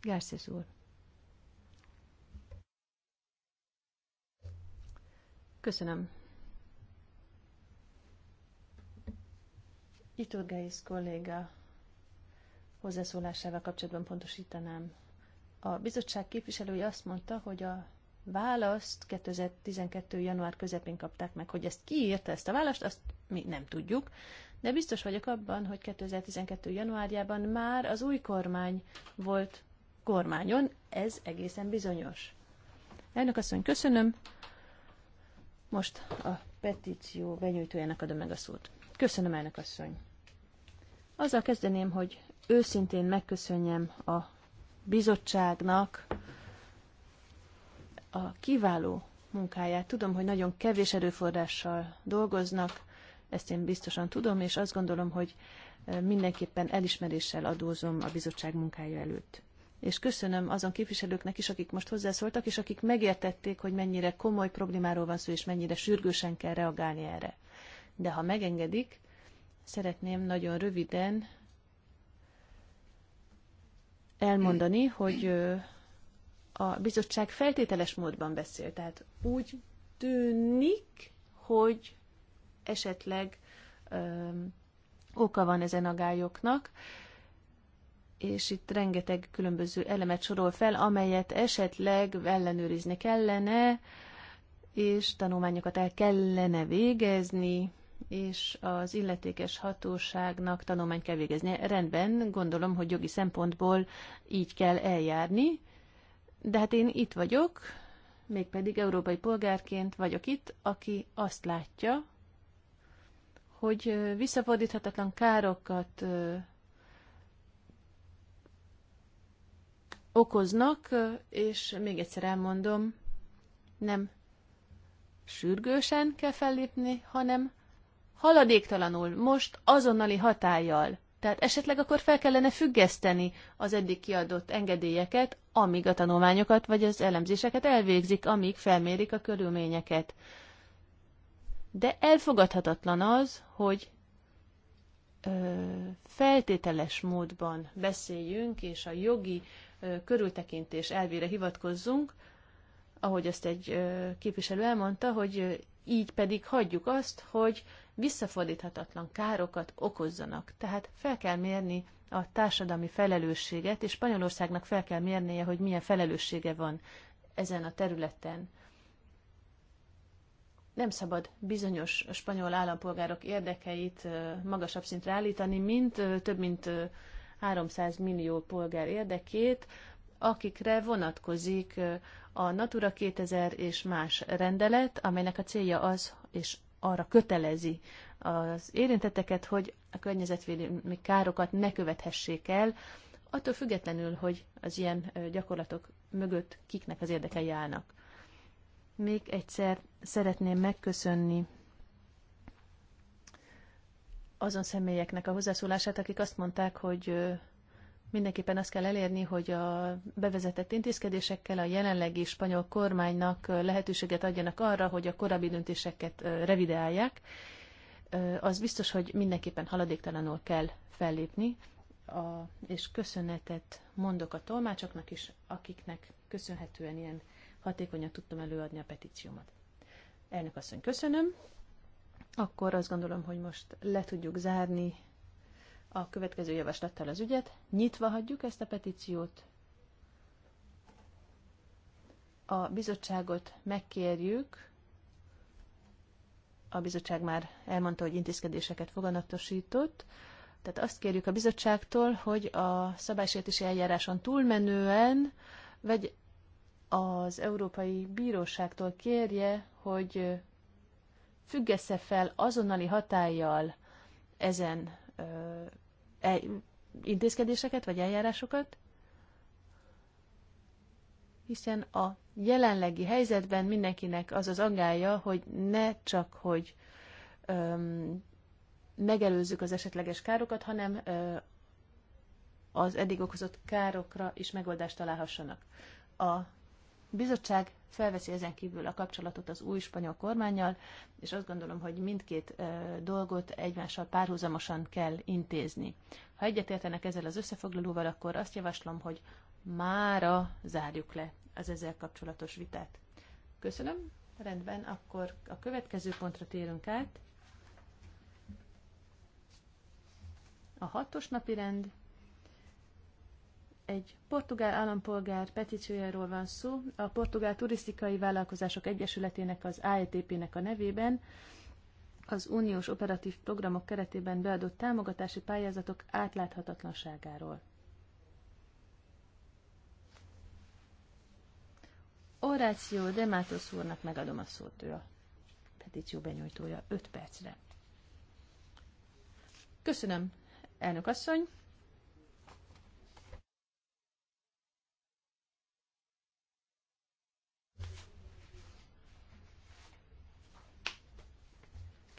Gárszész úr. Köszönöm. Iturgeis kolléga hozzászólásával kapcsolatban pontosítanám. A bizottság képviselője azt mondta, hogy a választ 2012. január közepén kapták meg, hogy ezt kiírta ezt a választ, azt mi nem tudjuk, de biztos vagyok abban, hogy 2012. januárjában már az új kormány volt kormányon, ez egészen bizonyos. Elnök asszony, köszönöm. Most a petíció benyújtójának adom meg a szót. Köszönöm, elnök asszony. Azzal kezdeném, hogy őszintén megköszönjem a bizottságnak a kiváló munkáját. Tudom, hogy nagyon kevés erőforrással dolgoznak, ezt én biztosan tudom, és azt gondolom, hogy mindenképpen elismeréssel adózom a bizottság munkája előtt és köszönöm azon képviselőknek is, akik most hozzászóltak, és akik megértették, hogy mennyire komoly problémáról van szó, és mennyire sürgősen kell reagálni erre. De ha megengedik, szeretném nagyon röviden elmondani, hogy a bizottság feltételes módban beszél. Tehát úgy tűnik, hogy esetleg ö, oka van ezen agályoknak. Ö, és itt rengeteg különböző elemet sorol fel, amelyet esetleg ellenőrizni kellene, és tanulmányokat el kellene végezni, és az illetékes hatóságnak tanulmányt kell végeznie. Rendben, gondolom, hogy jogi szempontból így kell eljárni, de hát én itt vagyok, mégpedig európai polgárként vagyok itt, aki azt látja, hogy visszafordíthatatlan károkat okoznak, és még egyszer elmondom, nem sürgősen kell fellépni, hanem haladéktalanul, most azonnali hatállyal. Tehát esetleg akkor fel kellene függeszteni az eddig kiadott engedélyeket, amíg a tanulmányokat vagy az elemzéseket elvégzik, amíg felmérik a körülményeket. De elfogadhatatlan az, hogy ö, feltételes módban beszéljünk, és a jogi körültekintés elvére hivatkozzunk, ahogy azt egy képviselő elmondta, hogy így pedig hagyjuk azt, hogy visszafordíthatatlan károkat okozzanak. Tehát fel kell mérni a társadalmi felelősséget, és Spanyolországnak fel kell mérnie, hogy milyen felelőssége van ezen a területen. Nem szabad bizonyos spanyol állampolgárok érdekeit magasabb szintre állítani, mint több mint 300 millió polgár érdekét, akikre vonatkozik a Natura 2000 és más rendelet, amelynek a célja az, és arra kötelezi az érintetteket, hogy a környezetvédelmi károkat ne követhessék el, attól függetlenül, hogy az ilyen gyakorlatok mögött kiknek az érdekei állnak. Még egyszer szeretném megköszönni azon személyeknek a hozzászólását, akik azt mondták, hogy mindenképpen azt kell elérni, hogy a bevezetett intézkedésekkel a jelenlegi spanyol kormánynak lehetőséget adjanak arra, hogy a korábbi döntéseket revideálják. Az biztos, hogy mindenképpen haladéktalanul kell fellépni, a, és köszönetet mondok a tolmácsoknak is, akiknek köszönhetően ilyen hatékonyan tudtam előadni a petíciómat. Elnök asszony, köszönöm akkor azt gondolom, hogy most le tudjuk zárni a következő javaslattal az ügyet. Nyitva hagyjuk ezt a petíciót. A bizottságot megkérjük, a bizottság már elmondta, hogy intézkedéseket foganatosított, tehát azt kérjük a bizottságtól, hogy a szabálysértési eljáráson túlmenően vagy az Európai Bíróságtól kérje, hogy függesse fel azonnali hatállyal ezen e, intézkedéseket vagy eljárásokat, hiszen a jelenlegi helyzetben mindenkinek az az aggája, hogy ne csak, hogy öm, megelőzzük az esetleges károkat, hanem ö, az eddig okozott károkra is megoldást találhassanak. A bizottság felveszi ezen kívül a kapcsolatot az új spanyol kormányjal, és azt gondolom, hogy mindkét dolgot egymással párhuzamosan kell intézni. Ha egyetértenek ezzel az összefoglalóval, akkor azt javaslom, hogy mára zárjuk le az ezzel kapcsolatos vitát. Köszönöm, rendben, akkor a következő pontra térünk át. A hatos napi rend egy portugál állampolgár petíciójáról van szó, a Portugál Turisztikai Vállalkozások Egyesületének, az AETP-nek a nevében, az uniós operatív programok keretében beadott támogatási pályázatok átláthatatlanságáról. Oráció de Mátos úrnak megadom a szót, ő a petíció benyújtója 5 percre. Köszönöm, elnök asszony.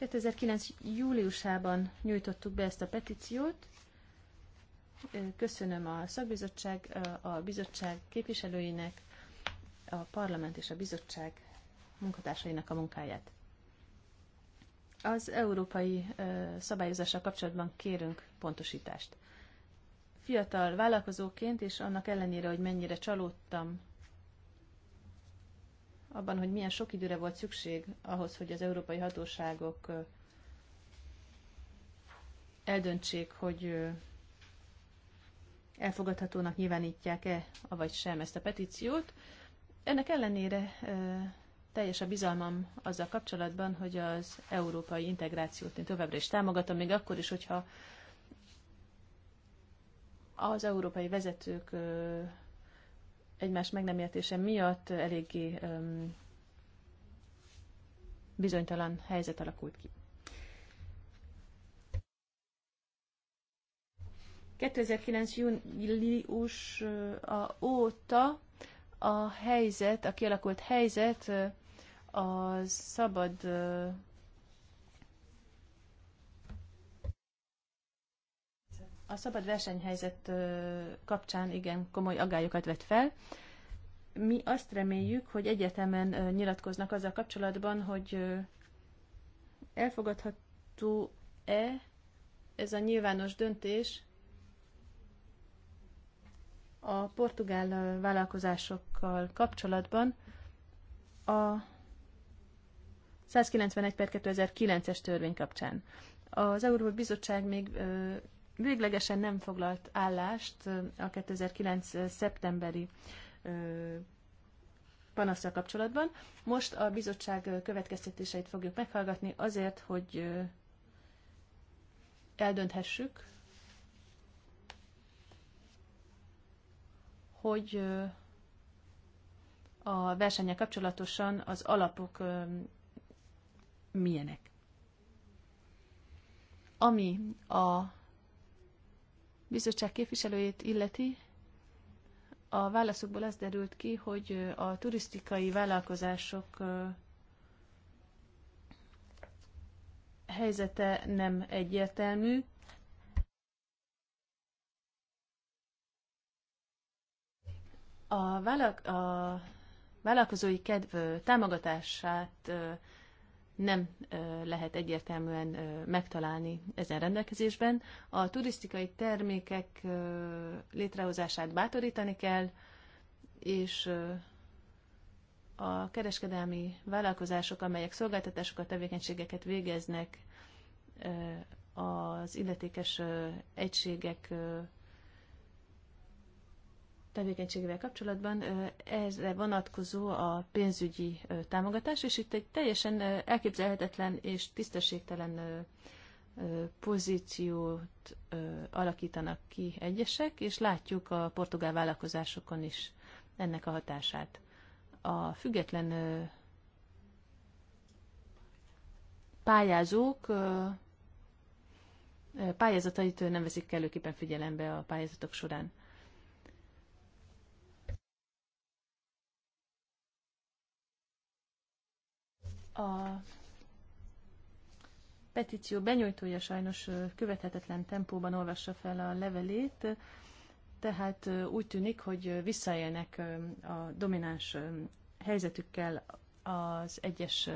2009. júliusában nyújtottuk be ezt a petíciót. Köszönöm a szakbizottság, a bizottság képviselőinek, a parlament és a bizottság munkatársainak a munkáját. Az európai szabályozással kapcsolatban kérünk pontosítást. Fiatal vállalkozóként, és annak ellenére, hogy mennyire csalódtam abban, hogy milyen sok időre volt szükség ahhoz, hogy az európai hatóságok eldöntsék, hogy elfogadhatónak nyilvánítják-e, avagy sem ezt a petíciót. Ennek ellenére teljes a bizalmam azzal kapcsolatban, hogy az európai integrációt én továbbra is támogatom, még akkor is, hogyha az európai vezetők egymás meg nem értése miatt eléggé um, bizonytalan helyzet alakult ki. 2009. július óta a helyzet, a kialakult helyzet a szabad a szabad versenyhelyzet kapcsán igen komoly agályokat vet fel. Mi azt reméljük, hogy egyetemen nyilatkoznak azzal kapcsolatban, hogy elfogadható-e ez a nyilvános döntés a portugál vállalkozásokkal kapcsolatban a 191 per 2009-es törvény kapcsán. Az Európai Bizottság még véglegesen nem foglalt állást a 2009. szeptemberi panaszsal kapcsolatban. Most a bizottság következtetéseit fogjuk meghallgatni azért, hogy eldönthessük, hogy a versenye kapcsolatosan az alapok milyenek. Ami a bizottság képviselőjét illeti, a válaszokból az derült ki, hogy a turisztikai vállalkozások helyzete nem egyértelmű. A, vállalko- a vállalkozói kedv támogatását nem lehet egyértelműen megtalálni ezen rendelkezésben. A turisztikai termékek létrehozását bátorítani kell, és a kereskedelmi vállalkozások, amelyek szolgáltatásokat, tevékenységeket végeznek az illetékes egységek tevékenységével kapcsolatban ezre vonatkozó a pénzügyi támogatás, és itt egy teljesen elképzelhetetlen és tisztességtelen pozíciót alakítanak ki egyesek, és látjuk a portugál vállalkozásokon is ennek a hatását. A független pályázók pályázatait nem veszik kellőképpen figyelembe a pályázatok során. A petíció benyújtója sajnos követhetetlen tempóban olvassa fel a levelét, tehát úgy tűnik, hogy visszaélnek a domináns helyzetükkel az egyes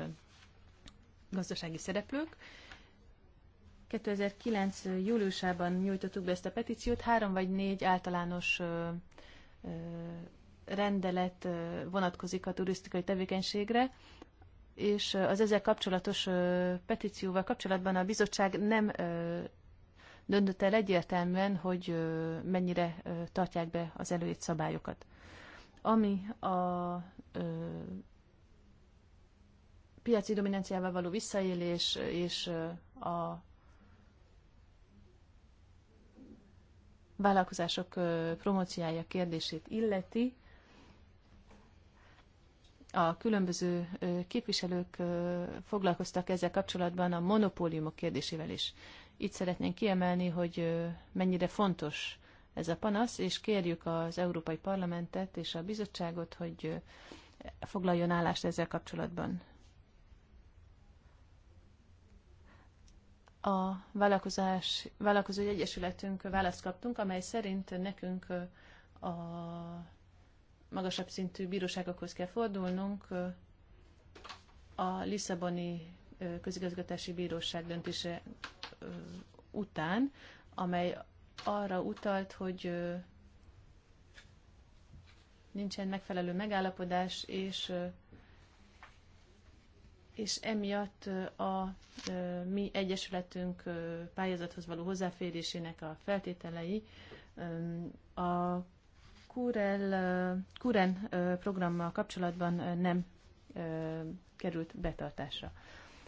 gazdasági szereplők. 2009. júliusában nyújtottuk be ezt a petíciót, három vagy négy általános rendelet vonatkozik a turisztikai tevékenységre, és az ezzel kapcsolatos petícióval kapcsolatban a bizottság nem döntött el egyértelműen, hogy mennyire tartják be az előírt szabályokat. Ami a piaci dominanciával való visszaélés és a vállalkozások promóciája kérdését illeti, a különböző képviselők foglalkoztak ezzel kapcsolatban a monopóliumok kérdésével is. Itt szeretnénk kiemelni, hogy mennyire fontos ez a panasz, és kérjük az Európai Parlamentet és a bizottságot, hogy foglaljon állást ezzel kapcsolatban. A vállalkozás, vállalkozói egyesületünk választ kaptunk, amely szerint nekünk a magasabb szintű bíróságokhoz kell fordulnunk. A Lisszaboni közigazgatási bíróság döntése után, amely arra utalt, hogy nincsen megfelelő megállapodás, és, és emiatt a mi egyesületünk pályázathoz való hozzáférésének a feltételei a Kurel, Kuren programmal kapcsolatban nem került betartásra.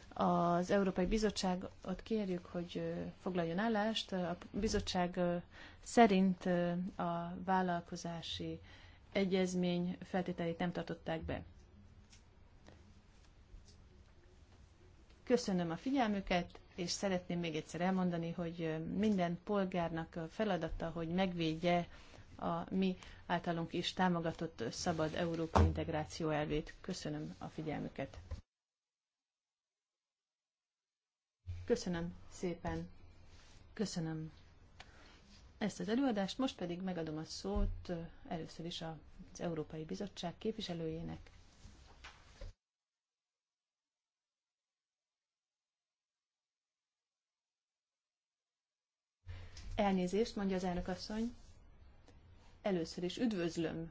Az Európai Bizottságot kérjük, hogy foglaljon állást. A bizottság szerint a vállalkozási egyezmény feltételeit nem tartották be. Köszönöm a figyelmüket, és szeretném még egyszer elmondani, hogy minden polgárnak feladata, hogy megvédje a mi általunk is támogatott szabad Európa integráció elvét. Köszönöm a figyelmüket. Köszönöm szépen. Köszönöm ezt az előadást, most pedig megadom a szót először is az Európai Bizottság képviselőjének. Elnézést, mondja az elnök asszony. Először is üdvözlöm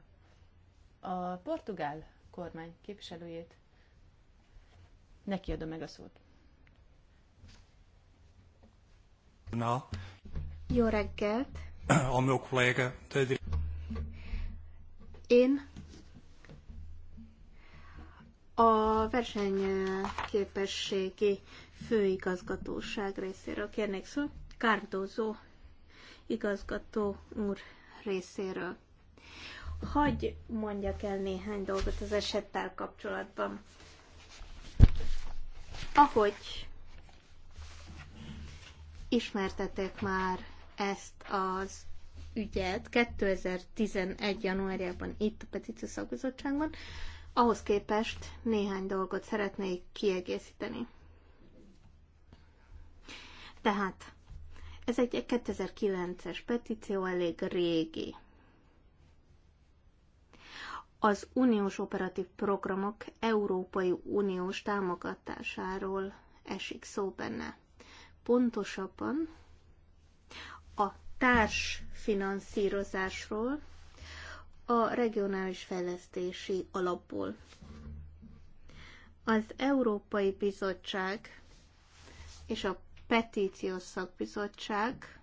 a portugál kormány képviselőjét. Neki adom meg a szót. Na. Jó reggelt. A meu kolléga. Én a versenyképességi főigazgatóság részéről kérnék szó. Cardozo igazgató úr részéről. Hagy mondjak el néhány dolgot az esettel kapcsolatban. Ahogy ismertetek már ezt az ügyet 2011. januárjában itt a Petíció Szakbizottságban, ahhoz képest néhány dolgot szeretnék kiegészíteni. Tehát ez egy 2009-es petíció, elég régi. Az uniós operatív programok Európai Uniós támogatásáról esik szó benne. Pontosabban a társfinanszírozásról a regionális fejlesztési alapból. Az Európai Bizottság és a petíciós szakbizottság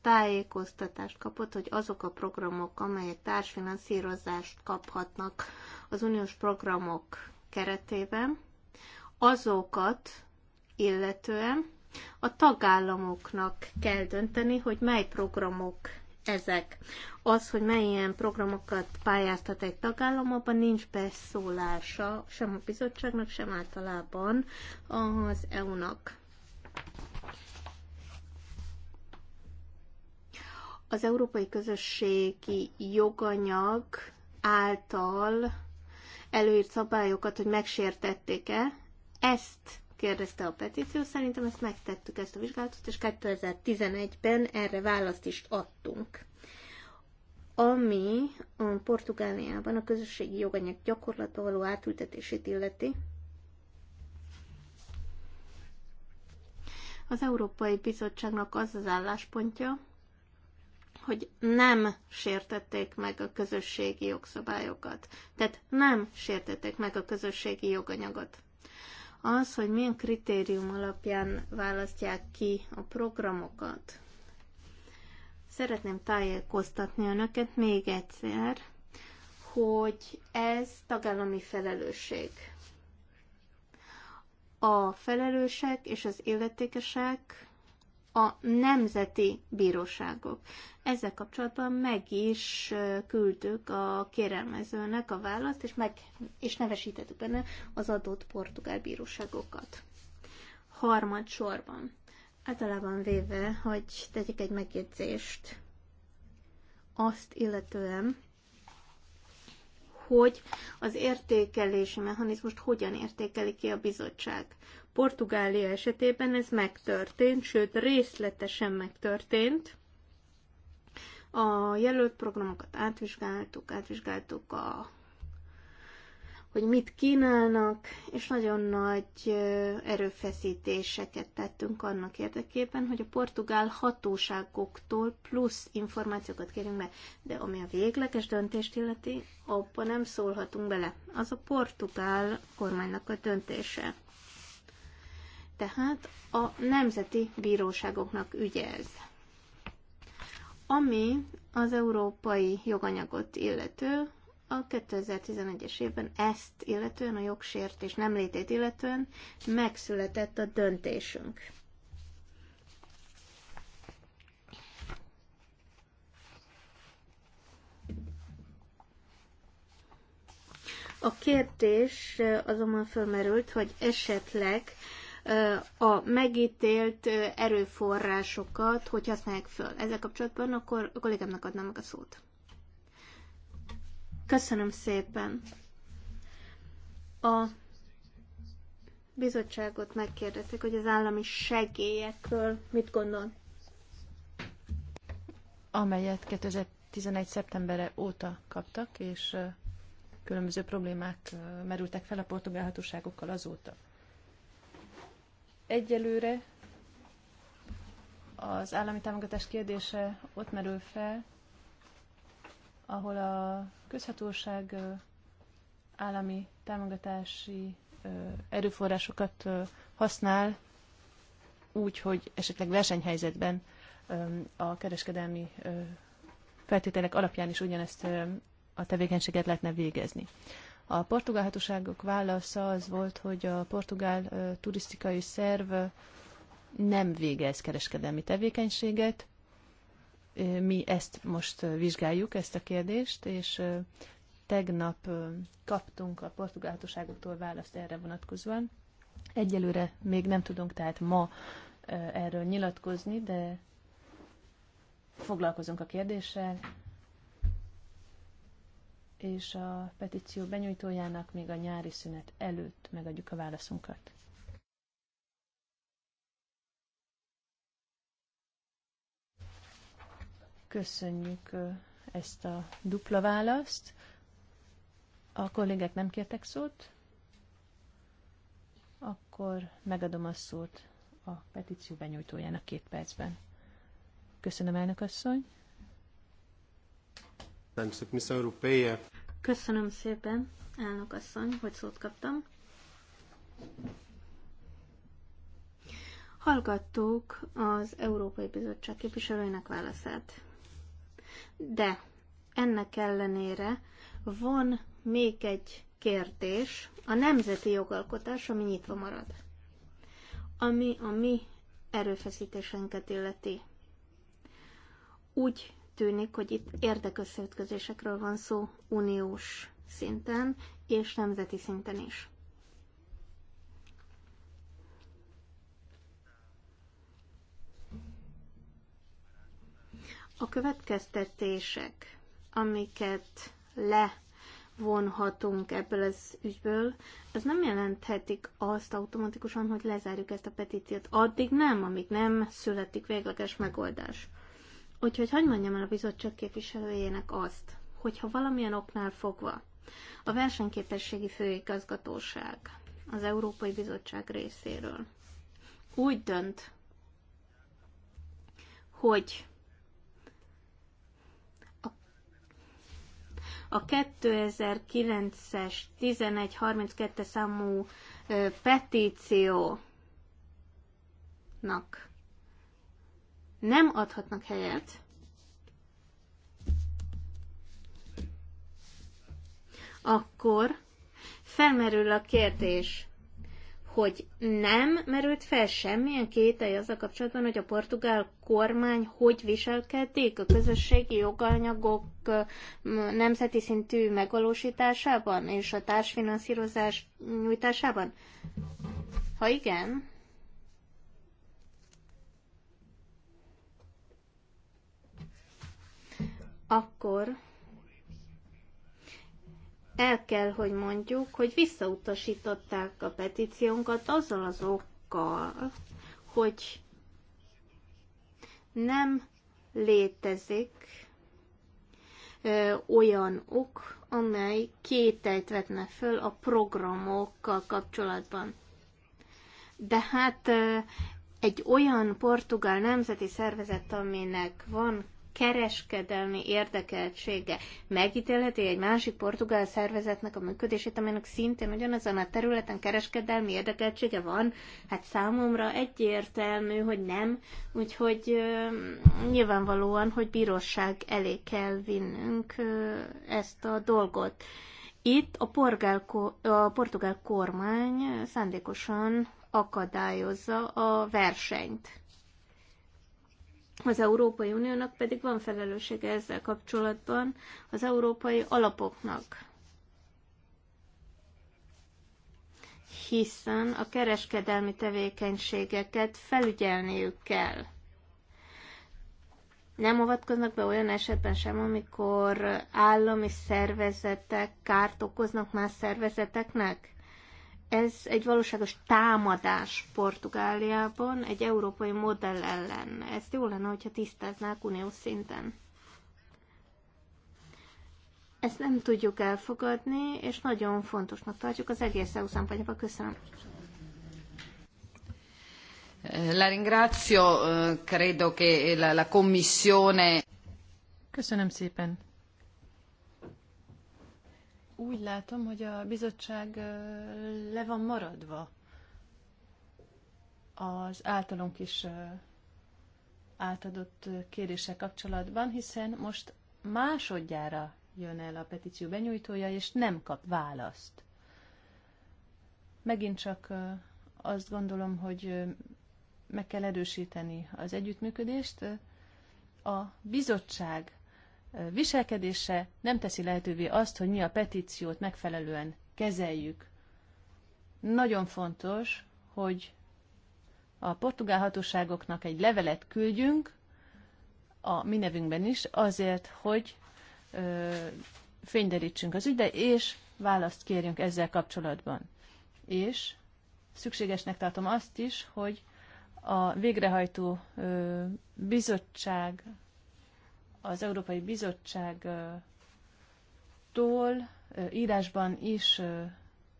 tájékoztatást kapott, hogy azok a programok, amelyek társfinanszírozást kaphatnak az uniós programok keretében, azokat illetően a tagállamoknak kell dönteni, hogy mely programok ezek. Az, hogy melyen programokat pályáztat egy tagállam, abban nincs beszólása sem a bizottságnak, sem általában az EU-nak. Az európai közösségi joganyag által előírt szabályokat, hogy megsértették-e, ezt kérdezte a petíció. Szerintem ezt megtettük, ezt a vizsgálatot, és 2011-ben erre választ is adtunk. Ami a Portugáliában a közösségi joganyag gyakorlata való átültetését illeti, Az Európai Bizottságnak az az álláspontja, hogy nem sértették meg a közösségi jogszabályokat. Tehát nem sértették meg a közösségi joganyagot. Az, hogy milyen kritérium alapján választják ki a programokat, szeretném tájékoztatni önöket még egyszer, hogy ez tagállami felelősség a felelősek és az illetékesek a nemzeti bíróságok. Ezzel kapcsolatban meg is küldtük a kérelmezőnek a választ, és, meg, és nevesítettük benne az adott portugál bíróságokat. Harmad sorban. Általában véve, hogy tegyek egy megjegyzést azt illetően, hogy az értékelési mechanizmust hogyan értékeli ki a bizottság. Portugália esetében ez megtörtént, sőt részletesen megtörtént. A jelölt programokat átvizsgáltuk, átvizsgáltuk a hogy mit kínálnak, és nagyon nagy erőfeszítéseket tettünk annak érdekében, hogy a portugál hatóságoktól plusz információkat kérünk be, de ami a végleges döntést illeti, abban nem szólhatunk bele. Az a portugál kormánynak a döntése. Tehát a nemzeti bíróságoknak ügye ez. Ami az európai joganyagot illető, a 2011-es évben ezt illetően, a jogsértés nem létét illetően megszületett a döntésünk. A kérdés azonban fölmerült, hogy esetleg a megítélt erőforrásokat hogy használják föl. Ezzel kapcsolatban akkor a kollégámnak adnám meg a szót. Köszönöm szépen. A bizottságot megkérdezték, hogy az állami segélyekről mit gondol? Amelyet 2011. szeptembere óta kaptak, és különböző problémák merültek fel a portugál hatóságokkal azóta. Egyelőre az állami támogatás kérdése ott merül fel, ahol a közhatóság állami támogatási erőforrásokat használ úgy, hogy esetleg versenyhelyzetben a kereskedelmi feltételek alapján is ugyanezt a tevékenységet lehetne végezni. A portugál hatóságok válasza az volt, hogy a portugál turisztikai szerv nem végez kereskedelmi tevékenységet, mi ezt most vizsgáljuk, ezt a kérdést, és tegnap kaptunk a portugálhatóságoktól választ erre vonatkozóan. Egyelőre még nem tudunk tehát ma erről nyilatkozni, de foglalkozunk a kérdéssel, és a petíció benyújtójának még a nyári szünet előtt megadjuk a válaszunkat. Köszönjük ezt a dupla választ. A kollégek nem kértek szót? Akkor megadom a szót a petíció benyújtójának két percben. Köszönöm, elnök asszony. Köszönöm szépen, elnök asszony, hogy szót kaptam. Hallgattuk az Európai Bizottság képviselőinek válaszát. De ennek ellenére van még egy kérdés, a nemzeti jogalkotás, ami nyitva marad, ami a mi erőfeszítésenket illeti. Úgy tűnik, hogy itt érdekösszeütközésekről van szó uniós szinten és nemzeti szinten is. A következtetések, amiket levonhatunk ebből az ügyből, az nem jelenthetik azt automatikusan, hogy lezárjuk ezt a petíciót. Addig nem, amíg nem születik végleges megoldás. Úgyhogy hagyd mondjam el a bizottság képviselőjének azt, hogyha valamilyen oknál fogva a versenyképességi főigazgatóság az Európai Bizottság részéről úgy dönt, hogy A 2009-es 1132 számú petíciónak nem adhatnak helyet, akkor felmerül a kérdés, hogy nem merült fel semmilyen az a kapcsolatban, hogy a portugál kormány hogy viselkedik a közösségi joganyagok nemzeti szintű megvalósításában és a társfinanszírozás nyújtásában? Ha igen, akkor el kell, hogy mondjuk, hogy visszautasították a petíciónkat azzal az okkal, hogy nem létezik ö, olyan ok, amely kételyt vetne föl a programokkal kapcsolatban. De hát ö, egy olyan portugál nemzeti szervezet, aminek van kereskedelmi érdekeltsége megítéleti egy másik portugál szervezetnek a működését, amelynek szintén ugyanazon a területen kereskedelmi érdekeltsége van, hát számomra egyértelmű, hogy nem, úgyhogy ö, nyilvánvalóan, hogy bíróság elé kell vinnünk ö, ezt a dolgot. Itt a, porgál, a portugál kormány szándékosan akadályozza a versenyt. Az Európai Uniónak pedig van felelőssége ezzel kapcsolatban az európai alapoknak. Hiszen a kereskedelmi tevékenységeket felügyelniük kell. Nem avatkoznak be olyan esetben sem, amikor állami szervezetek kárt okoznak más szervezeteknek? Ez egy valóságos támadás Portugáliában egy európai modell ellen. Ezt jó lenne, hogyha tisztáznák uniós szinten. Ezt nem tudjuk elfogadni, és nagyon fontosnak tartjuk az egész EU szempontjába. Köszönöm. La ringrazio, eh, credo che la, la commissione... Köszönöm szépen úgy látom, hogy a bizottság le van maradva az általunk is átadott kérése kapcsolatban, hiszen most másodjára jön el a petíció benyújtója, és nem kap választ. Megint csak azt gondolom, hogy meg kell erősíteni az együttműködést. A bizottság viselkedése nem teszi lehetővé azt, hogy mi a petíciót megfelelően kezeljük. Nagyon fontos, hogy a portugál hatóságoknak egy levelet küldjünk, a mi nevünkben is, azért, hogy ö, fényderítsünk az ügybe, és választ kérjünk ezzel kapcsolatban. És szükségesnek tartom azt is, hogy a végrehajtó ö, bizottság az Európai Bizottságtól írásban is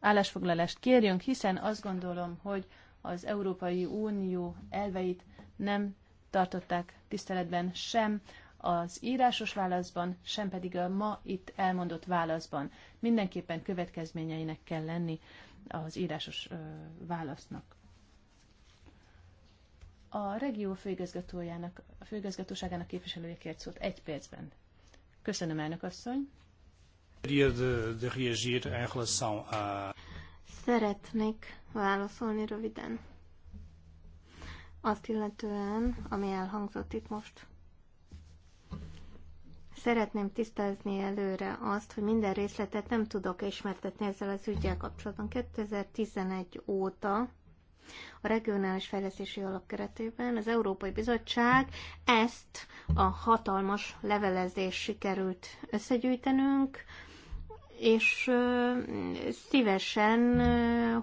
állásfoglalást kérjünk, hiszen azt gondolom, hogy az Európai Unió elveit nem tartották tiszteletben sem az írásos válaszban, sem pedig a ma itt elmondott válaszban. Mindenképpen következményeinek kell lenni az írásos válasznak. A regió főigazgatójának, a főigazgatóságának képviselője kért szót egy percben. Köszönöm, elnök asszony. Szeretnék válaszolni röviden. Azt illetően, ami elhangzott itt most. Szeretném tisztázni előre azt, hogy minden részletet nem tudok ismertetni ezzel az ügyel kapcsolatban. 2011 óta a Regionális Fejlesztési Alap keretében az Európai Bizottság ezt a hatalmas levelezést sikerült összegyűjtenünk, és szívesen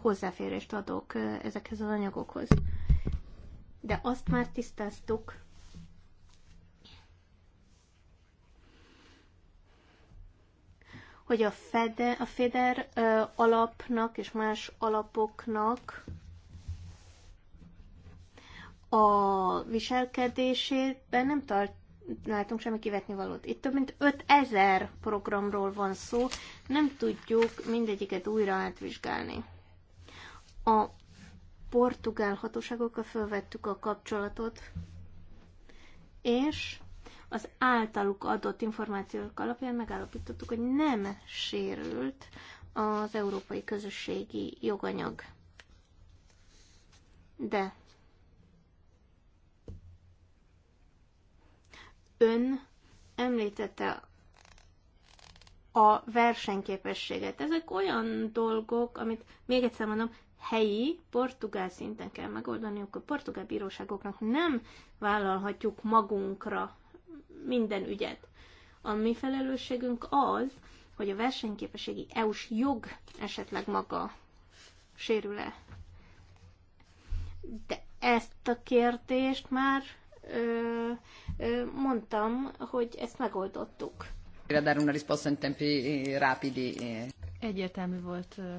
hozzáférést adok ezekhez az anyagokhoz. De azt már tisztáztuk, hogy a, fede, a FEDER alapnak és más alapoknak a viselkedésében nem tart látunk semmi kivetni valót. Itt több mint 5000 programról van szó, nem tudjuk mindegyiket újra átvizsgálni. A portugál hatóságokkal felvettük a kapcsolatot, és az általuk adott információk alapján megállapítottuk, hogy nem sérült az európai közösségi joganyag. De ön említette a versenyképességet. Ezek olyan dolgok, amit még egyszer mondom, helyi, portugál szinten kell megoldaniuk, a portugál bíróságoknak nem vállalhatjuk magunkra minden ügyet. A mi felelősségünk az, hogy a versenyképességi EU-s jog esetleg maga sérül-e. De ezt a kérdést már mondtam, hogy ezt megoldottuk. Eh, eh. Egyértelmű volt eh,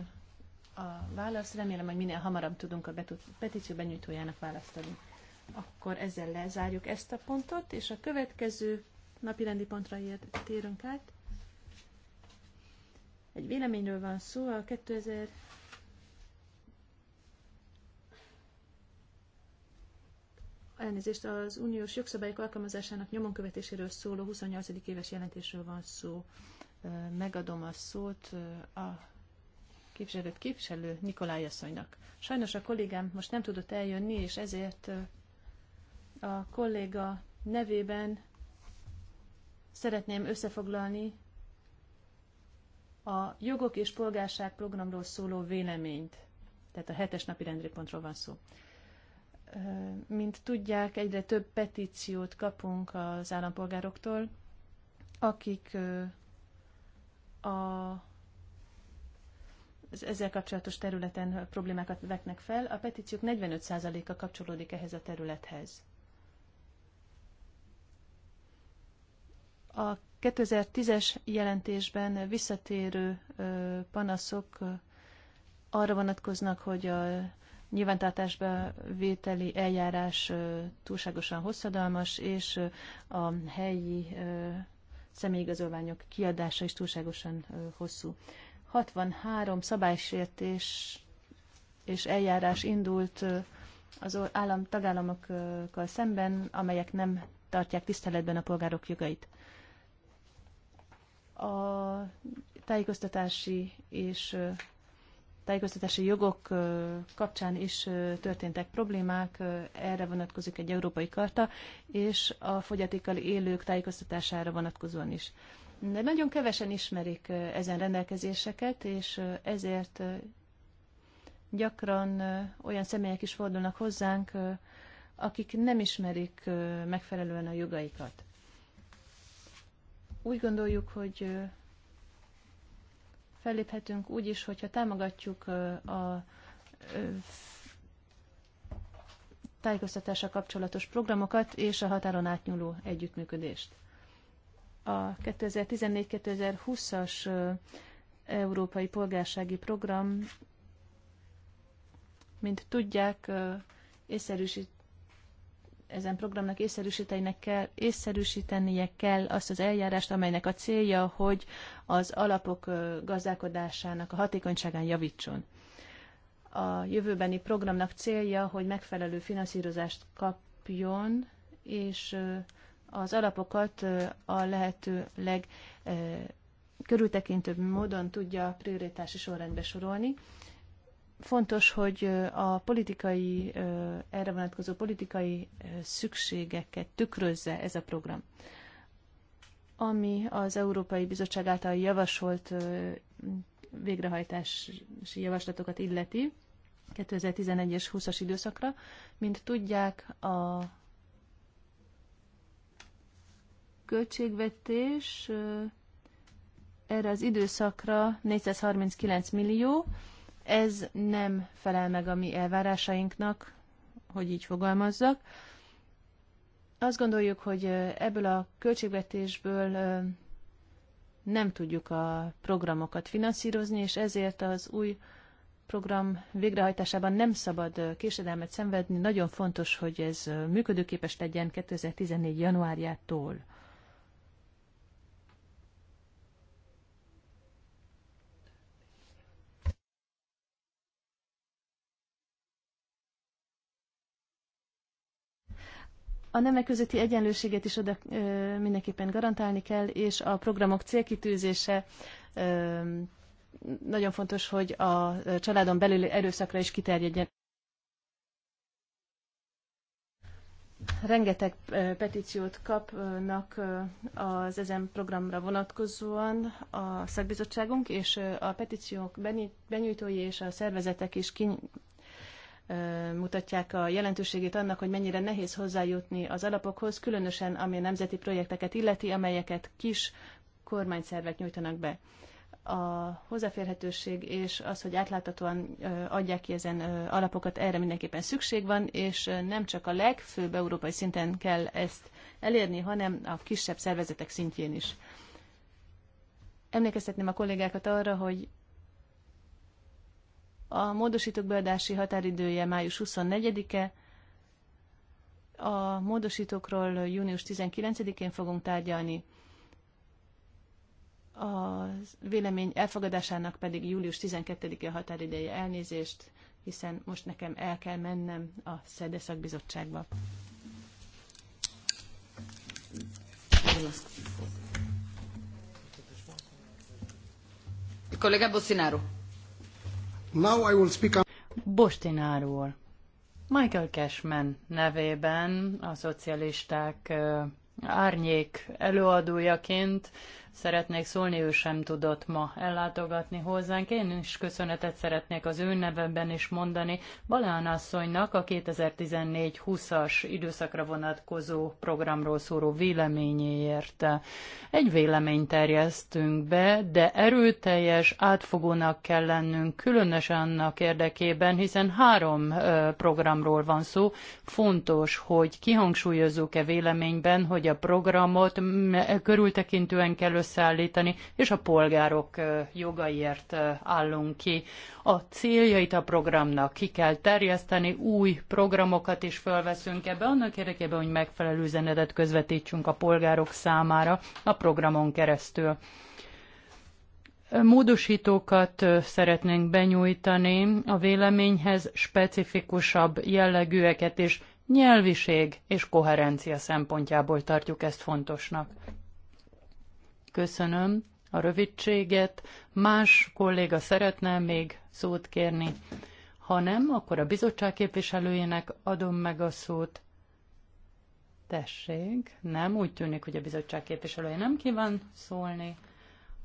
a válasz. Remélem, hogy minél hamarabb tudunk a petíció benyújtójának választani. Akkor ezzel lezárjuk ezt a pontot, és a következő napirendi pontra térünk át. Egy véleményről van szó a 2000 elnézést, az uniós jogszabályok alkalmazásának nyomon követéséről szóló 28. éves jelentésről van szó. Megadom a szót a képviselőt képviselő Nikolaj asszonynak. Sajnos a kollégám most nem tudott eljönni, és ezért a kolléga nevében szeretném összefoglalni a jogok és polgárság programról szóló véleményt. Tehát a hetes napi pontról van szó. Mint tudják, egyre több petíciót kapunk az állampolgároktól, akik a, az ezzel kapcsolatos területen problémákat veknek fel. A petíciók 45%-a kapcsolódik ehhez a területhez. A 2010-es jelentésben visszatérő panaszok arra vonatkoznak, hogy a nyilvántartásba vételi eljárás túlságosan hosszadalmas, és a helyi személyigazolványok kiadása is túlságosan hosszú. 63 szabálysértés és eljárás indult az állam tagállamokkal szemben, amelyek nem tartják tiszteletben a polgárok jogait. A tájékoztatási és tájékoztatási jogok kapcsán is történtek problémák, erre vonatkozik egy európai karta, és a fogyatékkal élők tájékoztatására vonatkozóan is. De nagyon kevesen ismerik ezen rendelkezéseket, és ezért gyakran olyan személyek is fordulnak hozzánk, akik nem ismerik megfelelően a jogaikat. Úgy gondoljuk, hogy felléphetünk úgy is, hogyha támogatjuk a tájékoztatással kapcsolatos programokat és a határon átnyúló együttműködést. A 2014-2020-as Európai Polgársági Program, mint tudják, észszerűsít, ezen programnak kell, észszerűsítenie kell azt az eljárást, amelynek a célja, hogy az alapok gazdálkodásának a hatékonyságán javítson. A jövőbeni programnak célja, hogy megfelelő finanszírozást kapjon, és az alapokat a lehető legkörültekintőbb módon tudja prioritási sorrendbe sorolni Fontos, hogy a politikai, erre vonatkozó politikai szükségeket tükrözze ez a program. Ami az Európai Bizottság által javasolt végrehajtási javaslatokat illeti 2011 es 20-as időszakra, mint tudják, a költségvetés erre az időszakra 439 millió, ez nem felel meg a mi elvárásainknak, hogy így fogalmazzak. Azt gondoljuk, hogy ebből a költségvetésből nem tudjuk a programokat finanszírozni, és ezért az új program végrehajtásában nem szabad késedelmet szenvedni. Nagyon fontos, hogy ez működőképes legyen 2014. januárjától. A nemek közötti egyenlőséget is oda mindenképpen garantálni kell, és a programok célkitűzése nagyon fontos, hogy a családon belüli erőszakra is kiterjedjen. Rengeteg petíciót kapnak az ezen programra vonatkozóan a szakbizottságunk, és a petíciók benyújtói és a szervezetek is mutatják a jelentőségét annak, hogy mennyire nehéz hozzájutni az alapokhoz, különösen ami a nemzeti projekteket illeti, amelyeket kis kormányszervek nyújtanak be. A hozzáférhetőség és az, hogy átláthatóan adják ki ezen alapokat, erre mindenképpen szükség van, és nem csak a legfőbb európai szinten kell ezt elérni, hanem a kisebb szervezetek szintjén is. Emlékeztetném a kollégákat arra, hogy a módosítók beadási határidője május 24-e, a módosítókról június 19-én fogunk tárgyalni, a vélemény elfogadásának pedig július 12-e határideje elnézést, hiszen most nekem el kell mennem a SZEDE szakbizottságba. Kollega Bosszináró. Now I will speak Bostináról. Michael Cashman nevében a szocialisták árnyék előadójaként szeretnék szólni, ő sem tudott ma ellátogatni hozzánk. Én is köszönetet szeretnék az ő nevemben is mondani Balán asszonynak a 2014-20-as időszakra vonatkozó programról szóró véleményéért. Egy véleményt terjesztünk be, de erőteljes, átfogónak kell lennünk, különösen annak érdekében, hiszen három programról van szó. Fontos, hogy kihangsúlyozzuk-e véleményben, hogy a programot körültekintően kell összeállítani, és a polgárok jogaiért állunk ki. A céljait a programnak ki kell terjeszteni, új programokat is felveszünk ebbe, annak érdekében, hogy megfelelő üzenetet közvetítsünk a polgárok számára a programon keresztül. Módosítókat szeretnénk benyújtani a véleményhez, specifikusabb jellegűeket és nyelviség és koherencia szempontjából tartjuk ezt fontosnak. Köszönöm a rövidséget. Más kolléga szeretne még szót kérni? Ha nem, akkor a bizottság képviselőjének adom meg a szót. Tessék, nem, úgy tűnik, hogy a bizottság képviselője nem kíván szólni.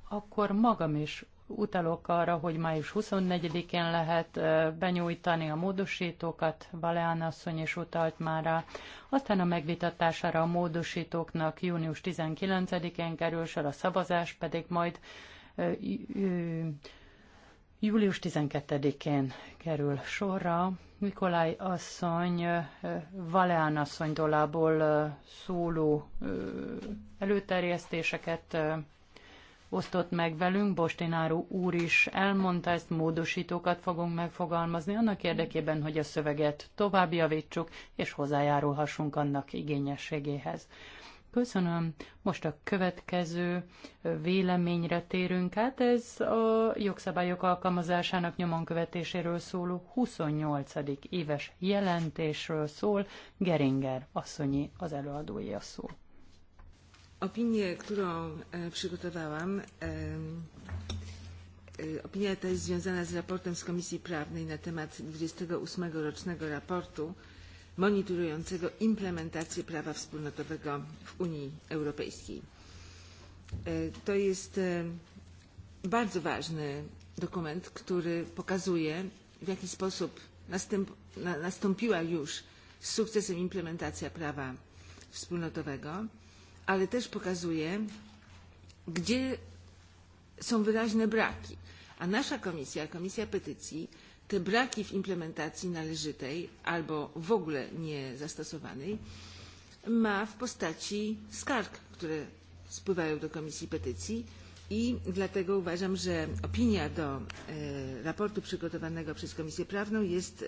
Akkor magam is utalok arra, hogy május 24-én lehet benyújtani a módosítókat, Baleán asszony is utalt már rá. Aztán a megvitatására a módosítóknak június 19-én kerül sor, a szavazás pedig majd július 12-én kerül sorra. Mikolaj asszony Valeán asszony dolából szóló előterjesztéseket osztott meg velünk, Bostináró úr is elmondta, ezt módosítókat fogunk megfogalmazni annak érdekében, hogy a szöveget tovább javítsuk, és hozzájárulhassunk annak igényességéhez. Köszönöm. Most a következő véleményre térünk át. Ez a jogszabályok alkalmazásának nyomon követéséről szóló 28. éves jelentésről szól. Geringer asszonyi az előadója szó. Opinię, którą e, przygotowałam, e, e, opinia ta jest związana z raportem z Komisji Prawnej na temat 28. rocznego raportu monitorującego implementację prawa wspólnotowego w Unii Europejskiej. To jest bardzo ważny dokument, który pokazuje, w jaki sposób następ, na, nastąpiła już z sukcesem implementacja prawa wspólnotowego ale też pokazuje, gdzie są wyraźne braki. A nasza komisja, komisja petycji, te braki w implementacji należytej albo w ogóle nie zastosowanej ma w postaci skarg, które spływają do Komisji Petycji i dlatego uważam, że opinia do e, raportu przygotowanego przez Komisję Prawną jest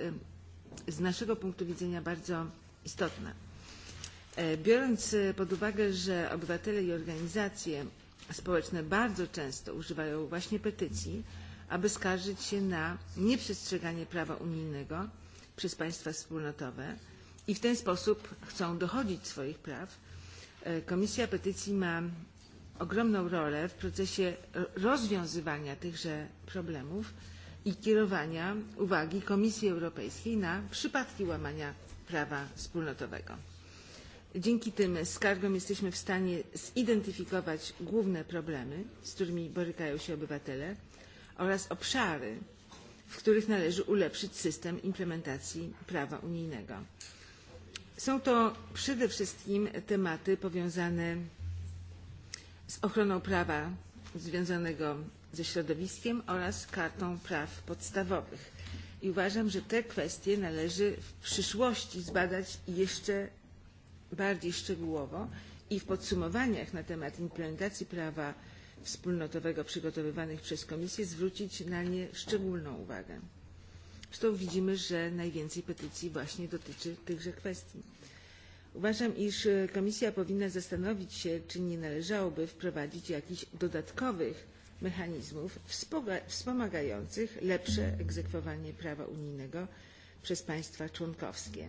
e, z naszego punktu widzenia bardzo istotna. E, biorąc e, pod uwagę, że obywatele i organizacje społeczne bardzo często używają właśnie petycji, aby skarżyć się na nieprzestrzeganie prawa unijnego przez państwa wspólnotowe i w ten sposób chcą dochodzić swoich praw, e, Komisja Petycji ma ogromną rolę w procesie rozwiązywania tychże problemów i kierowania uwagi Komisji Europejskiej na przypadki łamania prawa wspólnotowego. Dzięki tym skargom jesteśmy w stanie zidentyfikować główne problemy, z którymi borykają się obywatele oraz obszary, w których należy ulepszyć system implementacji prawa unijnego. Są to przede wszystkim tematy powiązane z ochroną prawa związanego ze środowiskiem oraz kartą praw podstawowych. I uważam, że te kwestie należy w przyszłości zbadać jeszcze bardziej szczegółowo i w podsumowaniach na temat implementacji prawa wspólnotowego przygotowywanych przez Komisję zwrócić na nie szczególną uwagę. Zresztą widzimy, że najwięcej petycji właśnie dotyczy tychże kwestii. Uważam, iż Komisja powinna zastanowić się, czy nie należałoby wprowadzić jakichś dodatkowych mechanizmów wspomagających lepsze egzekwowanie prawa unijnego przez państwa członkowskie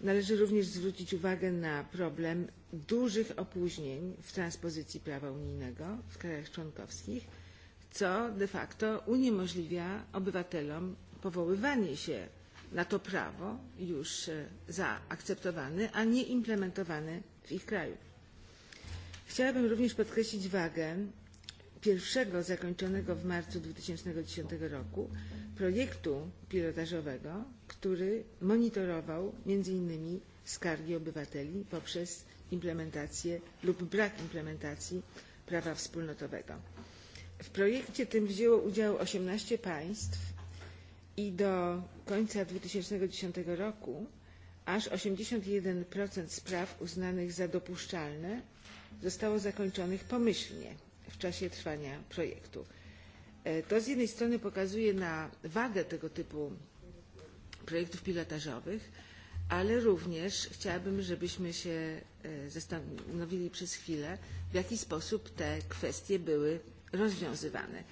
Należy również zwrócić uwagę na problem dużych opóźnień w transpozycji prawa unijnego w krajach członkowskich, co de facto uniemożliwia obywatelom powoływanie się na to prawo już e, zaakceptowane, a nie implementowane w ich kraju. Chciałabym również podkreślić wagę pierwszego zakończonego w marcu 2010 roku projektu pilotażowego, który monitorował między innymi skargi obywateli poprzez implementację lub brak implementacji prawa wspólnotowego. W projekcie tym wzięło udział 18 państw i do końca 2010 roku aż 81% spraw uznanych za dopuszczalne zostało zakończonych pomyślnie w czasie trwania projektu. E, to z jednej strony pokazuje na wagę tego typu projektów pilotażowych, ale również chciałabym, żebyśmy się e, zastanowili przez chwilę, w jaki sposób te kwestie były rozwiązywane.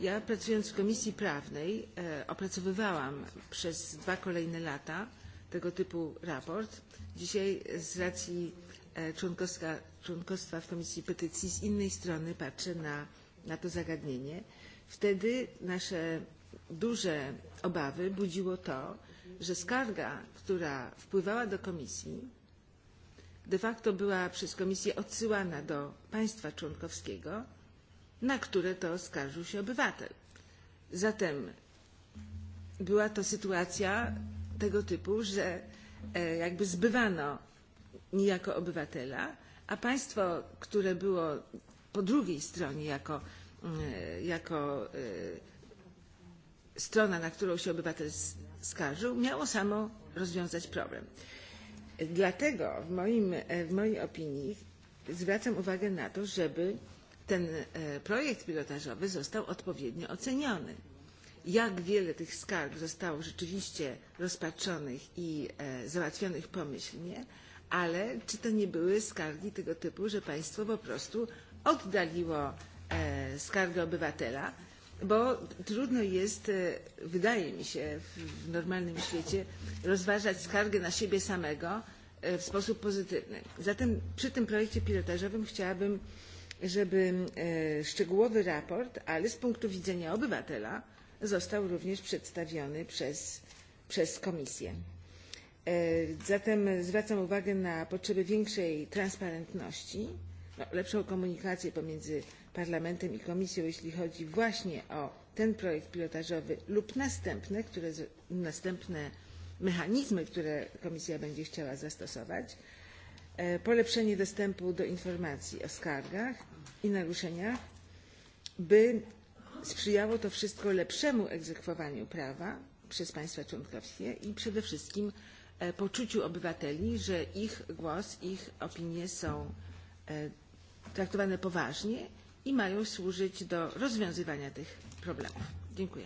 Ja pracując w Komisji Prawnej e, opracowywałam przez dwa kolejne lata tego typu raport. Dzisiaj z racji E, członkostwa, członkostwa w Komisji Petycji z innej strony patrzę na, na to zagadnienie. Wtedy nasze duże obawy budziło to, że skarga, która wpływała do Komisji, de facto była przez Komisję odsyłana do państwa członkowskiego, na które to skarżył się obywatel. Zatem była to sytuacja tego typu, że e, jakby zbywano niejako obywatela, a państwo, które było po drugiej stronie jako, e, e, strona, na którą się obywatel skarżył, miało samo rozwiązać problem. Dlatego e, w mojej opinii zwracam uwagę na to, żeby ten projekt pilotażowy został odpowiednio oceniony. Jak wiele tych skarg zostało rzeczywiście rozpatrzonych i załatwionych pomyślnie, ale czy to nie były skargi tego typu, że państwo po prostu oddaliło e, skargę obywatela, bo trudno jest, e, wydaje mi się, w, w normalnym świecie rozważać skargę na siebie samego e, w sposób pozytywny. Zatem przy tym projekcie pilotażowym chciałabym, żeby e, szczegółowy raport, ale z punktu widzenia obywatela, został również przedstawiony przez, przez Komisję. E, zatem zwracam uwagę na potrzebę większej transparentności, no, lepszą komunikację pomiędzy Parlamentem i Komisją, jeśli chodzi właśnie o ten projekt pilotażowy lub następne, które, następne mechanizmy, które Komisja będzie chciała zastosować, e, polepszenie dostępu do informacji o skargach i naruszeniach, by sprzyjało to wszystko lepszemu egzekwowaniu prawa przez państwa członkowskie i przede wszystkim E, poczuciu obywateli, że ich głos, ich opinie są e, traktowane poważnie i mają służyć do rozwiązywania tych problemów. Dziękuję.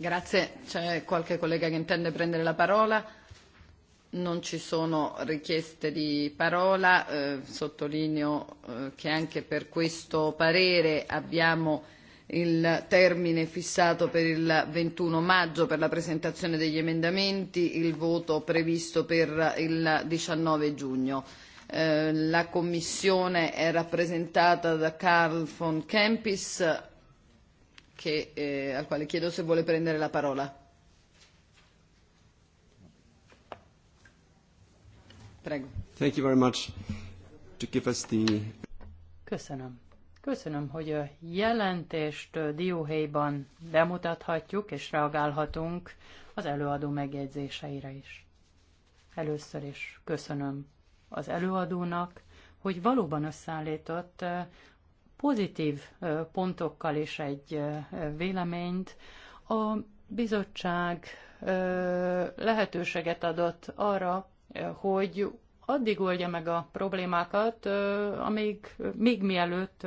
Grazie. C'è qualche collega che intende prendere la parola? Non ci sono richieste di parola. Eh, sottolineo eh, che anche per questo parere abbiamo il termine fissato per il 21 maggio per la presentazione degli emendamenti, il voto previsto per il 19 giugno. Eh, la Commissione è rappresentata da Carl von Kempis, che, eh, al quale chiedo se vuole prendere la parola. Prego. Thank you very much to give us the... Köszönöm Köszönöm, hogy a jelentést dióhéjban bemutathatjuk és reagálhatunk az előadó megjegyzéseire is. Először is köszönöm az előadónak, hogy valóban összeállított pozitív pontokkal is egy véleményt. A bizottság lehetőséget adott arra, hogy addig oldja meg a problémákat, amíg még mielőtt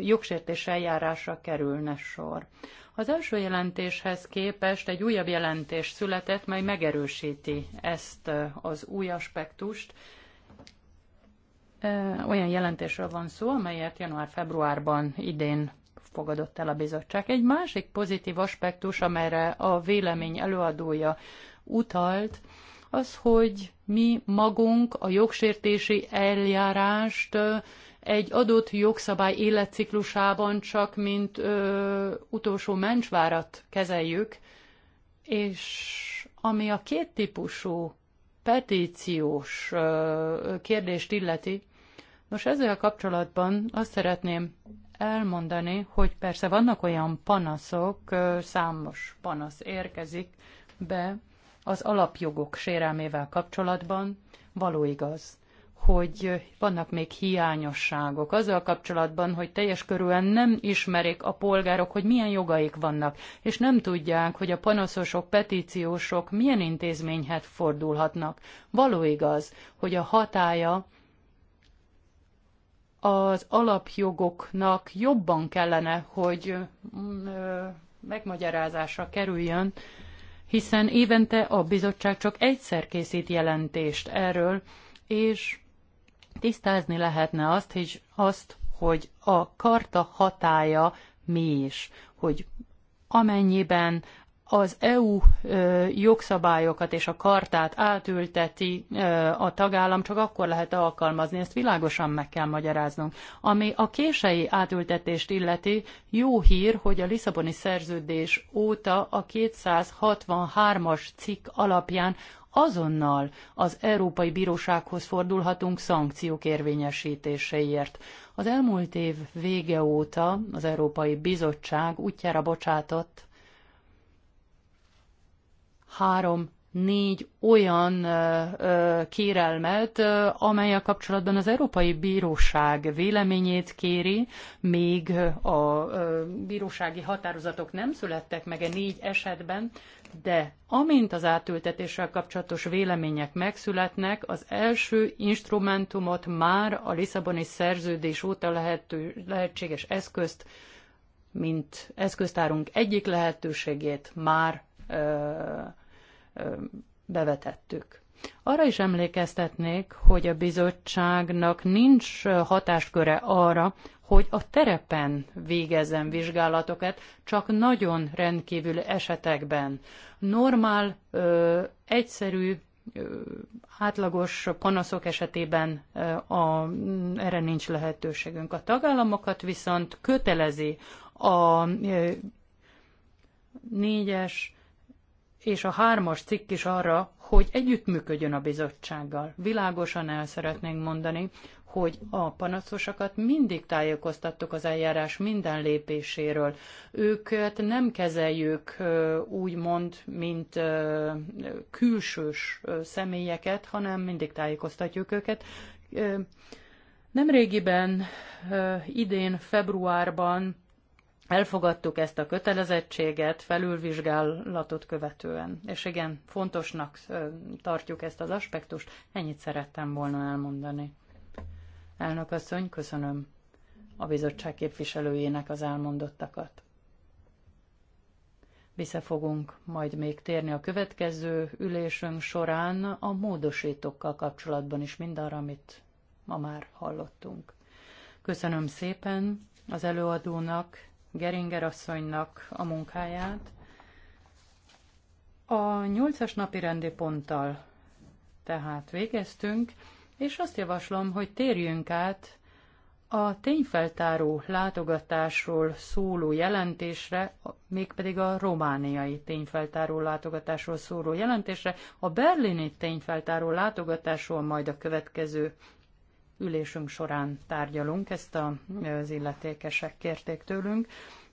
jogsértés eljárásra kerülne sor. Az első jelentéshez képest egy újabb jelentés született, mely megerősíti ezt az új aspektust. Olyan jelentésről van szó, amelyet január-februárban idén fogadott el a bizottság. Egy másik pozitív aspektus, amelyre a vélemény előadója utalt, az, hogy mi magunk a jogsértési eljárást egy adott jogszabály életciklusában csak mint ö, utolsó mencsvárat kezeljük, és ami a két típusú petíciós ö, kérdést illeti, most ezzel kapcsolatban azt szeretném elmondani, hogy persze vannak olyan panaszok, ö, számos panasz érkezik be az alapjogok sérelmével kapcsolatban, való igaz hogy vannak még hiányosságok azzal kapcsolatban, hogy teljes körülön nem ismerik a polgárok, hogy milyen jogaik vannak, és nem tudják, hogy a panaszosok, petíciósok milyen intézményhez fordulhatnak. Való igaz, hogy a hatája az alapjogoknak jobban kellene, hogy mm, megmagyarázásra kerüljön, hiszen évente a bizottság csak egyszer készít jelentést erről, és tisztázni lehetne azt hogy azt, hogy a karta hatája mi is, hogy amennyiben az EU jogszabályokat és a kartát átülteti a tagállam, csak akkor lehet alkalmazni. Ezt világosan meg kell magyaráznunk. Ami a kései átültetést illeti, jó hír, hogy a Lisszaboni szerződés óta a 263-as cikk alapján azonnal az Európai Bírósághoz fordulhatunk szankciók érvényesítéséért. Az elmúlt év vége óta az Európai Bizottság útjára bocsátott három négy olyan kérelmet, amelyek kapcsolatban az Európai Bíróság véleményét kéri, még a bírósági határozatok nem születtek meg e négy esetben, de amint az átültetéssel kapcsolatos vélemények megszületnek, az első instrumentumot már a Lisszaboni szerződés óta lehető, lehetséges eszközt, mint eszköztárunk egyik lehetőségét már ö, ö, bevetettük. Arra is emlékeztetnék, hogy a bizottságnak nincs hatásköre arra, hogy a terepen végezzen vizsgálatokat, csak nagyon rendkívül esetekben. Normál, ö, egyszerű, ö, átlagos panaszok esetében ö, a, erre nincs lehetőségünk. A tagállamokat viszont kötelezi a ö, négyes és a hármas cikk is arra, hogy együttműködjön a bizottsággal. Világosan el szeretnénk mondani, hogy a panaszosakat mindig tájékoztattuk az eljárás minden lépéséről. Őket nem kezeljük úgymond, mint külsős személyeket, hanem mindig tájékoztatjuk őket. Nemrégiben, idén, februárban elfogadtuk ezt a kötelezettséget felülvizsgálatot követően. És igen, fontosnak tartjuk ezt az aspektust, ennyit szerettem volna elmondani. Elnök asszony, köszönöm a bizottság képviselőjének az elmondottakat. Vissza fogunk majd még térni a következő ülésünk során a módosítókkal kapcsolatban is mindarra, amit ma már hallottunk. Köszönöm szépen az előadónak, Geringer asszonynak a munkáját. A nyolcas napi rendi ponttal tehát végeztünk és azt javaslom, hogy térjünk át a tényfeltáró látogatásról szóló jelentésre, mégpedig a romániai tényfeltáró látogatásról szóló jelentésre, a berlini tényfeltáró látogatásról majd a következő ülésünk során tárgyalunk, ezt az illetékesek kérték tőlünk.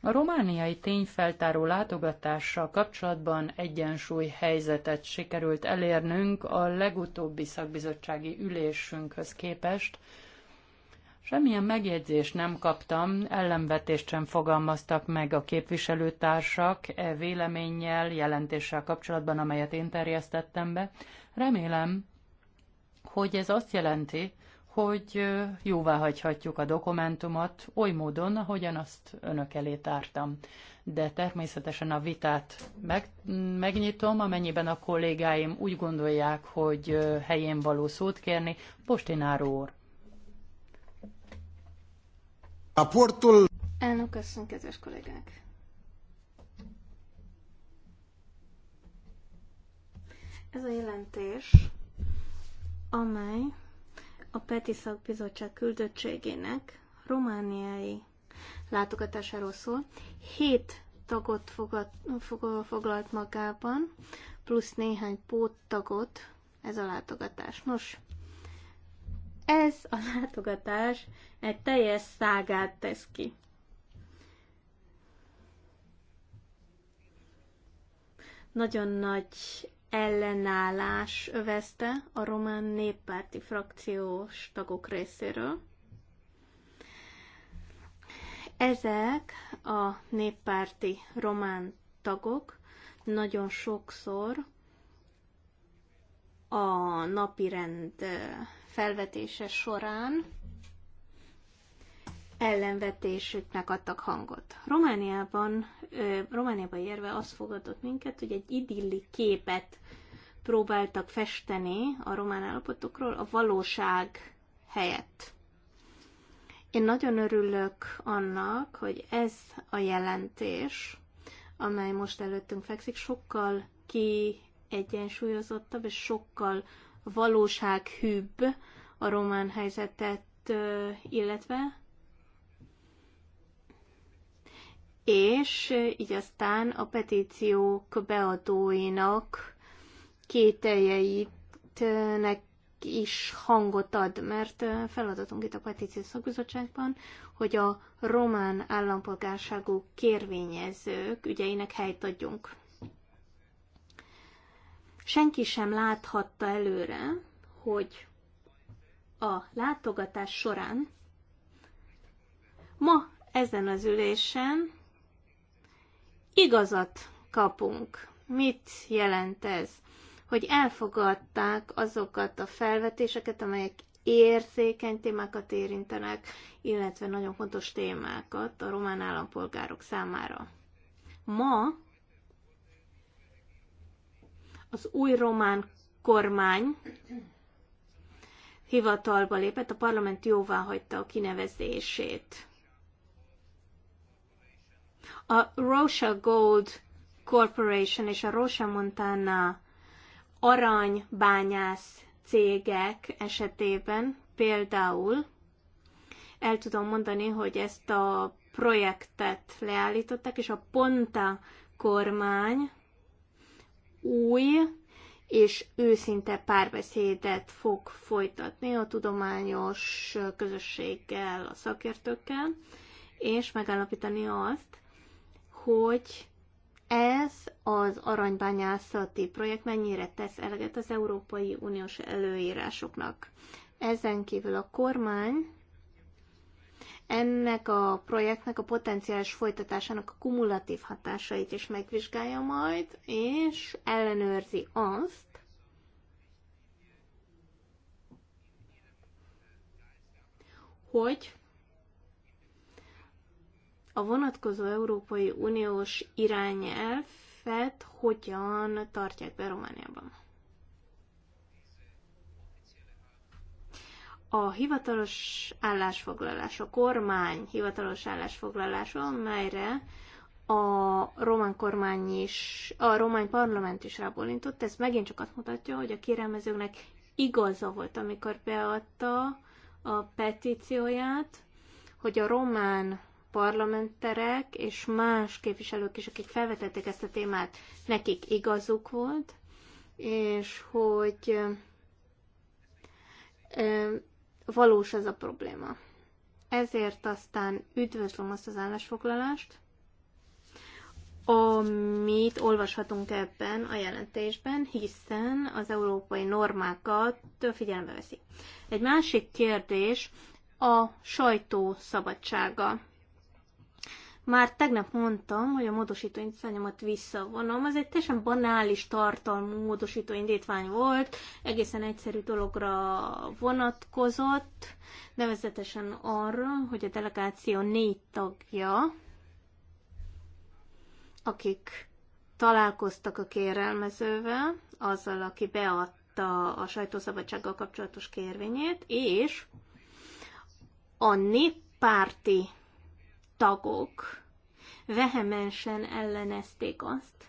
A romániai tényfeltáró látogatással kapcsolatban egyensúly helyzetet sikerült elérnünk a legutóbbi szakbizottsági ülésünkhöz képest. Semmilyen megjegyzést nem kaptam, ellenvetést sem fogalmaztak meg a képviselőtársak e véleménnyel, jelentéssel kapcsolatban, amelyet én terjesztettem be. Remélem, hogy ez azt jelenti, hogy jóvá hagyhatjuk a dokumentumot oly módon, ahogyan azt önök elé tártam. De természetesen a vitát meg, megnyitom, amennyiben a kollégáim úgy gondolják, hogy helyén való szót kérni. Postináró úr. A portul... Elnök, köszönöm, kedves kollégák. Ez a jelentés, amely a Peti Szakbizottság küldöttségének romániai látogatásáról szól. Hét tagot fogad, fog, foglalt magában, plusz néhány póttagot ez a látogatás. Nos, ez a látogatás egy teljes szágát tesz ki. Nagyon nagy ellenállás övezte a román néppárti frakciós tagok részéről. Ezek a néppárti román tagok nagyon sokszor a napirend felvetése során ellenvetésüknek adtak hangot. Romániában, Romániában érve azt fogadott minket, hogy egy idilli képet próbáltak festeni a román állapotokról a valóság helyett. Én nagyon örülök annak, hogy ez a jelentés, amely most előttünk fekszik, sokkal kiegyensúlyozottabb és sokkal valósághűbb a román helyzetet illetve, és így aztán a petíciók beadóinak kételjeitnek is hangot ad, mert feladatunk itt a petíció szakbizottságban, hogy a román állampolgárságú kérvényezők ügyeinek helyt adjunk. Senki sem láthatta előre, hogy a látogatás során ma ezen az ülésen igazat kapunk. Mit jelent ez? Hogy elfogadták azokat a felvetéseket, amelyek érzékeny témákat érintenek, illetve nagyon fontos témákat a román állampolgárok számára. Ma az új román kormány hivatalba lépett, a parlament jóvá hagyta a kinevezését. A Rocha Gold Corporation és a Rocha Montana aranybányász cégek esetében például el tudom mondani, hogy ezt a projektet leállították, és a Ponta kormány új és őszinte párbeszédet fog folytatni a tudományos közösséggel, a szakértőkkel, és megállapítani azt, hogy ez az aranybányászati projekt mennyire tesz eleget az Európai Uniós előírásoknak. Ezen kívül a kormány ennek a projektnek a potenciális folytatásának a kumulatív hatásait is megvizsgálja majd, és ellenőrzi azt, hogy a vonatkozó Európai Uniós irányelvet hogyan tartják be Romániában. A hivatalos állásfoglalás, a kormány hivatalos állásfoglalása, amelyre a román kormány is, a román parlament is rábólintott, ez megint csak azt mutatja, hogy a kérelmezőknek igaza volt, amikor beadta a petícióját, hogy a román parlamenterek és más képviselők is, akik felvetették ezt a témát, nekik igazuk volt, és hogy valós ez a probléma. Ezért aztán üdvözlöm azt az állásfoglalást, amit olvashatunk ebben a jelentésben, hiszen az európai normákat figyelembe veszi. Egy másik kérdés a sajtó szabadsága. Már tegnap mondtam, hogy a módosító indítványomat visszavonom. Az egy teljesen banális tartalmú módosító indítvány volt, egészen egyszerű dologra vonatkozott, nevezetesen arra, hogy a delegáció négy tagja, akik találkoztak a kérelmezővel, azzal, aki beadta a sajtószabadsággal kapcsolatos kérvényét, és a néppárti tagok vehemensen ellenezték azt,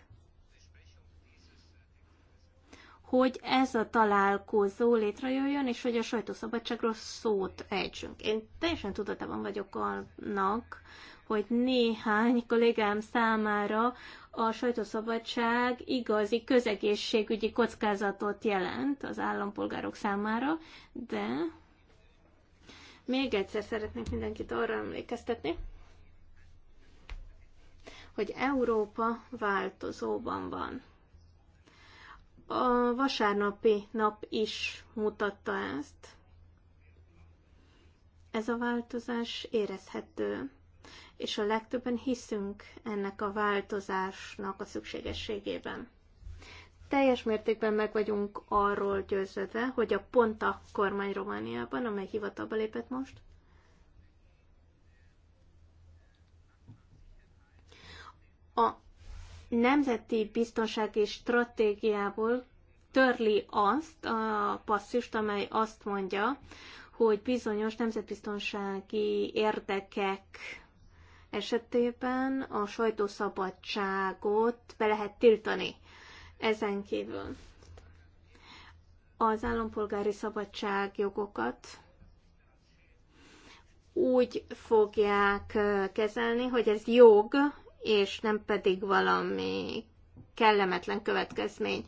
hogy ez a találkozó létrejöjjön, és hogy a sajtószabadságról szót ejtsünk. Én teljesen tudatában vagyok annak, hogy néhány kollégám számára a sajtószabadság igazi közegészségügyi kockázatot jelent az állampolgárok számára, de még egyszer szeretnék mindenkit arra emlékeztetni, hogy Európa változóban van. A vasárnapi nap is mutatta ezt. Ez a változás érezhető, és a legtöbben hiszünk ennek a változásnak a szükségességében teljes mértékben meg vagyunk arról győződve, hogy a a kormány Romániában, amely hivatalba lépett most, a nemzeti biztonság és stratégiából törli azt a passzust, amely azt mondja, hogy bizonyos nemzetbiztonsági érdekek esetében a sajtószabadságot be lehet tiltani ezen kívül. Az állampolgári szabadság jogokat úgy fogják kezelni, hogy ez jog, és nem pedig valami kellemetlen következmény.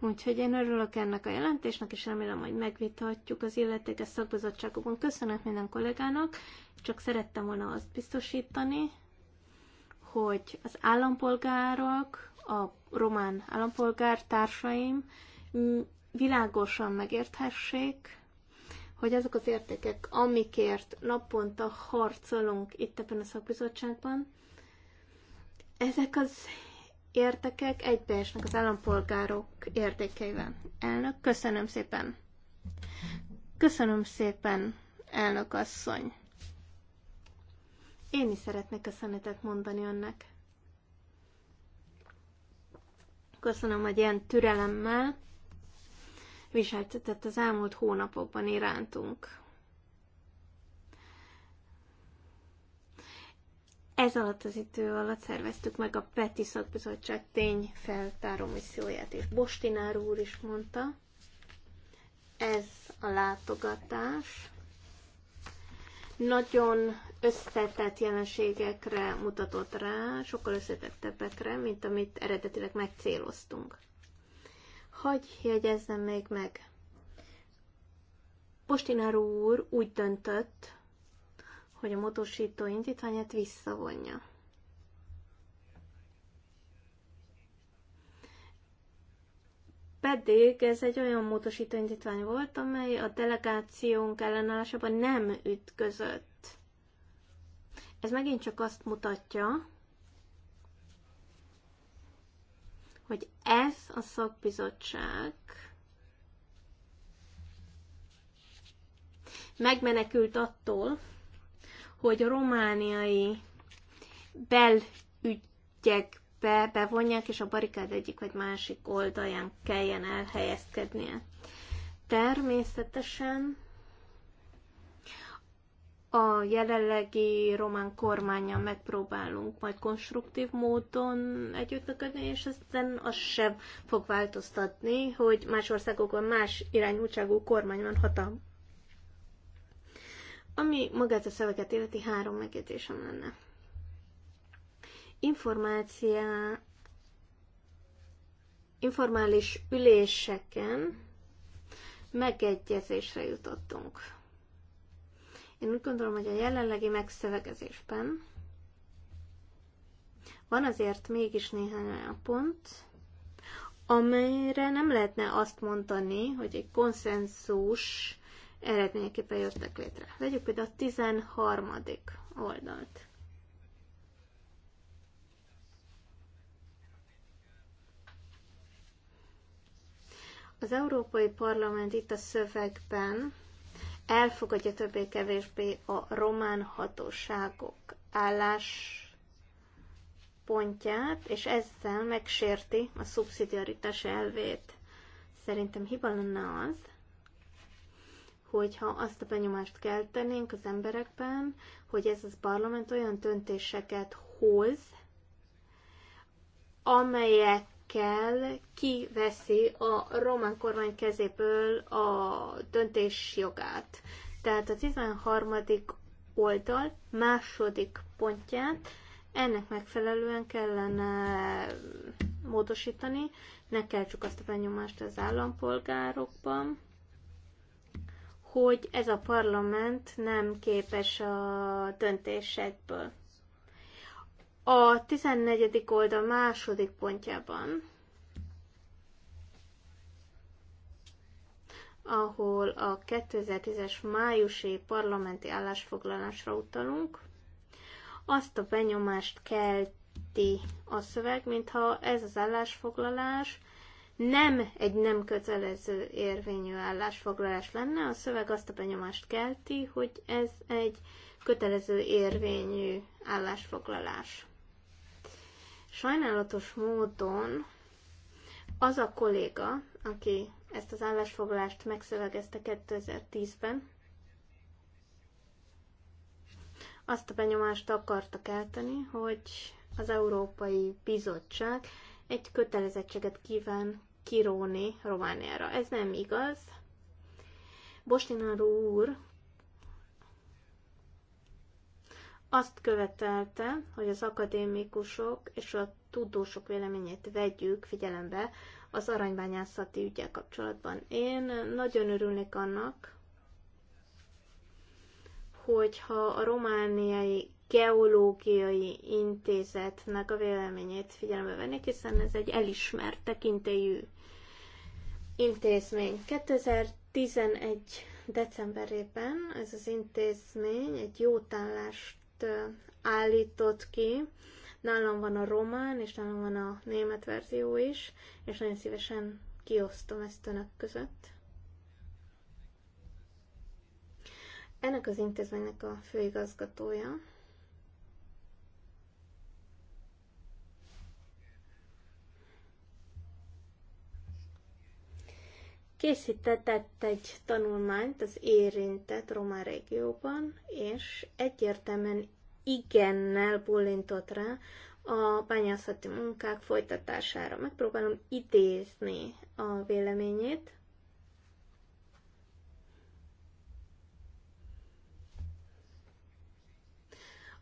Úgyhogy én örülök ennek a jelentésnek, és remélem, hogy megvitatjuk az illetékes szakbizottságokon. Köszönet minden kollégának, csak szerettem volna azt biztosítani, hogy az állampolgárok, a román állampolgártársaim világosan megérthessék, hogy azok az értékek, amikért naponta harcolunk itt ebben a szakbizottságban, ezek az értekek egybeesnek az állampolgárok értékeivel. Elnök, köszönöm szépen. Köszönöm szépen, elnök asszony. Én is szeretnék köszönetet mondani önnek. Köszönöm, hogy ilyen türelemmel viseltetett az elmúlt hónapokban irántunk. Ez alatt az idő alatt szerveztük meg a Peti Szakbizottság tényfeltáró misszióját, és Bostinár úr is mondta, ez a látogatás nagyon összetett jelenségekre mutatott rá, sokkal összetettebbekre, mint amit eredetileg megcéloztunk. Hogy jegyezzem még meg. Postinár úr úgy döntött, hogy a módosító indítványát visszavonja. Pedig ez egy olyan módosító indítvány volt, amely a delegációnk ellenállásában nem ütközött. Ez megint csak azt mutatja, hogy ez a szakbizottság megmenekült attól, hogy a romániai belügyekbe bevonják, és a barikád egyik vagy másik oldalján kelljen elhelyezkednie. Természetesen a jelenlegi román kormányjal megpróbálunk majd konstruktív módon együttműködni, és aztán az sem fog változtatni, hogy más országokban más irányultságú kormány van hatalmon. Ami magát a szöveget illeti, három megjegyzésem lenne. Információ, informális üléseken megegyezésre jutottunk. Én úgy gondolom, hogy a jelenlegi megszövegezésben van azért mégis néhány olyan pont, amelyre nem lehetne azt mondani, hogy egy konszenzus eredményeképpen jöttek létre. Vegyük például a 13. oldalt. Az Európai Parlament itt a szövegben elfogadja többé-kevésbé a román hatóságok állás pontját, és ezzel megsérti a szubszidiaritás elvét. Szerintem hiba lenne az, hogyha azt a benyomást keltenénk az emberekben, hogy ez az parlament olyan döntéseket hoz, amelyekkel kiveszi a román kormány kezéből a döntésjogát. Tehát a 13. oldal második pontját ennek megfelelően kellene módosítani, ne keltsük azt a benyomást az állampolgárokban, hogy ez a parlament nem képes a döntésekből. A 14. oldal második pontjában, ahol a 2010-es májusi parlamenti állásfoglalásra utalunk, azt a benyomást kelti a szöveg, mintha ez az állásfoglalás nem egy nem kötelező érvényű állásfoglalás lenne, a szöveg azt a benyomást kelti, hogy ez egy kötelező érvényű állásfoglalás. Sajnálatos módon az a kolléga, aki ezt az állásfoglalást megszövegezte 2010-ben, azt a benyomást akarta kelteni, hogy az Európai Bizottság egy kötelezettséget kíván kiróni Romániára. Ez nem igaz. Bostinaró úr azt követelte, hogy az akadémikusok és a tudósok véleményét vegyük figyelembe az aranybányászati ügyel kapcsolatban. Én nagyon örülnék annak, hogyha a romániai geológiai intézetnek a véleményét figyelembe vennék, hiszen ez egy elismert tekintélyű intézmény. 2011 decemberében ez az intézmény egy jótállást állított ki. Nálam van a román, és nálam van a német verzió is, és nagyon szívesen kiosztom ezt önök között. Ennek az intézménynek a főigazgatója, készítetett egy tanulmányt az érintett román régióban, és egyértelműen igennel bullintott rá a bányászati munkák folytatására. Megpróbálom idézni a véleményét.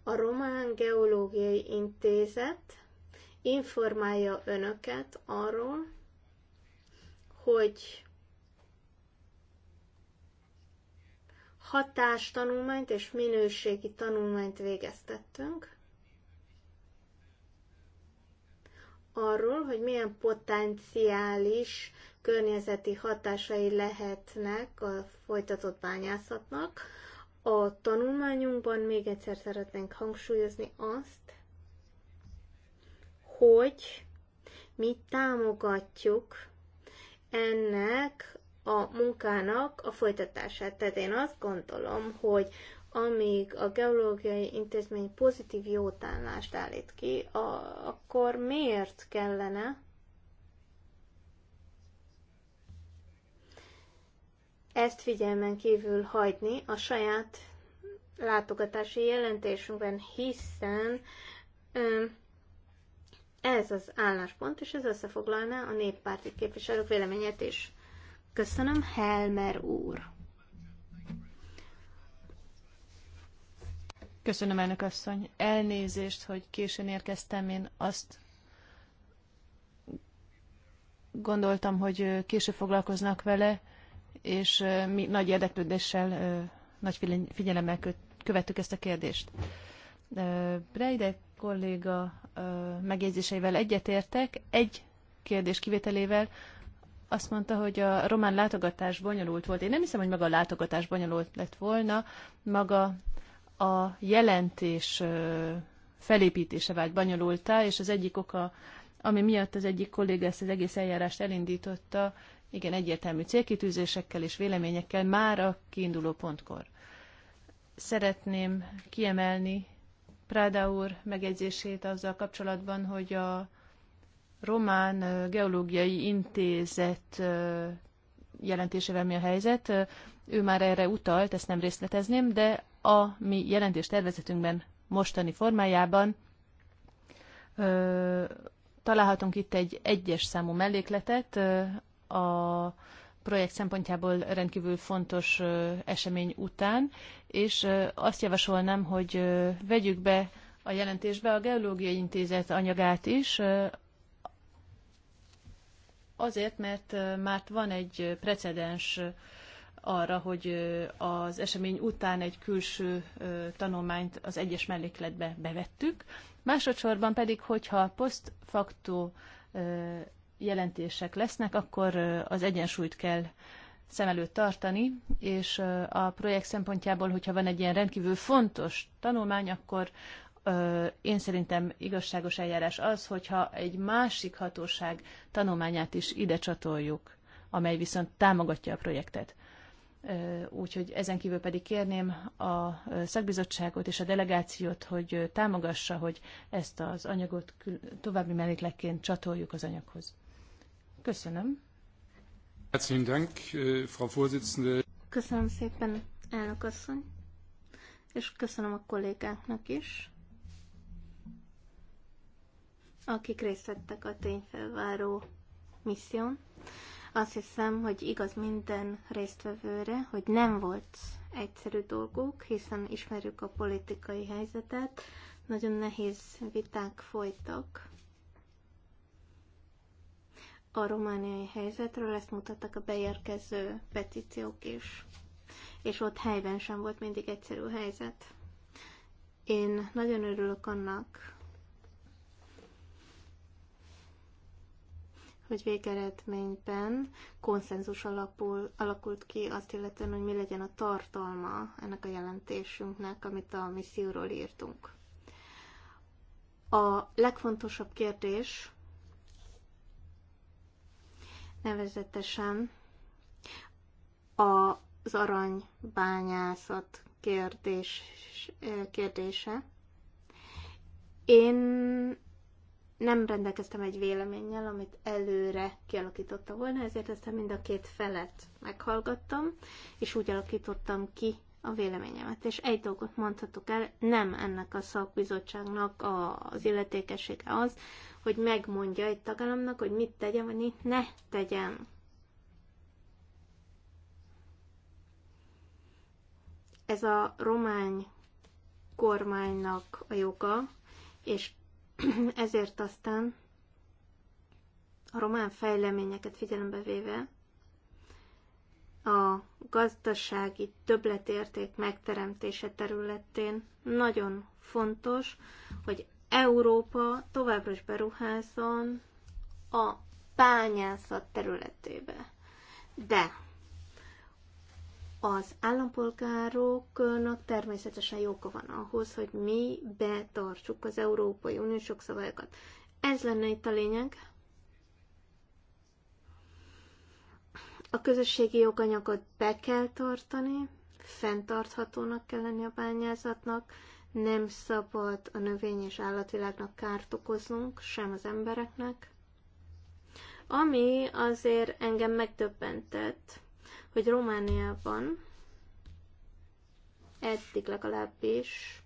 A Román Geológiai Intézet informálja önöket arról, hogy hatástanulmányt és minőségi tanulmányt végeztettünk arról, hogy milyen potenciális környezeti hatásai lehetnek a folytatott bányászatnak. A tanulmányunkban még egyszer szeretnénk hangsúlyozni azt, hogy mi támogatjuk ennek a munkának a folytatását. Tehát én azt gondolom, hogy amíg a geológiai intézmény pozitív jótállást állít ki, a, akkor miért kellene ezt figyelmen kívül hagyni a saját látogatási jelentésünkben, hiszen ez az álláspont, és ez összefoglalná a néppárti képviselők véleményét is. Köszönöm, Helmer úr. Köszönöm, elnök asszony. Elnézést, hogy későn érkeztem. Én azt gondoltam, hogy később foglalkoznak vele, és mi nagy érdeklődéssel, nagy figyelemmel követtük ezt a kérdést. Breide kolléga megjegyzéseivel egyetértek, egy kérdés kivételével, azt mondta, hogy a román látogatás bonyolult volt. Én nem hiszem, hogy maga a látogatás bonyolult lett volna, maga a jelentés felépítése vált bonyolultá, és az egyik oka, ami miatt az egyik kolléga ezt az egész eljárást elindította, igen, egyértelmű célkitűzésekkel és véleményekkel már a kiinduló pontkor. Szeretném kiemelni Práda úr megjegyzését azzal kapcsolatban, hogy a Román Geológiai Intézet jelentésével mi a helyzet. Ő már erre utalt, ezt nem részletezném, de a mi jelentés tervezetünkben mostani formájában ö, találhatunk itt egy egyes számú mellékletet. a projekt szempontjából rendkívül fontos esemény után, és azt javasolnám, hogy vegyük be a jelentésbe a Geológiai Intézet anyagát is, Azért, mert már van egy precedens arra, hogy az esemény után egy külső tanulmányt az egyes mellékletbe bevettük. Másodszorban pedig, hogyha post facto jelentések lesznek, akkor az egyensúlyt kell szem előtt tartani, és a projekt szempontjából, hogyha van egy ilyen rendkívül fontos tanulmány, akkor én szerintem igazságos eljárás az, hogyha egy másik hatóság tanulmányát is ide csatoljuk, amely viszont támogatja a projektet. Úgyhogy ezen kívül pedig kérném a szakbizottságot és a delegációt, hogy támogassa, hogy ezt az anyagot további mellékletként csatoljuk az anyaghoz. Köszönöm. Äh, köszönöm szépen, elnök asszony, és köszönöm a kollégáknak is akik részt vettek a tényfelváró misszión. Azt hiszem, hogy igaz minden résztvevőre, hogy nem volt egyszerű dolguk, hiszen ismerjük a politikai helyzetet, nagyon nehéz viták folytak a romániai helyzetről, ezt mutattak a beérkező petíciók is. És ott helyben sem volt mindig egyszerű helyzet. Én nagyon örülök annak, hogy végeredményben konszenzus alapul, alakult ki azt illetően, hogy mi legyen a tartalma ennek a jelentésünknek, amit a misszióról írtunk. A legfontosabb kérdés nevezetesen az aranybányászat kérdés, kérdése. Én nem rendelkeztem egy véleménnyel, amit előre kialakította volna, ezért aztán mind a két felet meghallgattam, és úgy alakítottam ki a véleményemet. És egy dolgot mondhatok el, nem ennek a szakbizottságnak az illetékessége az, hogy megmondja egy tagállamnak, hogy mit tegyen, vagy mit ne tegyen. Ez a romány kormánynak a joga, és ezért aztán a román fejleményeket figyelembe véve a gazdasági többletérték megteremtése területén nagyon fontos, hogy Európa továbbra is beruházzon a bányászat területébe. De az állampolgároknak természetesen joga van ahhoz, hogy mi betartsuk az Európai Uniós jogszabályokat. Ez lenne itt a lényeg. A közösségi joganyagot be kell tartani, fenntarthatónak kell lenni a bányászatnak, nem szabad a növény és állatvilágnak kárt okoznunk, sem az embereknek. Ami azért engem megdöbbentett, hogy Romániában eddig legalábbis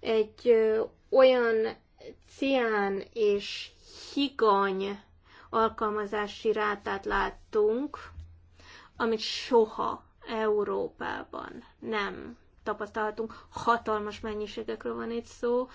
egy ö, olyan cián és higany alkalmazási rátát láttunk, amit soha Európában nem tapasztalhatunk. Hatalmas mennyiségekről van itt szó,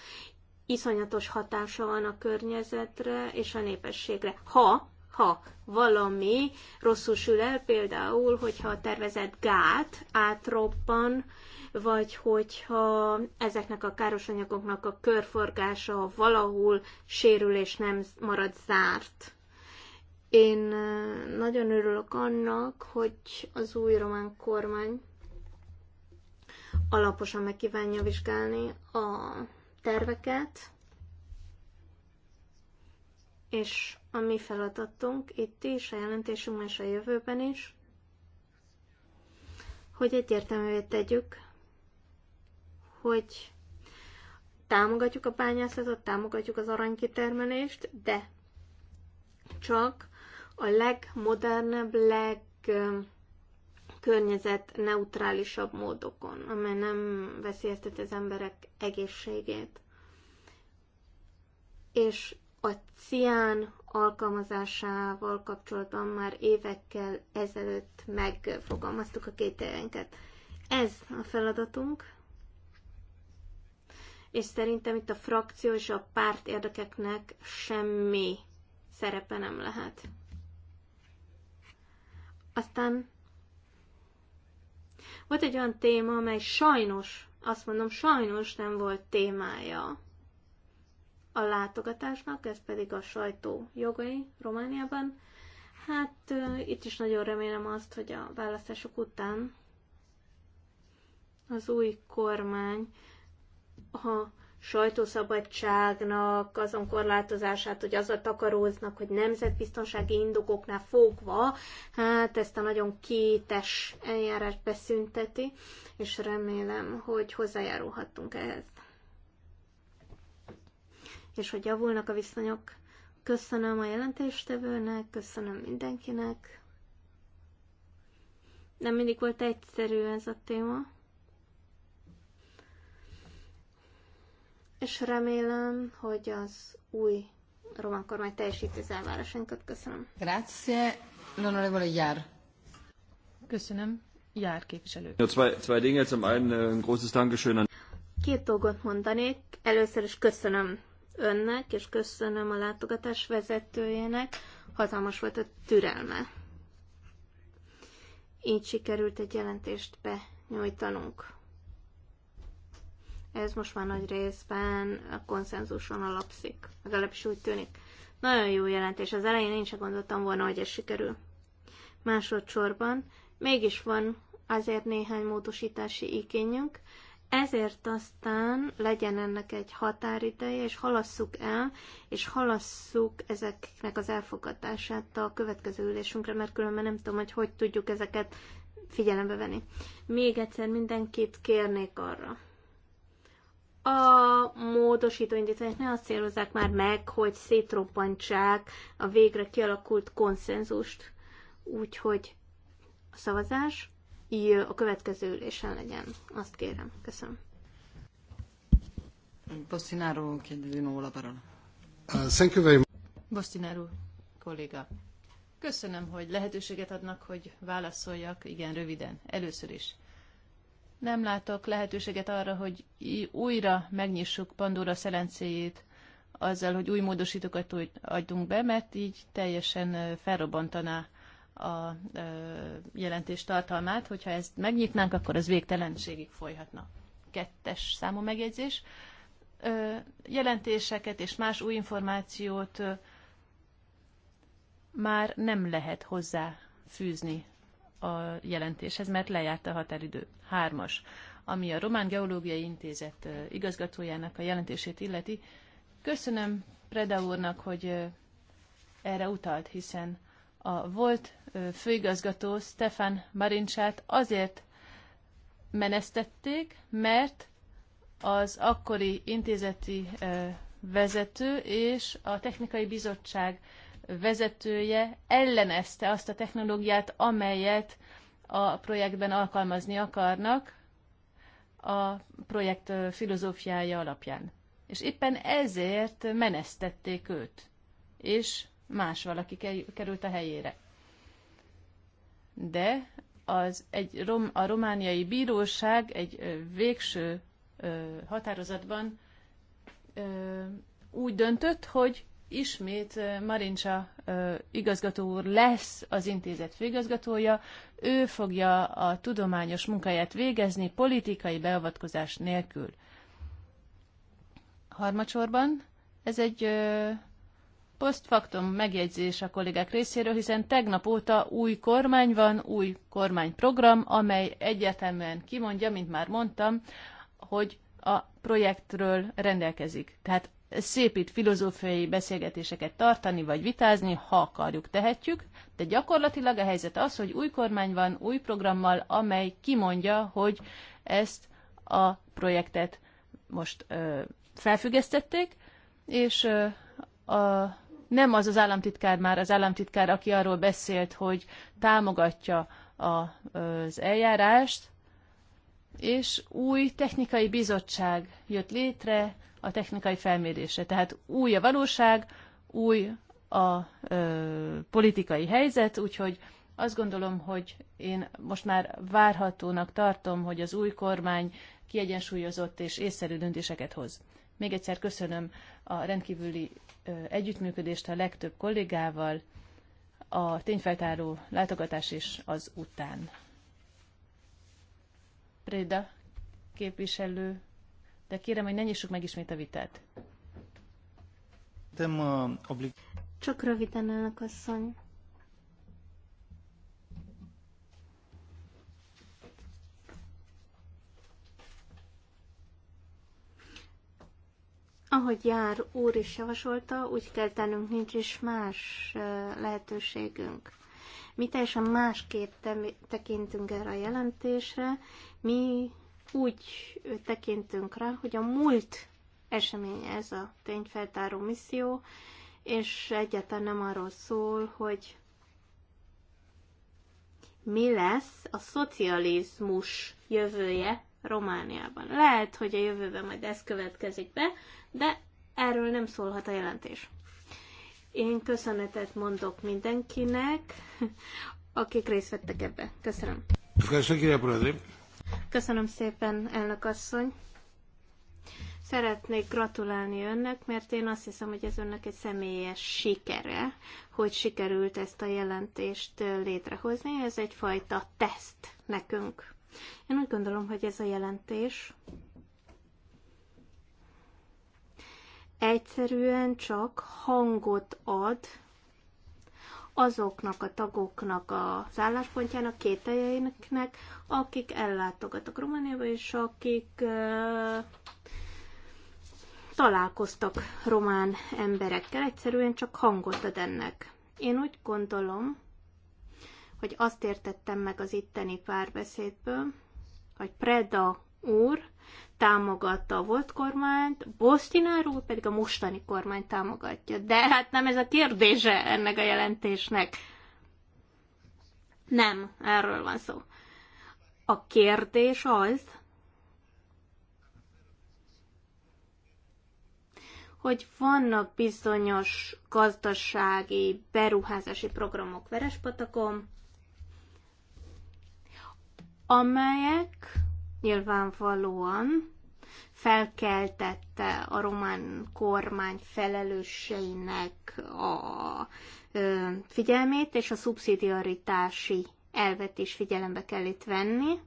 iszonyatos hatása van a környezetre és a népességre. Ha ha valami rosszul sül el, például, hogyha a tervezett gát átroppan, vagy hogyha ezeknek a károsanyagoknak a körforgása valahol sérül és nem marad zárt. Én nagyon örülök annak, hogy az új román kormány alaposan megkívánja vizsgálni a terveket, és a mi feladatunk itt is, a jelentésünk más a jövőben is, hogy egyértelművé tegyük, hogy támogatjuk a bányászatot, támogatjuk az aranykitermelést, de csak a legmodernebb, legkörnyezetneutrálisabb módokon, amely nem veszélyezteti az emberek egészségét. És a cián alkalmazásával kapcsolatban már évekkel ezelőtt megfogalmaztuk a két Ez a feladatunk, és szerintem itt a frakció és a párt érdekeknek semmi szerepe nem lehet. Aztán volt egy olyan téma, amely sajnos, azt mondom, sajnos nem volt témája a látogatásnak, ez pedig a sajtó jogai Romániában. Hát itt is nagyon remélem azt, hogy a választások után az új kormány a sajtószabadságnak azon korlátozását, hogy azzal takaróznak, hogy nemzetbiztonsági indokoknál fogva, hát ezt a nagyon kétes eljárást beszünteti, és remélem, hogy hozzájárulhattunk ehhez és hogy javulnak a viszonyok. Köszönöm a jelentéstevőnek, köszönöm mindenkinek. Nem mindig volt egyszerű ez a téma. És remélem, hogy az új román kormány teljesíti az elvárásainkat. Köszönöm. Grazie, l'onorevole Jár. Köszönöm. Jár képviselő. Ja, zwei, zwei Dinge. Zum einen äh, ein großes Dankeschön an Két dolgot mondanék. Először is köszönöm önnek, és köszönöm a látogatás vezetőjének, hatalmas volt a türelme. Így sikerült egy jelentést benyújtanunk. Ez most már nagy részben a konszenzuson alapszik, legalábbis úgy tűnik. Nagyon jó jelentés, az elején én sem gondoltam volna, hogy ez sikerül. Másodszorban mégis van azért néhány módosítási igényünk, ezért aztán legyen ennek egy határideje, és halasszuk el, és halasszuk ezeknek az elfogadását a következő ülésünkre, mert különben nem tudom, hogy hogy tudjuk ezeket figyelembe venni. Még egyszer mindenkit kérnék arra. A módosító indítványok ne azt célozzák már meg, hogy szétroppantsák a végre kialakult konszenzust, úgyhogy a szavazás a következő ülésen legyen. Azt kérem. Köszönöm. Bostináró chiede Óla nuovo la parola. Uh, thank you very much. Bostináró kolléga. Köszönöm, hogy lehetőséget adnak, hogy válaszoljak, igen, röviden, először is. Nem látok lehetőséget arra, hogy újra megnyissuk Pandora szelencéjét azzal, hogy új módosítókat adjunk be, mert így teljesen uh, felrobbantaná a jelentés tartalmát, hogyha ezt megnyitnánk, akkor az végtelenségig folyhatna. Kettes számú megjegyzés. Jelentéseket és más új információt már nem lehet hozzá fűzni a jelentéshez, mert lejárt a határidő. Hármas, ami a Román Geológiai Intézet igazgatójának a jelentését illeti. Köszönöm Preda úrnak, hogy erre utalt, hiszen a volt főigazgató Stefan Marincsát azért menesztették, mert az akkori intézeti vezető és a technikai bizottság vezetője ellenezte azt a technológiát, amelyet a projektben alkalmazni akarnak a projekt filozófiája alapján. És éppen ezért menesztették őt, és más valaki került a helyére. De az egy rom, a romániai bíróság egy végső határozatban úgy döntött, hogy ismét Marincsa igazgató úr lesz az intézet főigazgatója. Ő fogja a tudományos munkáját végezni politikai beavatkozás nélkül. Harmadsorban ez egy Postfaktum megjegyzés a kollégák részéről, hiszen tegnap óta új kormány van, új kormányprogram, amely egyetemen kimondja, mint már mondtam, hogy a projektről rendelkezik. Tehát szép itt filozófiai beszélgetéseket tartani, vagy vitázni, ha akarjuk, tehetjük, de gyakorlatilag a helyzet az, hogy új kormány van, új programmal, amely kimondja, hogy ezt a projektet most ö, felfüggesztették, és ö, a nem az az államtitkár már, az államtitkár, aki arról beszélt, hogy támogatja a, az eljárást, és új technikai bizottság jött létre a technikai felmérésre. Tehát új a valóság, új a ö, politikai helyzet, úgyhogy azt gondolom, hogy én most már várhatónak tartom, hogy az új kormány kiegyensúlyozott és észszerű döntéseket hoz. Még egyszer köszönöm a rendkívüli együttműködést a legtöbb kollégával a tényfeltáró látogatás is az után. Préda képviselő, de kérem, hogy ne nyissuk meg ismét a vitát. Csak röviden, elnök asszony. Ahogy Jár úr is javasolta, úgy kell tennünk, nincs is más lehetőségünk. Mi teljesen másképp tekintünk erre a jelentésre, mi úgy tekintünk rá, hogy a múlt eseménye ez a tényfeltáró misszió, és egyáltalán nem arról szól, hogy mi lesz a szocializmus jövője Romániában. Lehet, hogy a jövőben majd ez következik be, de erről nem szólhat a jelentés. Én köszönetet mondok mindenkinek, akik részt vettek ebbe. Köszönöm. Köszönöm szépen, elnök asszony. Szeretnék gratulálni önnek, mert én azt hiszem, hogy ez önnek egy személyes sikere, hogy sikerült ezt a jelentést létrehozni. Ez egyfajta teszt nekünk. Én úgy gondolom, hogy ez a jelentés egyszerűen csak hangot ad azoknak a tagoknak az álláspontjának, kételjeinknek, akik ellátogatok Romániába, és akik találkoztak román emberekkel, egyszerűen csak hangot ad ennek. Én úgy gondolom, vagy azt értettem meg az itteni párbeszédből, hogy Preda úr támogatta a volt kormányt, Bostinár úr pedig a mostani kormány támogatja. De hát nem ez a kérdése ennek a jelentésnek. Nem, erről van szó. A kérdés az, hogy vannak bizonyos gazdasági beruházási programok Verespatakon, amelyek nyilvánvalóan felkeltette a román kormány felelősseinek a figyelmét, és a szubszidiaritási elvet is figyelembe kell itt venni,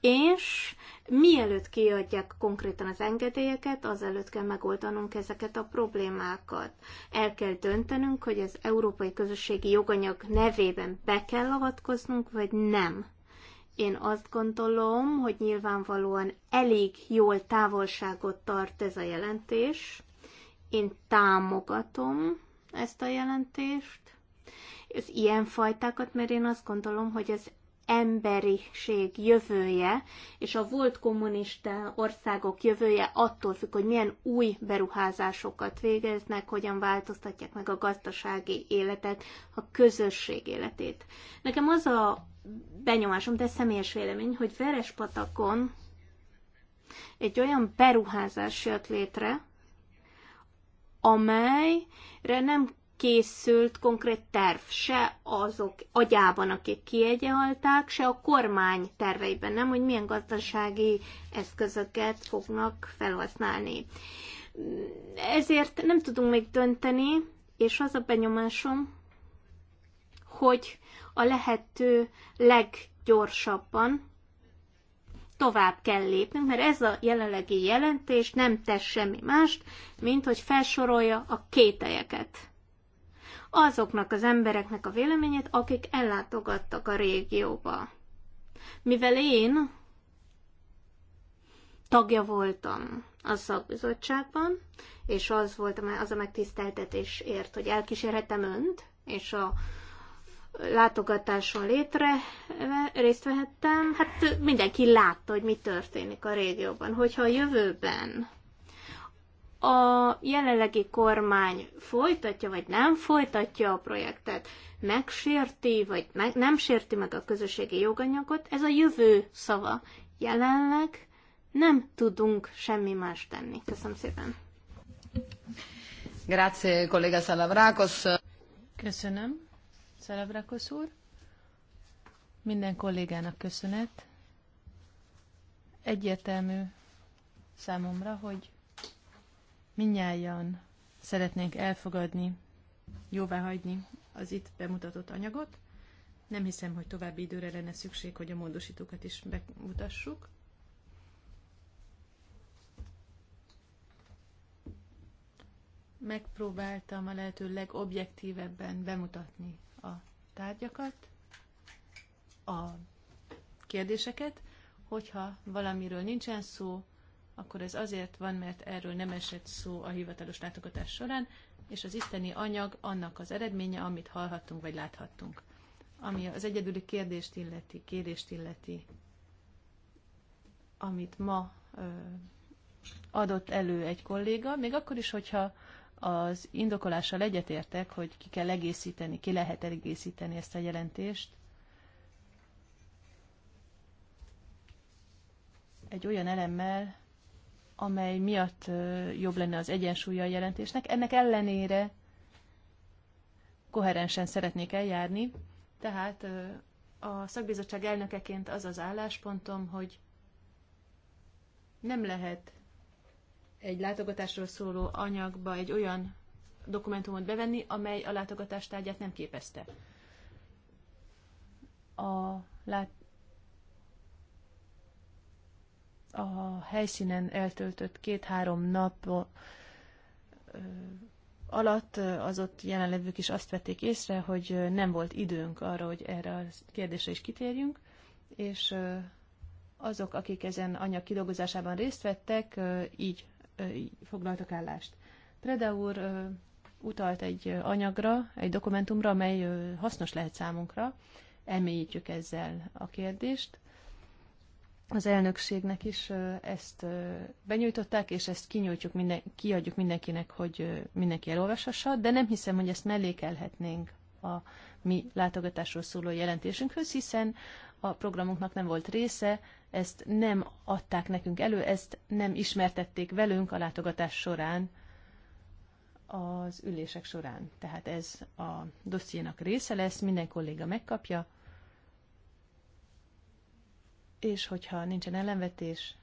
és mielőtt kiadják konkrétan az engedélyeket, azelőtt kell megoldanunk ezeket a problémákat. El kell döntenünk, hogy az európai közösségi joganyag nevében be kell avatkoznunk, vagy nem. Én azt gondolom, hogy nyilvánvalóan elég jól távolságot tart ez a jelentés. Én támogatom ezt a jelentést, Ez ilyen fajtákat, mert én azt gondolom, hogy ez emberiség jövője és a volt kommunista országok jövője attól függ, hogy milyen új beruházásokat végeznek, hogyan változtatják meg a gazdasági életet, a közösség életét. Nekem az a benyomásom, de személyes vélemény, hogy Verespatakon egy olyan beruházás jött létre, amelyre nem készült konkrét terv, se azok agyában, akik kiegyelták, se a kormány terveiben nem, hogy milyen gazdasági eszközöket fognak felhasználni. Ezért nem tudunk még dönteni, és az a benyomásom, hogy a lehető leggyorsabban tovább kell lépnünk, mert ez a jelenlegi jelentés nem tesz semmi mást, mint hogy felsorolja a kételyeket. Azoknak az embereknek a véleményét, akik ellátogattak a régióba. Mivel én tagja voltam a szakbizottságban, és az volt az a megtiszteltetés ért, hogy elkísérhetem önt és a látogatáson létre részt vehettem, hát mindenki látta, hogy mi történik a régióban. Hogyha a jövőben a jelenlegi kormány folytatja, vagy nem folytatja a projektet, megsérti, vagy meg, nem sérti meg a közösségi joganyagot, ez a jövő szava. Jelenleg nem tudunk semmi más tenni. Köszönöm szépen. Grazie, kollega Salavrakos. Köszönöm. Szerebrekosz úr. Minden kollégának köszönet. Egyértelmű számomra, hogy minnyáján szeretnénk elfogadni, hagyni az itt bemutatott anyagot. Nem hiszem, hogy további időre lenne szükség, hogy a módosítókat is bemutassuk. Megpróbáltam a lehető legobjektívebben bemutatni a tárgyakat, a kérdéseket, hogyha valamiről nincsen szó, akkor ez azért van, mert erről nem esett szó a hivatalos látogatás során, és az isteni anyag annak az eredménye, amit hallhattunk vagy láthattunk. Ami az egyedüli kérdést illeti, kérdést illeti, amit ma ö, adott elő egy kolléga, még akkor is, hogyha az indokolással egyetértek, hogy ki kell egészíteni, ki lehet egészíteni ezt a jelentést. Egy olyan elemmel, amely miatt jobb lenne az egyensúlya a jelentésnek. Ennek ellenére koherensen szeretnék eljárni, tehát a szakbizottság elnökeként az az álláspontom, hogy nem lehet egy látogatásról szóló anyagba egy olyan dokumentumot bevenni, amely a látogatás tárgyát nem képezte. A, lát... a helyszínen eltöltött két-három nap alatt az ott jelenlevők is azt vették észre, hogy nem volt időnk arra, hogy erre a kérdésre is kitérjünk, és azok, akik ezen anyag kidolgozásában részt vettek, így foglaltak állást. Preda úr utalt egy anyagra, egy dokumentumra, amely hasznos lehet számunkra. Elmélyítjük ezzel a kérdést. Az elnökségnek is ezt benyújtották, és ezt kinyújtjuk minden, kiadjuk mindenkinek, hogy mindenki elolvashassa, de nem hiszem, hogy ezt mellékelhetnénk a mi látogatásról szóló jelentésünkhöz, hiszen a programunknak nem volt része, ezt nem adták nekünk elő, ezt nem ismertették velünk a látogatás során, az ülések során. Tehát ez a dossziénak része lesz, minden kolléga megkapja, és hogyha nincsen ellenvetés,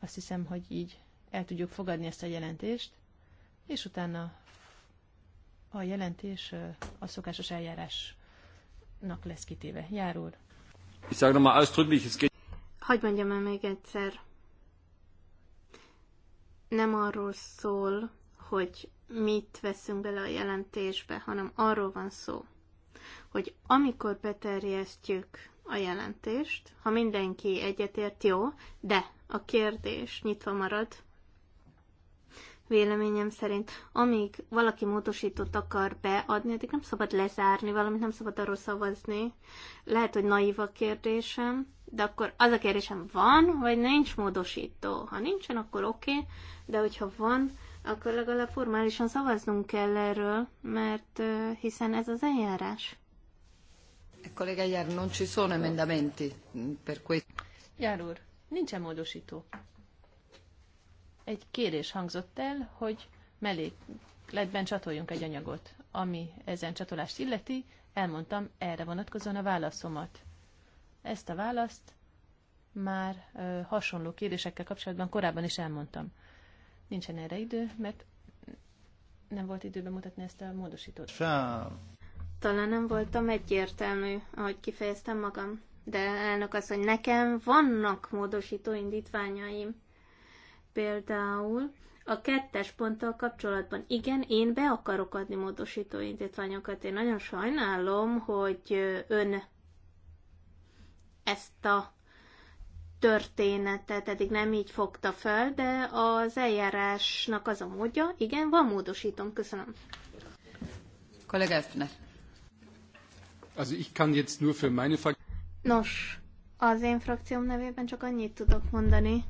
azt hiszem, hogy így el tudjuk fogadni ezt a jelentést, és utána a jelentés a szokásos eljárásnak lesz kitéve. Járul. Ich sage nochmal ausdrücklich, es geht... Hogy mondjam el még egyszer? Nem arról szól, hogy mit veszünk bele a jelentésbe, hanem arról van szó, hogy amikor beterjesztjük a jelentést, ha mindenki egyetért, jó, de a kérdés nyitva marad, véleményem szerint. Amíg valaki módosítót akar beadni, addig nem szabad lezárni valamit, nem szabad arról szavazni. Lehet, hogy naív a kérdésem, de akkor az a kérdésem van, vagy nincs módosító. Ha nincsen, akkor oké, okay, de hogyha van, akkor legalább formálisan szavaznunk kell erről, mert hiszen ez az eljárás. Kollega Jár, non ci sono emendamenti per questo. Jár úr, nincsen módosító egy kérés hangzott el, hogy mellékletben csatoljunk egy anyagot. Ami ezen csatolást illeti, elmondtam erre vonatkozóan a válaszomat. Ezt a választ már ö, hasonló kérésekkel kapcsolatban korábban is elmondtam. Nincsen erre idő, mert nem volt időben mutatni ezt a módosítót. Sem. Talán nem voltam egyértelmű, ahogy kifejeztem magam. De elnök az, hogy nekem vannak módosító indítványaim. Például a kettes ponttal kapcsolatban. Igen, én be akarok adni módosító indítványokat. Én nagyon sajnálom, hogy ön ezt a történetet eddig nem így fogta fel, de az eljárásnak az a módja. Igen, van módosítom. Köszönöm. Kollega Öfner. Also ich kann jetzt nur für meine Nos, az én frakcióm nevében csak annyit tudok mondani,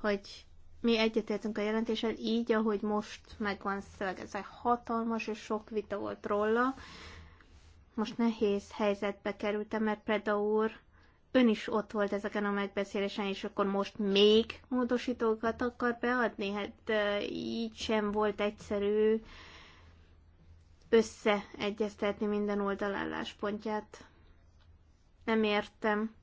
hogy mi egyetértünk a jelentéssel így, ahogy most megvan szövegezve. Hatalmas és sok vita volt róla. Most nehéz helyzetbe kerültem, mert Preda úr ön is ott volt ezeken a megbeszélésen, és akkor most még módosítókat akar beadni? Hát így sem volt egyszerű összeegyeztetni minden oldalálláspontját. Nem értem,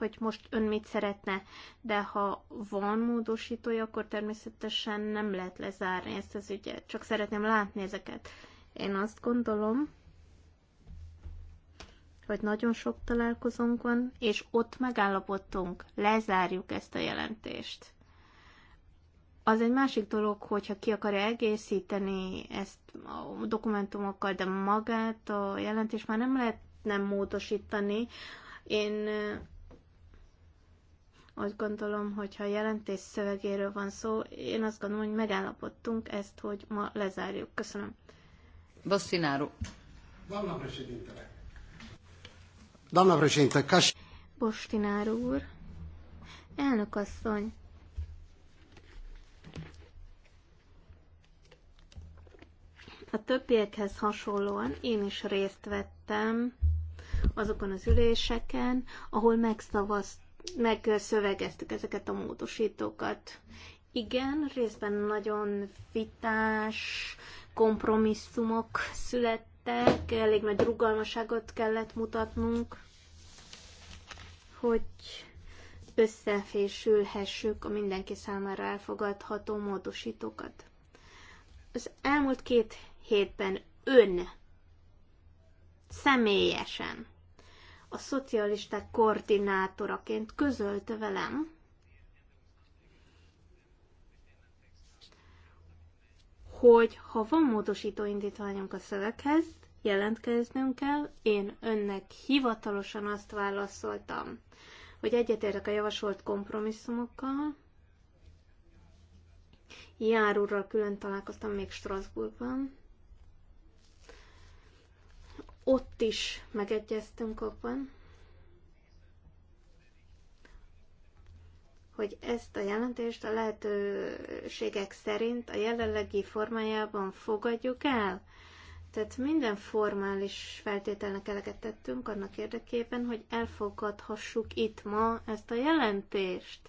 hogy most ön mit szeretne, de ha van módosítója, akkor természetesen nem lehet lezárni ezt az ügyet. Csak szeretném látni ezeket. Én azt gondolom, hogy nagyon sok találkozónk van, és ott megállapodtunk, lezárjuk ezt a jelentést. Az egy másik dolog, hogyha ki akarja egészíteni ezt a dokumentumokkal, de magát a jelentést már nem lehet nem módosítani. Én azt gondolom, hogy ha jelentés szövegéről van szó, én azt gondolom, hogy megállapodtunk ezt, hogy ma lezárjuk. Köszönöm. Bosszináró. Danna Presidente. Danna președinte, ca úr. Elnök asszony. A többiekhez hasonlóan én is részt vettem azokon az üléseken, ahol megszavaztam megszövegeztük ezeket a módosítókat. Igen, részben nagyon vitás kompromisszumok születtek, elég nagy rugalmaságot kellett mutatnunk, hogy összefésülhessük a mindenki számára elfogadható módosítókat. Az elmúlt két hétben ön személyesen a szocialisták koordinátoraként közölte velem, hogy ha van módosító indítványunk a szöveghez, jelentkeznünk kell. Én önnek hivatalosan azt válaszoltam, hogy egyetértek a javasolt kompromisszumokkal. Járúrral külön találkoztam még Strasbourgban. Ott is megegyeztünk abban, hogy ezt a jelentést a lehetőségek szerint a jelenlegi formájában fogadjuk el. Tehát minden formális feltételnek eleget tettünk annak érdekében, hogy elfogadhassuk itt ma ezt a jelentést.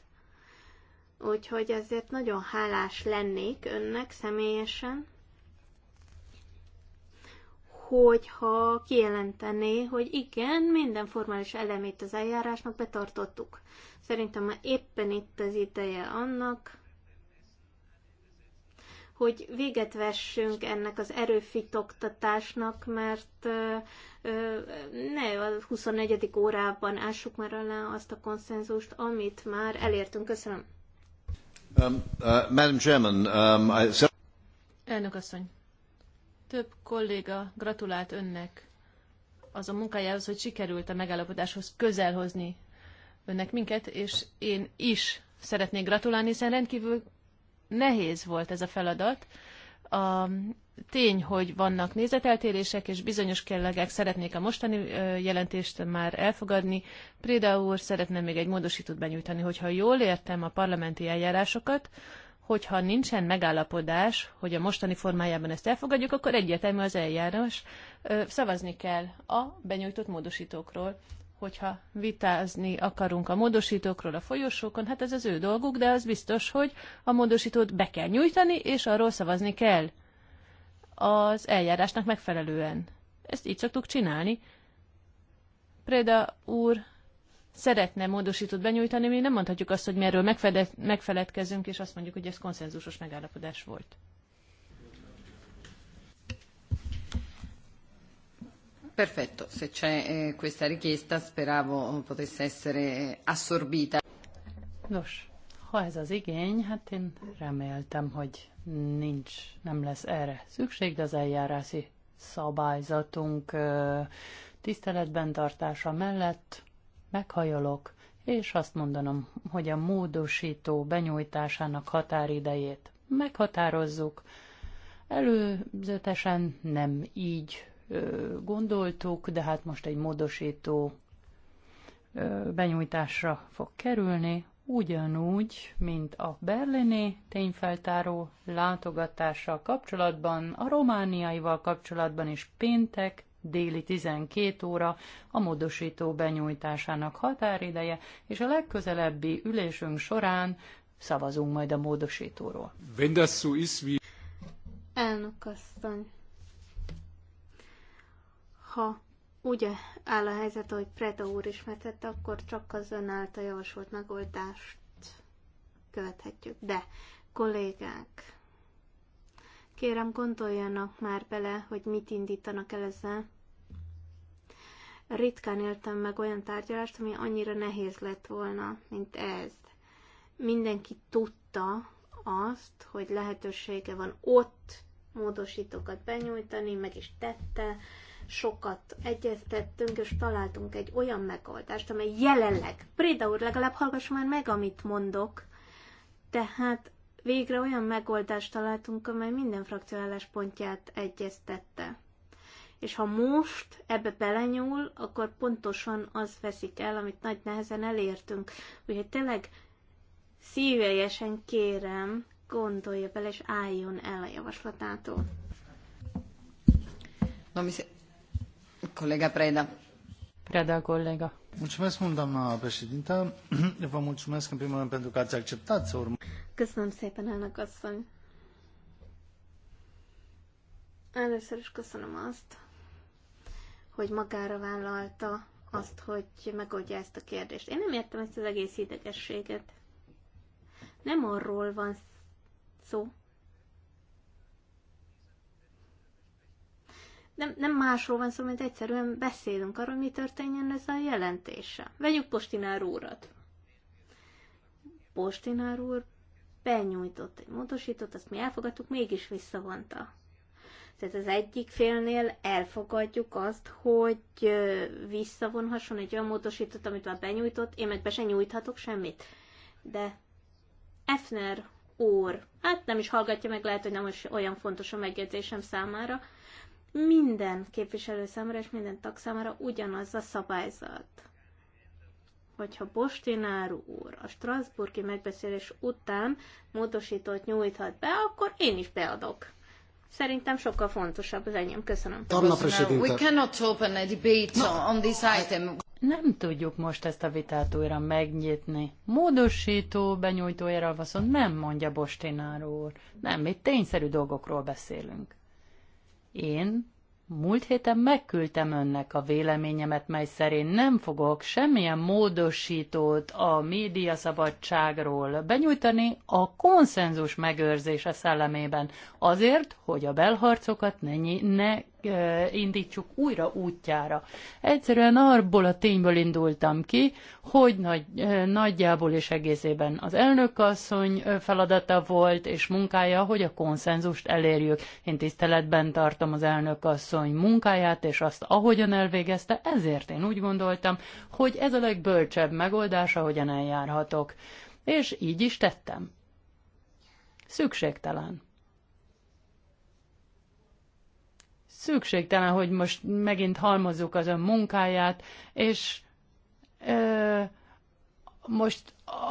Úgyhogy ezért nagyon hálás lennék önnek személyesen, hogyha kijelentené, hogy igen, minden formális elemét az eljárásnak betartottuk. Szerintem már éppen itt az ideje annak, hogy véget vessünk ennek az erőfitoktatásnak, mert ne a 24. órában ássuk már alá azt a konszenzust, amit már elértünk. Köszönöm. Um, uh, Madam Chairman, um, I... Elnök asszony, több kolléga gratulált önnek az a munkájához, hogy sikerült a megállapodáshoz közel hozni önnek minket, és én is szeretnék gratulálni, hiszen rendkívül nehéz volt ez a feladat. A tény, hogy vannak nézeteltérések, és bizonyos kellegek szeretnék a mostani jelentést már elfogadni. Préda úr szeretne még egy módosítót benyújtani, hogyha jól értem a parlamenti eljárásokat, hogyha nincsen megállapodás, hogy a mostani formájában ezt elfogadjuk, akkor egyértelmű az eljárás, szavazni kell a benyújtott módosítókról. Hogyha vitázni akarunk a módosítókról a folyosókon, hát ez az ő dolguk, de az biztos, hogy a módosítót be kell nyújtani, és arról szavazni kell az eljárásnak megfelelően. Ezt így szoktuk csinálni. Preda úr szeretne módosítót benyújtani, mi nem mondhatjuk azt, hogy mi erről megfeledkezünk, és azt mondjuk, hogy ez konszenzusos megállapodás volt. Perfetto, se c'è eh, questa richiesta speravo potesse essere assorbita. Nos, ha ez az igény, hát én reméltem, hogy nincs, nem lesz erre szükség, de az eljárási szabályzatunk tiszteletben tartása mellett meghajolok, és azt mondanom, hogy a módosító benyújtásának határidejét meghatározzuk. Előzetesen nem így ö, gondoltuk, de hát most egy módosító ö, benyújtásra fog kerülni, ugyanúgy, mint a berlini tényfeltáró látogatással kapcsolatban, a romániaival kapcsolatban is péntek déli 12 óra a módosító benyújtásának határideje, és a legközelebbi ülésünk során szavazunk majd a módosítóról. Wenn das Elnök asszony, ha úgy áll a helyzet, hogy Preda úr metette, akkor csak az ön által javasolt megoldást követhetjük. De kollégák, Kérem, gondoljanak már bele, hogy mit indítanak el ezzel. Ritkán éltem meg olyan tárgyalást, ami annyira nehéz lett volna, mint ez. Mindenki tudta azt, hogy lehetősége van ott módosítókat benyújtani, meg is tette, sokat egyeztettünk, és találtunk egy olyan megoldást, amely jelenleg, Préda úr, legalább hallgass már meg, amit mondok, tehát végre olyan megoldást találtunk, amely minden frakció álláspontját egyeztette. És ha most ebbe belenyúl, akkor pontosan az veszik el, amit nagy nehezen elértünk. Úgyhogy tényleg szívélyesen kérem, gondolja bele, és álljon el a javaslatától. Na mi se... Kollega Preda. Preda kollega. Vă mulțumesc în primul rând pentru că ați acceptat să urmă. Köszönöm szépen, elnök asszony. Először is köszönöm azt, hogy magára vállalta azt, hogy megoldja ezt a kérdést. Én nem értem ezt az egész idegességet. Nem arról van szó, nem, nem másról van szó, mint egyszerűen beszélünk arról, mi történjen ez a jelentése. Vegyük Postinár úrat. Postinár úr benyújtott egy módosítót, azt mi elfogadtuk, mégis visszavonta. Tehát az egyik félnél elfogadjuk azt, hogy visszavonhasson egy olyan módosítót, amit már benyújtott, én meg be sem nyújthatok semmit. De Efner úr, hát nem is hallgatja meg, lehet, hogy nem is olyan fontos a megjegyzésem számára, minden képviselő számára és minden tag számára ugyanaz a szabályzat. Hogyha Bostináru úr a Strasburgi megbeszélés után módosítót nyújthat be, akkor én is beadok. Szerintem sokkal fontosabb az enyém. Köszönöm. We cannot open a debate on this item. Nem tudjuk most ezt a vitát újra megnyitni. Módosító benyújtójára viszont nem mondja Bostinár úr. Nem, itt tényszerű dolgokról beszélünk. Én múlt héten megküldtem önnek a véleményemet, mely szerint nem fogok semmilyen módosítót a média szabadságról benyújtani a konszenzus megőrzése szellemében, azért, hogy a belharcokat ne, ne indítsuk újra útjára. Egyszerűen arból a tényből indultam ki, hogy nagy, nagyjából és egészében az elnökasszony feladata volt és munkája, hogy a konszenzust elérjük. Én tiszteletben tartom az elnökasszony munkáját és azt, ahogyan elvégezte, ezért én úgy gondoltam, hogy ez a legbölcsebb megoldás, ahogyan eljárhatok. És így is tettem. Szükségtelen szükségtelen, hogy most megint halmozzuk az ön munkáját, és ö, most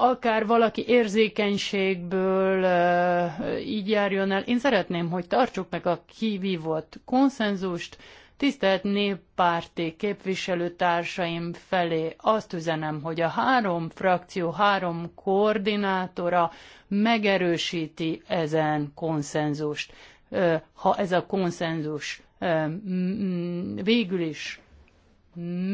akár valaki érzékenységből ö, így járjon el. Én szeretném, hogy tartsuk meg a kivívott konszenzust, Tisztelt néppárti képviselőtársaim felé azt üzenem, hogy a három frakció három koordinátora megerősíti ezen konszenzust. Ha ez a konszenzus végül is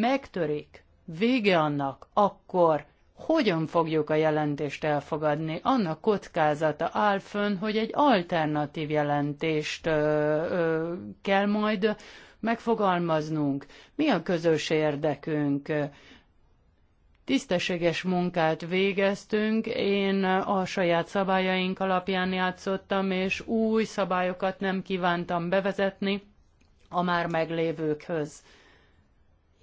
megtörik, vége annak, akkor hogyan fogjuk a jelentést elfogadni? Annak kockázata áll fönn, hogy egy alternatív jelentést ö, ö, kell majd megfogalmaznunk. Mi a közös érdekünk? Tisztességes munkát végeztünk, én a saját szabályaink alapján játszottam, és új szabályokat nem kívántam bevezetni a már meglévőkhöz.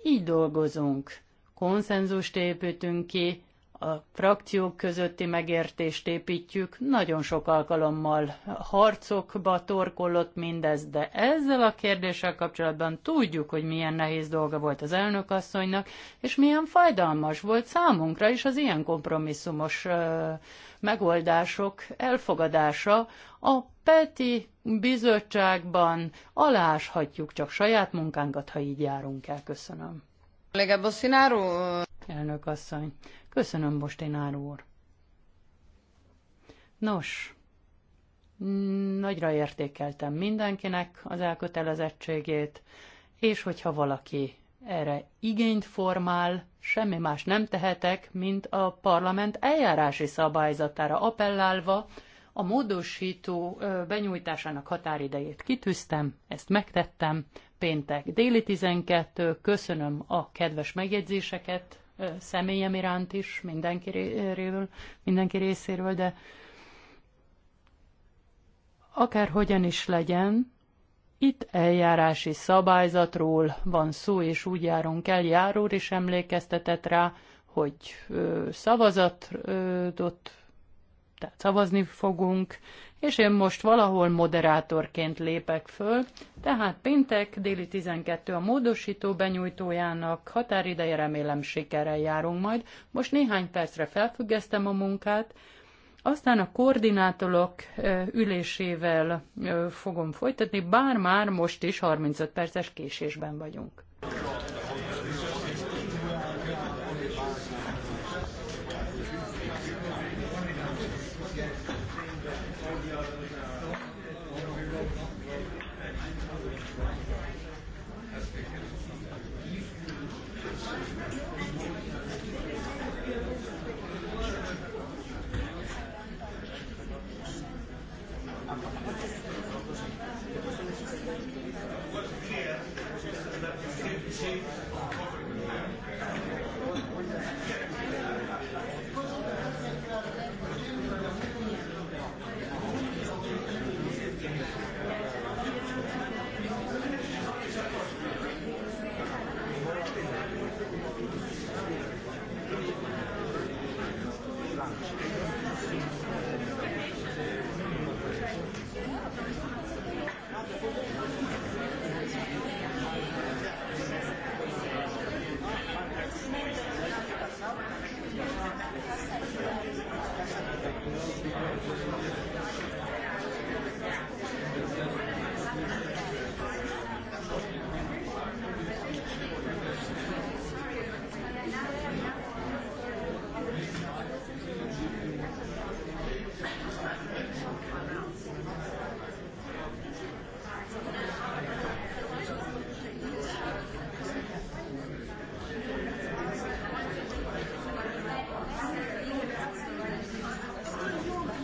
Így dolgozunk. Konszenzust építünk ki, a frakciók közötti megértést építjük, nagyon sok alkalommal harcokba torkollott mindez, de ezzel a kérdéssel kapcsolatban tudjuk, hogy milyen nehéz dolga volt az elnökasszonynak, és milyen fájdalmas volt számunkra is az ilyen kompromisszumos megoldások elfogadása a PETI bizottságban aláshatjuk csak saját munkánkat, ha így járunk el. Köszönöm. Legebb a Elnök asszony. Köszönöm, Bostinár úr. Nos, nagyra értékeltem mindenkinek az elkötelezettségét, és hogyha valaki erre igényt formál, semmi más nem tehetek, mint a parlament eljárási szabályzatára appellálva, a módosító benyújtásának határidejét kitűztem, ezt megtettem, péntek déli 12, köszönöm a kedves megjegyzéseket személyem iránt is, mindenki, réről, mindenki részéről, de akárhogyan is legyen, itt eljárási szabályzatról van szó, és úgy járunk el, járó is emlékeztetett rá, hogy szavazatot tehát szavazni fogunk, és én most valahol moderátorként lépek föl, tehát péntek déli 12 a módosító benyújtójának határideje remélem sikerrel járunk majd. Most néhány percre felfüggesztem a munkát, aztán a koordinátorok ülésével fogom folytatni, bár már most is 35 perces késésben vagyunk.